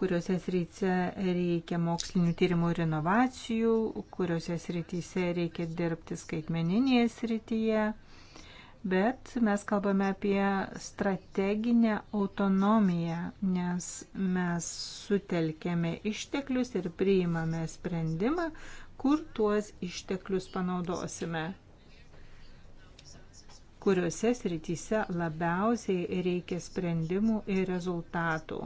kuriuose srityse reikia mokslinių tyrimų ir inovacijų, kuriuose srityse reikia dirbti skaitmeninėje srityje. Bet mes kalbame apie strateginę autonomiją, nes mes sutelkėme išteklius ir priimame sprendimą, kur tuos išteklius panaudosime kuriuose srityse labiausiai reikia sprendimų ir rezultatų.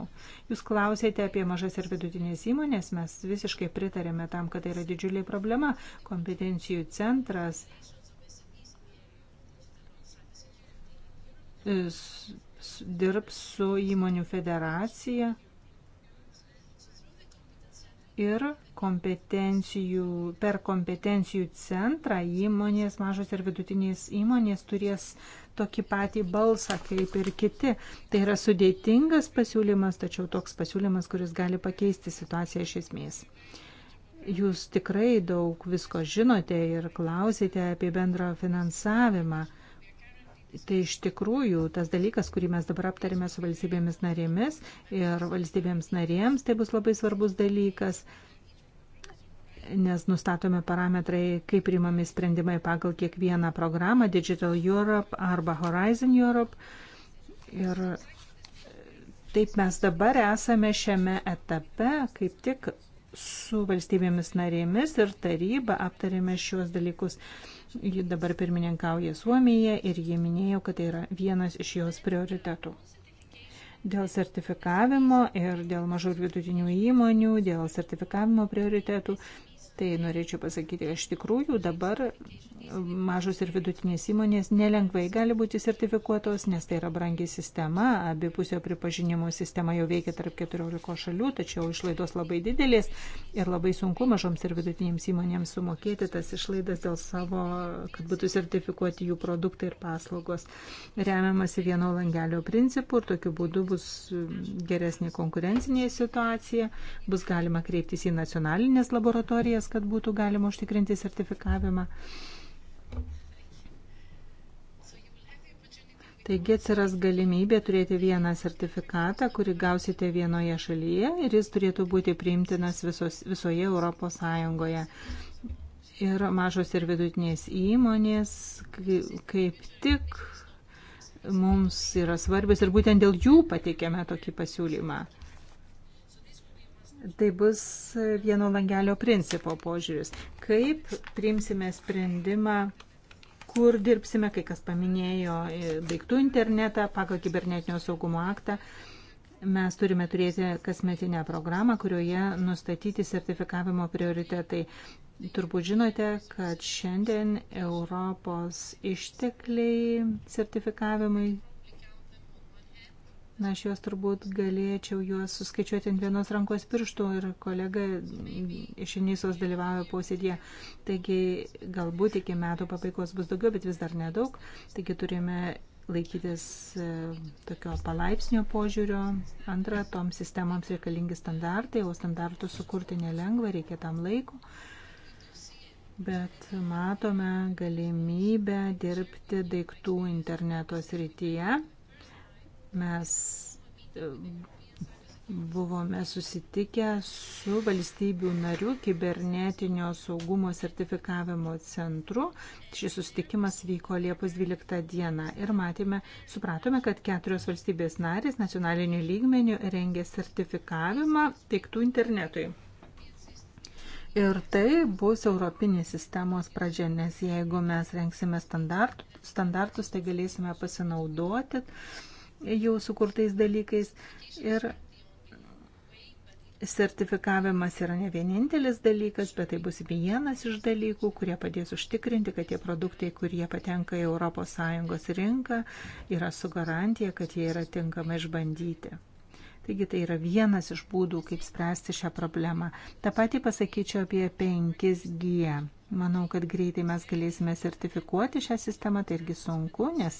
Jūs klausėte apie mažas ir vidutinės įmonės, mes visiškai pritarėme tam, kad tai yra didžiulė problema. Kompetencijų centras dirbs su įmonių federacija ir kompetencijų, per kompetencijų centrą įmonės, mažos ir vidutinės įmonės turės tokį patį balsą kaip ir kiti. Tai yra sudėtingas pasiūlymas, tačiau toks pasiūlymas, kuris gali pakeisti situaciją iš esmės. Jūs tikrai daug visko žinote ir klausite apie bendrą finansavimą. Tai iš tikrųjų tas dalykas, kurį mes dabar aptarėme su valstybėmis narėmis ir valstybėms narėms, tai bus labai svarbus dalykas, nes nustatome parametrai, kaip primami sprendimai pagal kiekvieną programą Digital Europe arba Horizon Europe. Ir taip mes dabar esame šiame etape, kaip tik su valstybėmis narėmis ir taryba aptarėme šiuos dalykus. Ji dabar pirmininkauja Suomija ir ji minėjo, kad tai yra vienas iš jos prioritetų. Dėl sertifikavimo ir dėl mažų ir vidutinių įmonių, dėl sertifikavimo prioritetų tai norėčiau pasakyti, iš tikrųjų dabar mažos ir vidutinės įmonės nelengvai gali būti sertifikuotos, nes tai yra brangiai sistema, abipusio pripažinimo sistema jau veikia tarp 14 šalių, tačiau išlaidos labai didelės ir labai sunku mažoms ir vidutinėms įmonėms sumokėti tas išlaidas dėl savo, kad būtų sertifikuoti jų produktai ir paslaugos. Remiamasi vieno langelio principu ir tokiu būdu bus geresnė konkurencinė situacija, bus galima kreiptis į nacionalinės laboratorijas, priemonės, kad būtų galima užtikrinti sertifikavimą. Taigi atsiras galimybė turėti vieną sertifikatą, kurį gausite vienoje šalyje ir jis turėtų būti priimtinas visos, visoje Europos Sąjungoje. Ir mažos ir vidutinės įmonės kaip tik mums yra svarbios ir būtent dėl jų pateikėme tokį pasiūlymą. Tai bus vieno langelio principo požiūris. Kaip priimsime sprendimą, kur dirbsime, kai kas paminėjo daiktų internetą pagal kibernetinio saugumo aktą mes turime turėti kasmetinę programą, kurioje nustatyti sertifikavimo prioritetai. Turbūt žinote, kad šiandien Europos ištekliai sertifikavimui Na, aš juos turbūt galėčiau juos suskaičiuoti ant vienos rankos pirštų ir kolega iš Inisos dalyvavo posėdėje. Taigi, galbūt iki metų pabaigos bus daugiau, bet vis dar nedaug. Taigi, turime laikytis e, tokio palaipsnio požiūrio. Antra, toms sistemoms reikalingi standartai, o standartų sukurti nelengva, reikia tam laiko. Bet matome galimybę dirbti daiktų interneto srityje Mes e, buvome susitikę su valstybių narių kibernetinio saugumo sertifikavimo centru. Šis susitikimas vyko Liepos 12 dieną ir matėme, supratome, kad keturios valstybės narės nacionaliniu lygmeniu rengė sertifikavimą teiktų internetui. Ir tai bus Europinės sistemos pradžia, nes jeigu mes rengsime standartus, tai galėsime pasinaudoti uh, jau sukurtais dalykais ir sertifikavimas yra ne vienintelis dalykas, bet tai bus vienas iš dalykų, kurie padės užtikrinti, kad tie produktai, kurie patenka į ES rinką, yra su garantija, kad jie yra tinkamai išbandyti. Taigi tai yra vienas iš būdų, kaip spręsti šią problemą. Ta pati pasakyčiau apie 5G. Manau, kad greitai mes galėsime sertifikuoti šią sistemą, tai irgi sunku, nes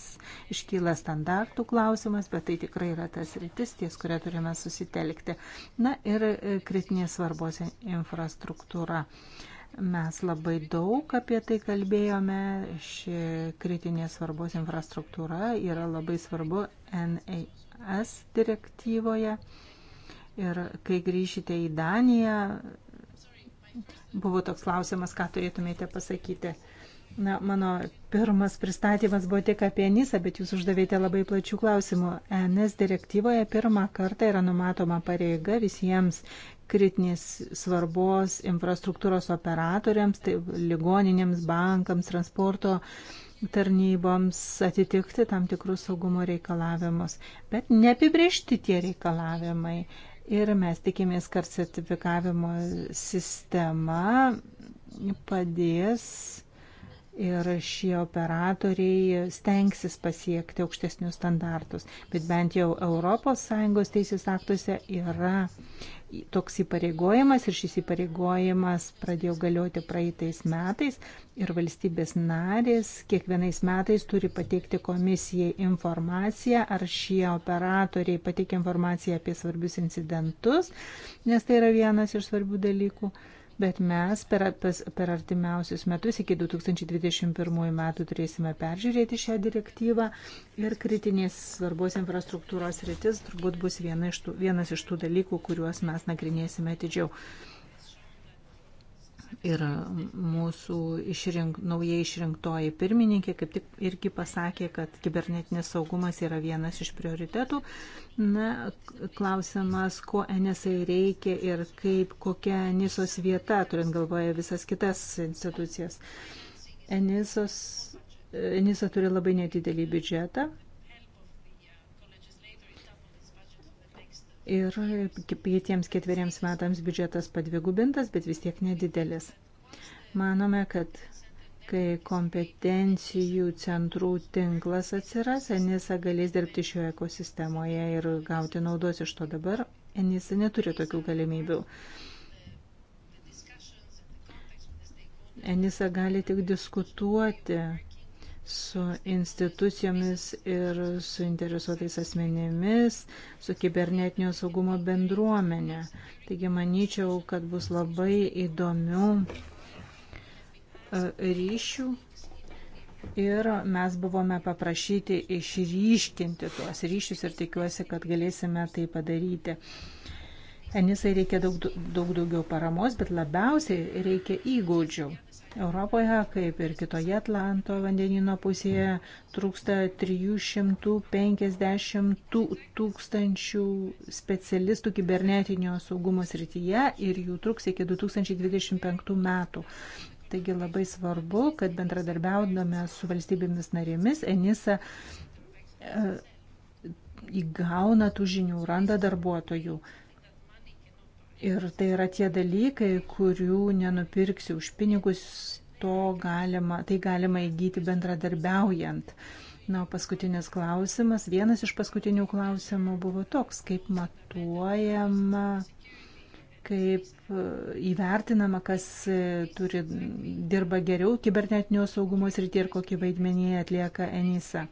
iškyla standartų klausimas, bet tai tikrai yra tas rytis, ties kurią turime susitelkti. Na ir e, kritinės svarbos infrastruktūra. Mes labai daug apie tai kalbėjome. Ši kritinės svarbos infrastruktūra yra labai svarbu NAI e. ES direktyvoje. Ir kai grįšite į Daniją, buvo toks klausimas, ką turėtumėte pasakyti. Na, mano pirmas pristatymas buvo tik apie Nisą, bet jūs uždavėte labai plačių klausimų. ENS direktyvoje pirmą kartą yra numatoma pareiga visiems kritinės svarbos infrastruktūros operatoriams, tai ligoninėms, bankams, transporto tarnyboms atitikti tam tikrus saugumo reikalavimus. Bet neapibriešti tie reikalavimai. Ir mes tikimės, kad sertifikavimo sistema padės ir šie operatoriai stengsis pasiekti aukštesnius standartus. Bet bent jau ES teisės aktuose yra toks įpareigojimas ir šis įpareigojimas pradėjo galioti praeitais metais ir valstybės narės kiekvienais metais turi pateikti komisijai informaciją, ar šie operatoriai pateikia informaciją apie svarbius incidentus, nes tai yra vienas iš svarbių dalykų bet mes per, tas, per artimiausius metus iki 2021 metų turėsime peržiūrėti šią direktyvą ir kritinės svarbos infrastruktūros rytis turbūt bus viena iš tų, vienas iš tų dalykų, kuriuos mes nagrinėsime atidžiau. Ir mūsų išrink, naujai išrinktoji pirmininkė kaip tik irgi pasakė, kad kibernetinės saugumas yra vienas iš prioritetų. Na, klausimas, ko NSA reikia ir kaip, kokia NISOS vieta, turint galvoje visas kitas institucijas. NISOS, NISA turi labai nedidelį biudžetą, ir kitiems ketveriems metams biudžetas padvigubintas, bet vis tiek nedidelis. Manome, kad kai kompetencijų centrų tinklas atsiras, Enisa galės dirbti šioje ekosistemoje ir gauti naudos iš to dabar. Enisa neturi tokių galimybių. Enisa gali tik diskutuoti su institucijomis ir su interesuotais asmenėmis, su kibernetinio saugumo bendruomenė. Taigi manyčiau, kad bus labai įdomių e, ryšių ir mes buvome paprašyti išryškinti tuos ryšius ir tikiuosi, kad galėsime tai padaryti. Enisai reikia daug, daug daugiau paramos, bet labiausiai reikia įgūdžių. Europoje, kaip ir kitoje Atlanto vandenino pusėje, trūksta 350 tūkstančių specialistų kibernetinio saugumo srityje ir jų trūks iki 2025 metų. Taigi labai svarbu, kad bendradarbiaudame su valstybėmis narėmis, Enisa e, įgauna tų žinių, randa darbuotojų. Ir tai yra tie dalykai, kurių nenupirksi už pinigus, to galima, tai galima įgyti bendradarbiaujant. Na, paskutinis klausimas, vienas iš paskutinių klausimų buvo toks, kaip matuojama, kaip e, įvertinama, kas e, turi, dirba geriau kibernetinio saugumo srityje ir kokį vaidmenį atlieka Enisa.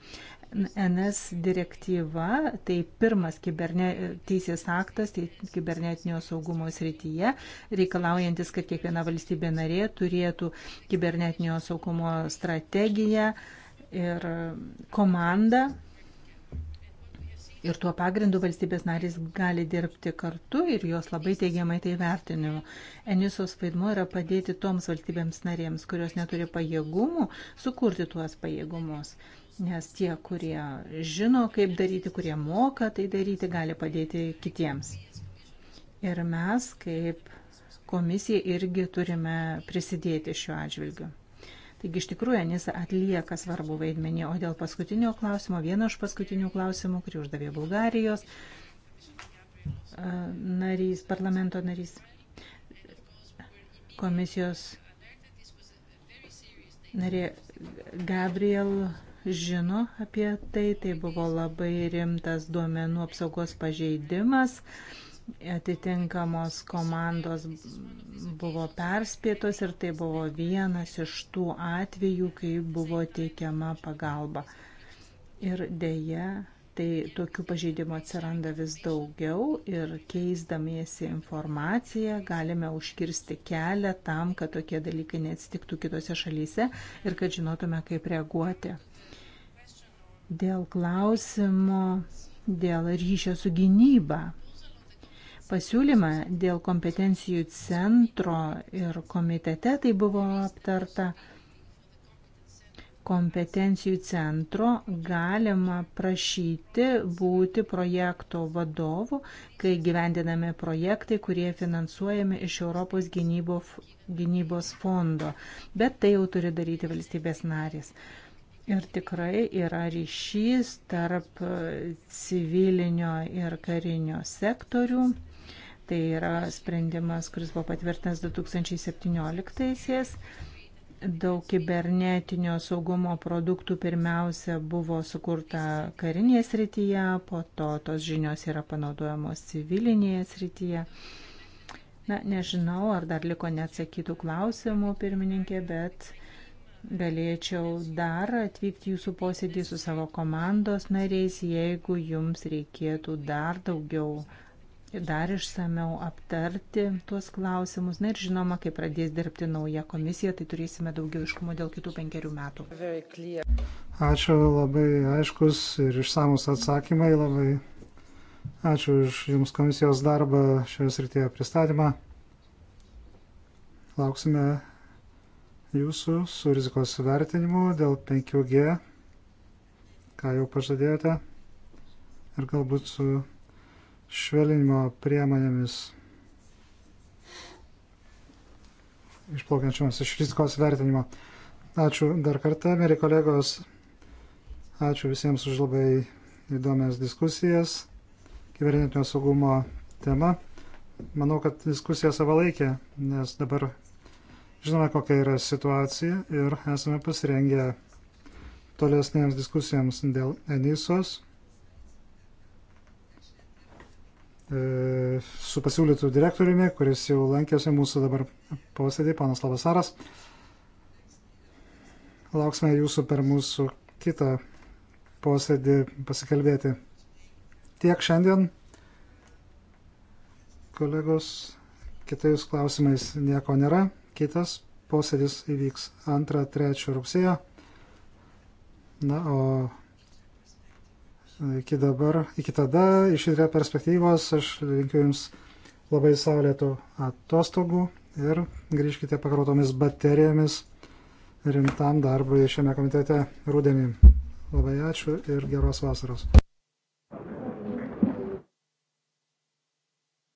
NS direktyva, tai pirmas kiberne, teisės aktas tai kibernetinio saugumo srityje, reikalaujantis, kad kiekviena valstybė narė turėtų kibernetinio saugumo strategiją ir komandą, Ir tuo pagrindu valstybės narys gali dirbti kartu ir jos labai teigiamai tai vertinimu. Enisos vaidmuo yra padėti toms valstybėms narėms, kurios neturi pajėgumų, sukurti tuos pajėgumus nes tie, kurie žino, kaip daryti, kurie moka tai daryti, gali padėti kitiems. Ir mes kaip komisija irgi turime prisidėti šiuo atžvilgiu. Taigi iš tikrųjų Anisa atlieka svarbu vaidmenį, o dėl paskutinio klausimo, vieno iš paskutinių klausimų, kurį uždavė Bulgarijos narys, parlamento narys, komisijos narė Gabriel žino apie tai. Tai buvo labai rimtas duomenų apsaugos pažeidimas. Atitinkamos komandos buvo perspėtos ir tai buvo vienas iš tų atvejų, kai buvo teikiama pagalba. Ir dėja, tai tokių pažeidimų atsiranda vis daugiau ir keisdamiesi informaciją galime užkirsti kelią tam, kad tokie dalykai neatsitiktų kitose šalyse ir kad žinotume, kaip reaguoti dėl klausimo, dėl ryšio su gynyba. Pasiūlymą dėl kompetencijų centro ir komitete tai buvo aptarta. Kompetencijų centro galima prašyti būti projekto vadovu, kai gyvendinami projektai, kurie finansuojami iš Europos gynybo, gynybos fondo. Bet tai jau turi daryti valstybės narės. Ir tikrai yra ryšys tarp e, civilinio ir karinio sektorių. Tai yra sprendimas, kuris buvo patvirtintas 2017-aisiais. Daug kibernetinio saugumo produktų pirmiausia buvo sukurta karinėje srityje, po to tos žinios yra panaudojamos civilinėje srityje. Na, nežinau, ar dar liko neatsakytų klausimų, pirmininkė, bet uh, galėčiau dar atvykti jūsų posėdį su savo komandos nariais, jeigu jums reikėtų dar daugiau, dar išsameu aptarti tuos klausimus. Na ir žinoma, kai pradės dirbti nauja komisija, tai turėsime daugiau iškumo dėl kitų penkerių metų. Ačiū labai aiškus ir išsamus atsakymai. Labai ačiū už Jums komisijos darbą šioje srityje pristatymą. Lauksime jūsų su rizikos vertinimu dėl 5G, ką jau pažadėjote, ir galbūt su švelinimo priemonėmis išplaukiančiomis iš rizikos vertinimo. Ačiū dar kartą, mėly kolegos. Ačiū visiems už labai įdomias diskusijas. Kibernetinio saugumo tema. Manau, kad diskusija savalaikė, nes dabar Žinome, kokia yra situacija ir esame pasirengę tolesnėms diskusijams dėl Enisos e, su pasiūlytų direktoriumi, kuris jau lankėsi mūsų dabar posėdį, panas Lavasaras. Lauksime jūsų per mūsų kitą posėdį pasikalbėti. Tiek šiandien, kolegos, kitais klausimais nieko nėra. Kitas posėdis įvyks 2-3 rugsėjo. Na, o iki dabar, iki tada, iš įtrė perspektyvos, aš linkiu Jums labai saulėtų atostogų ir grįžkite pakrautomis baterijomis rimtam darbui šiame komitete rūdienį. Labai ačiū ir geros vasaros.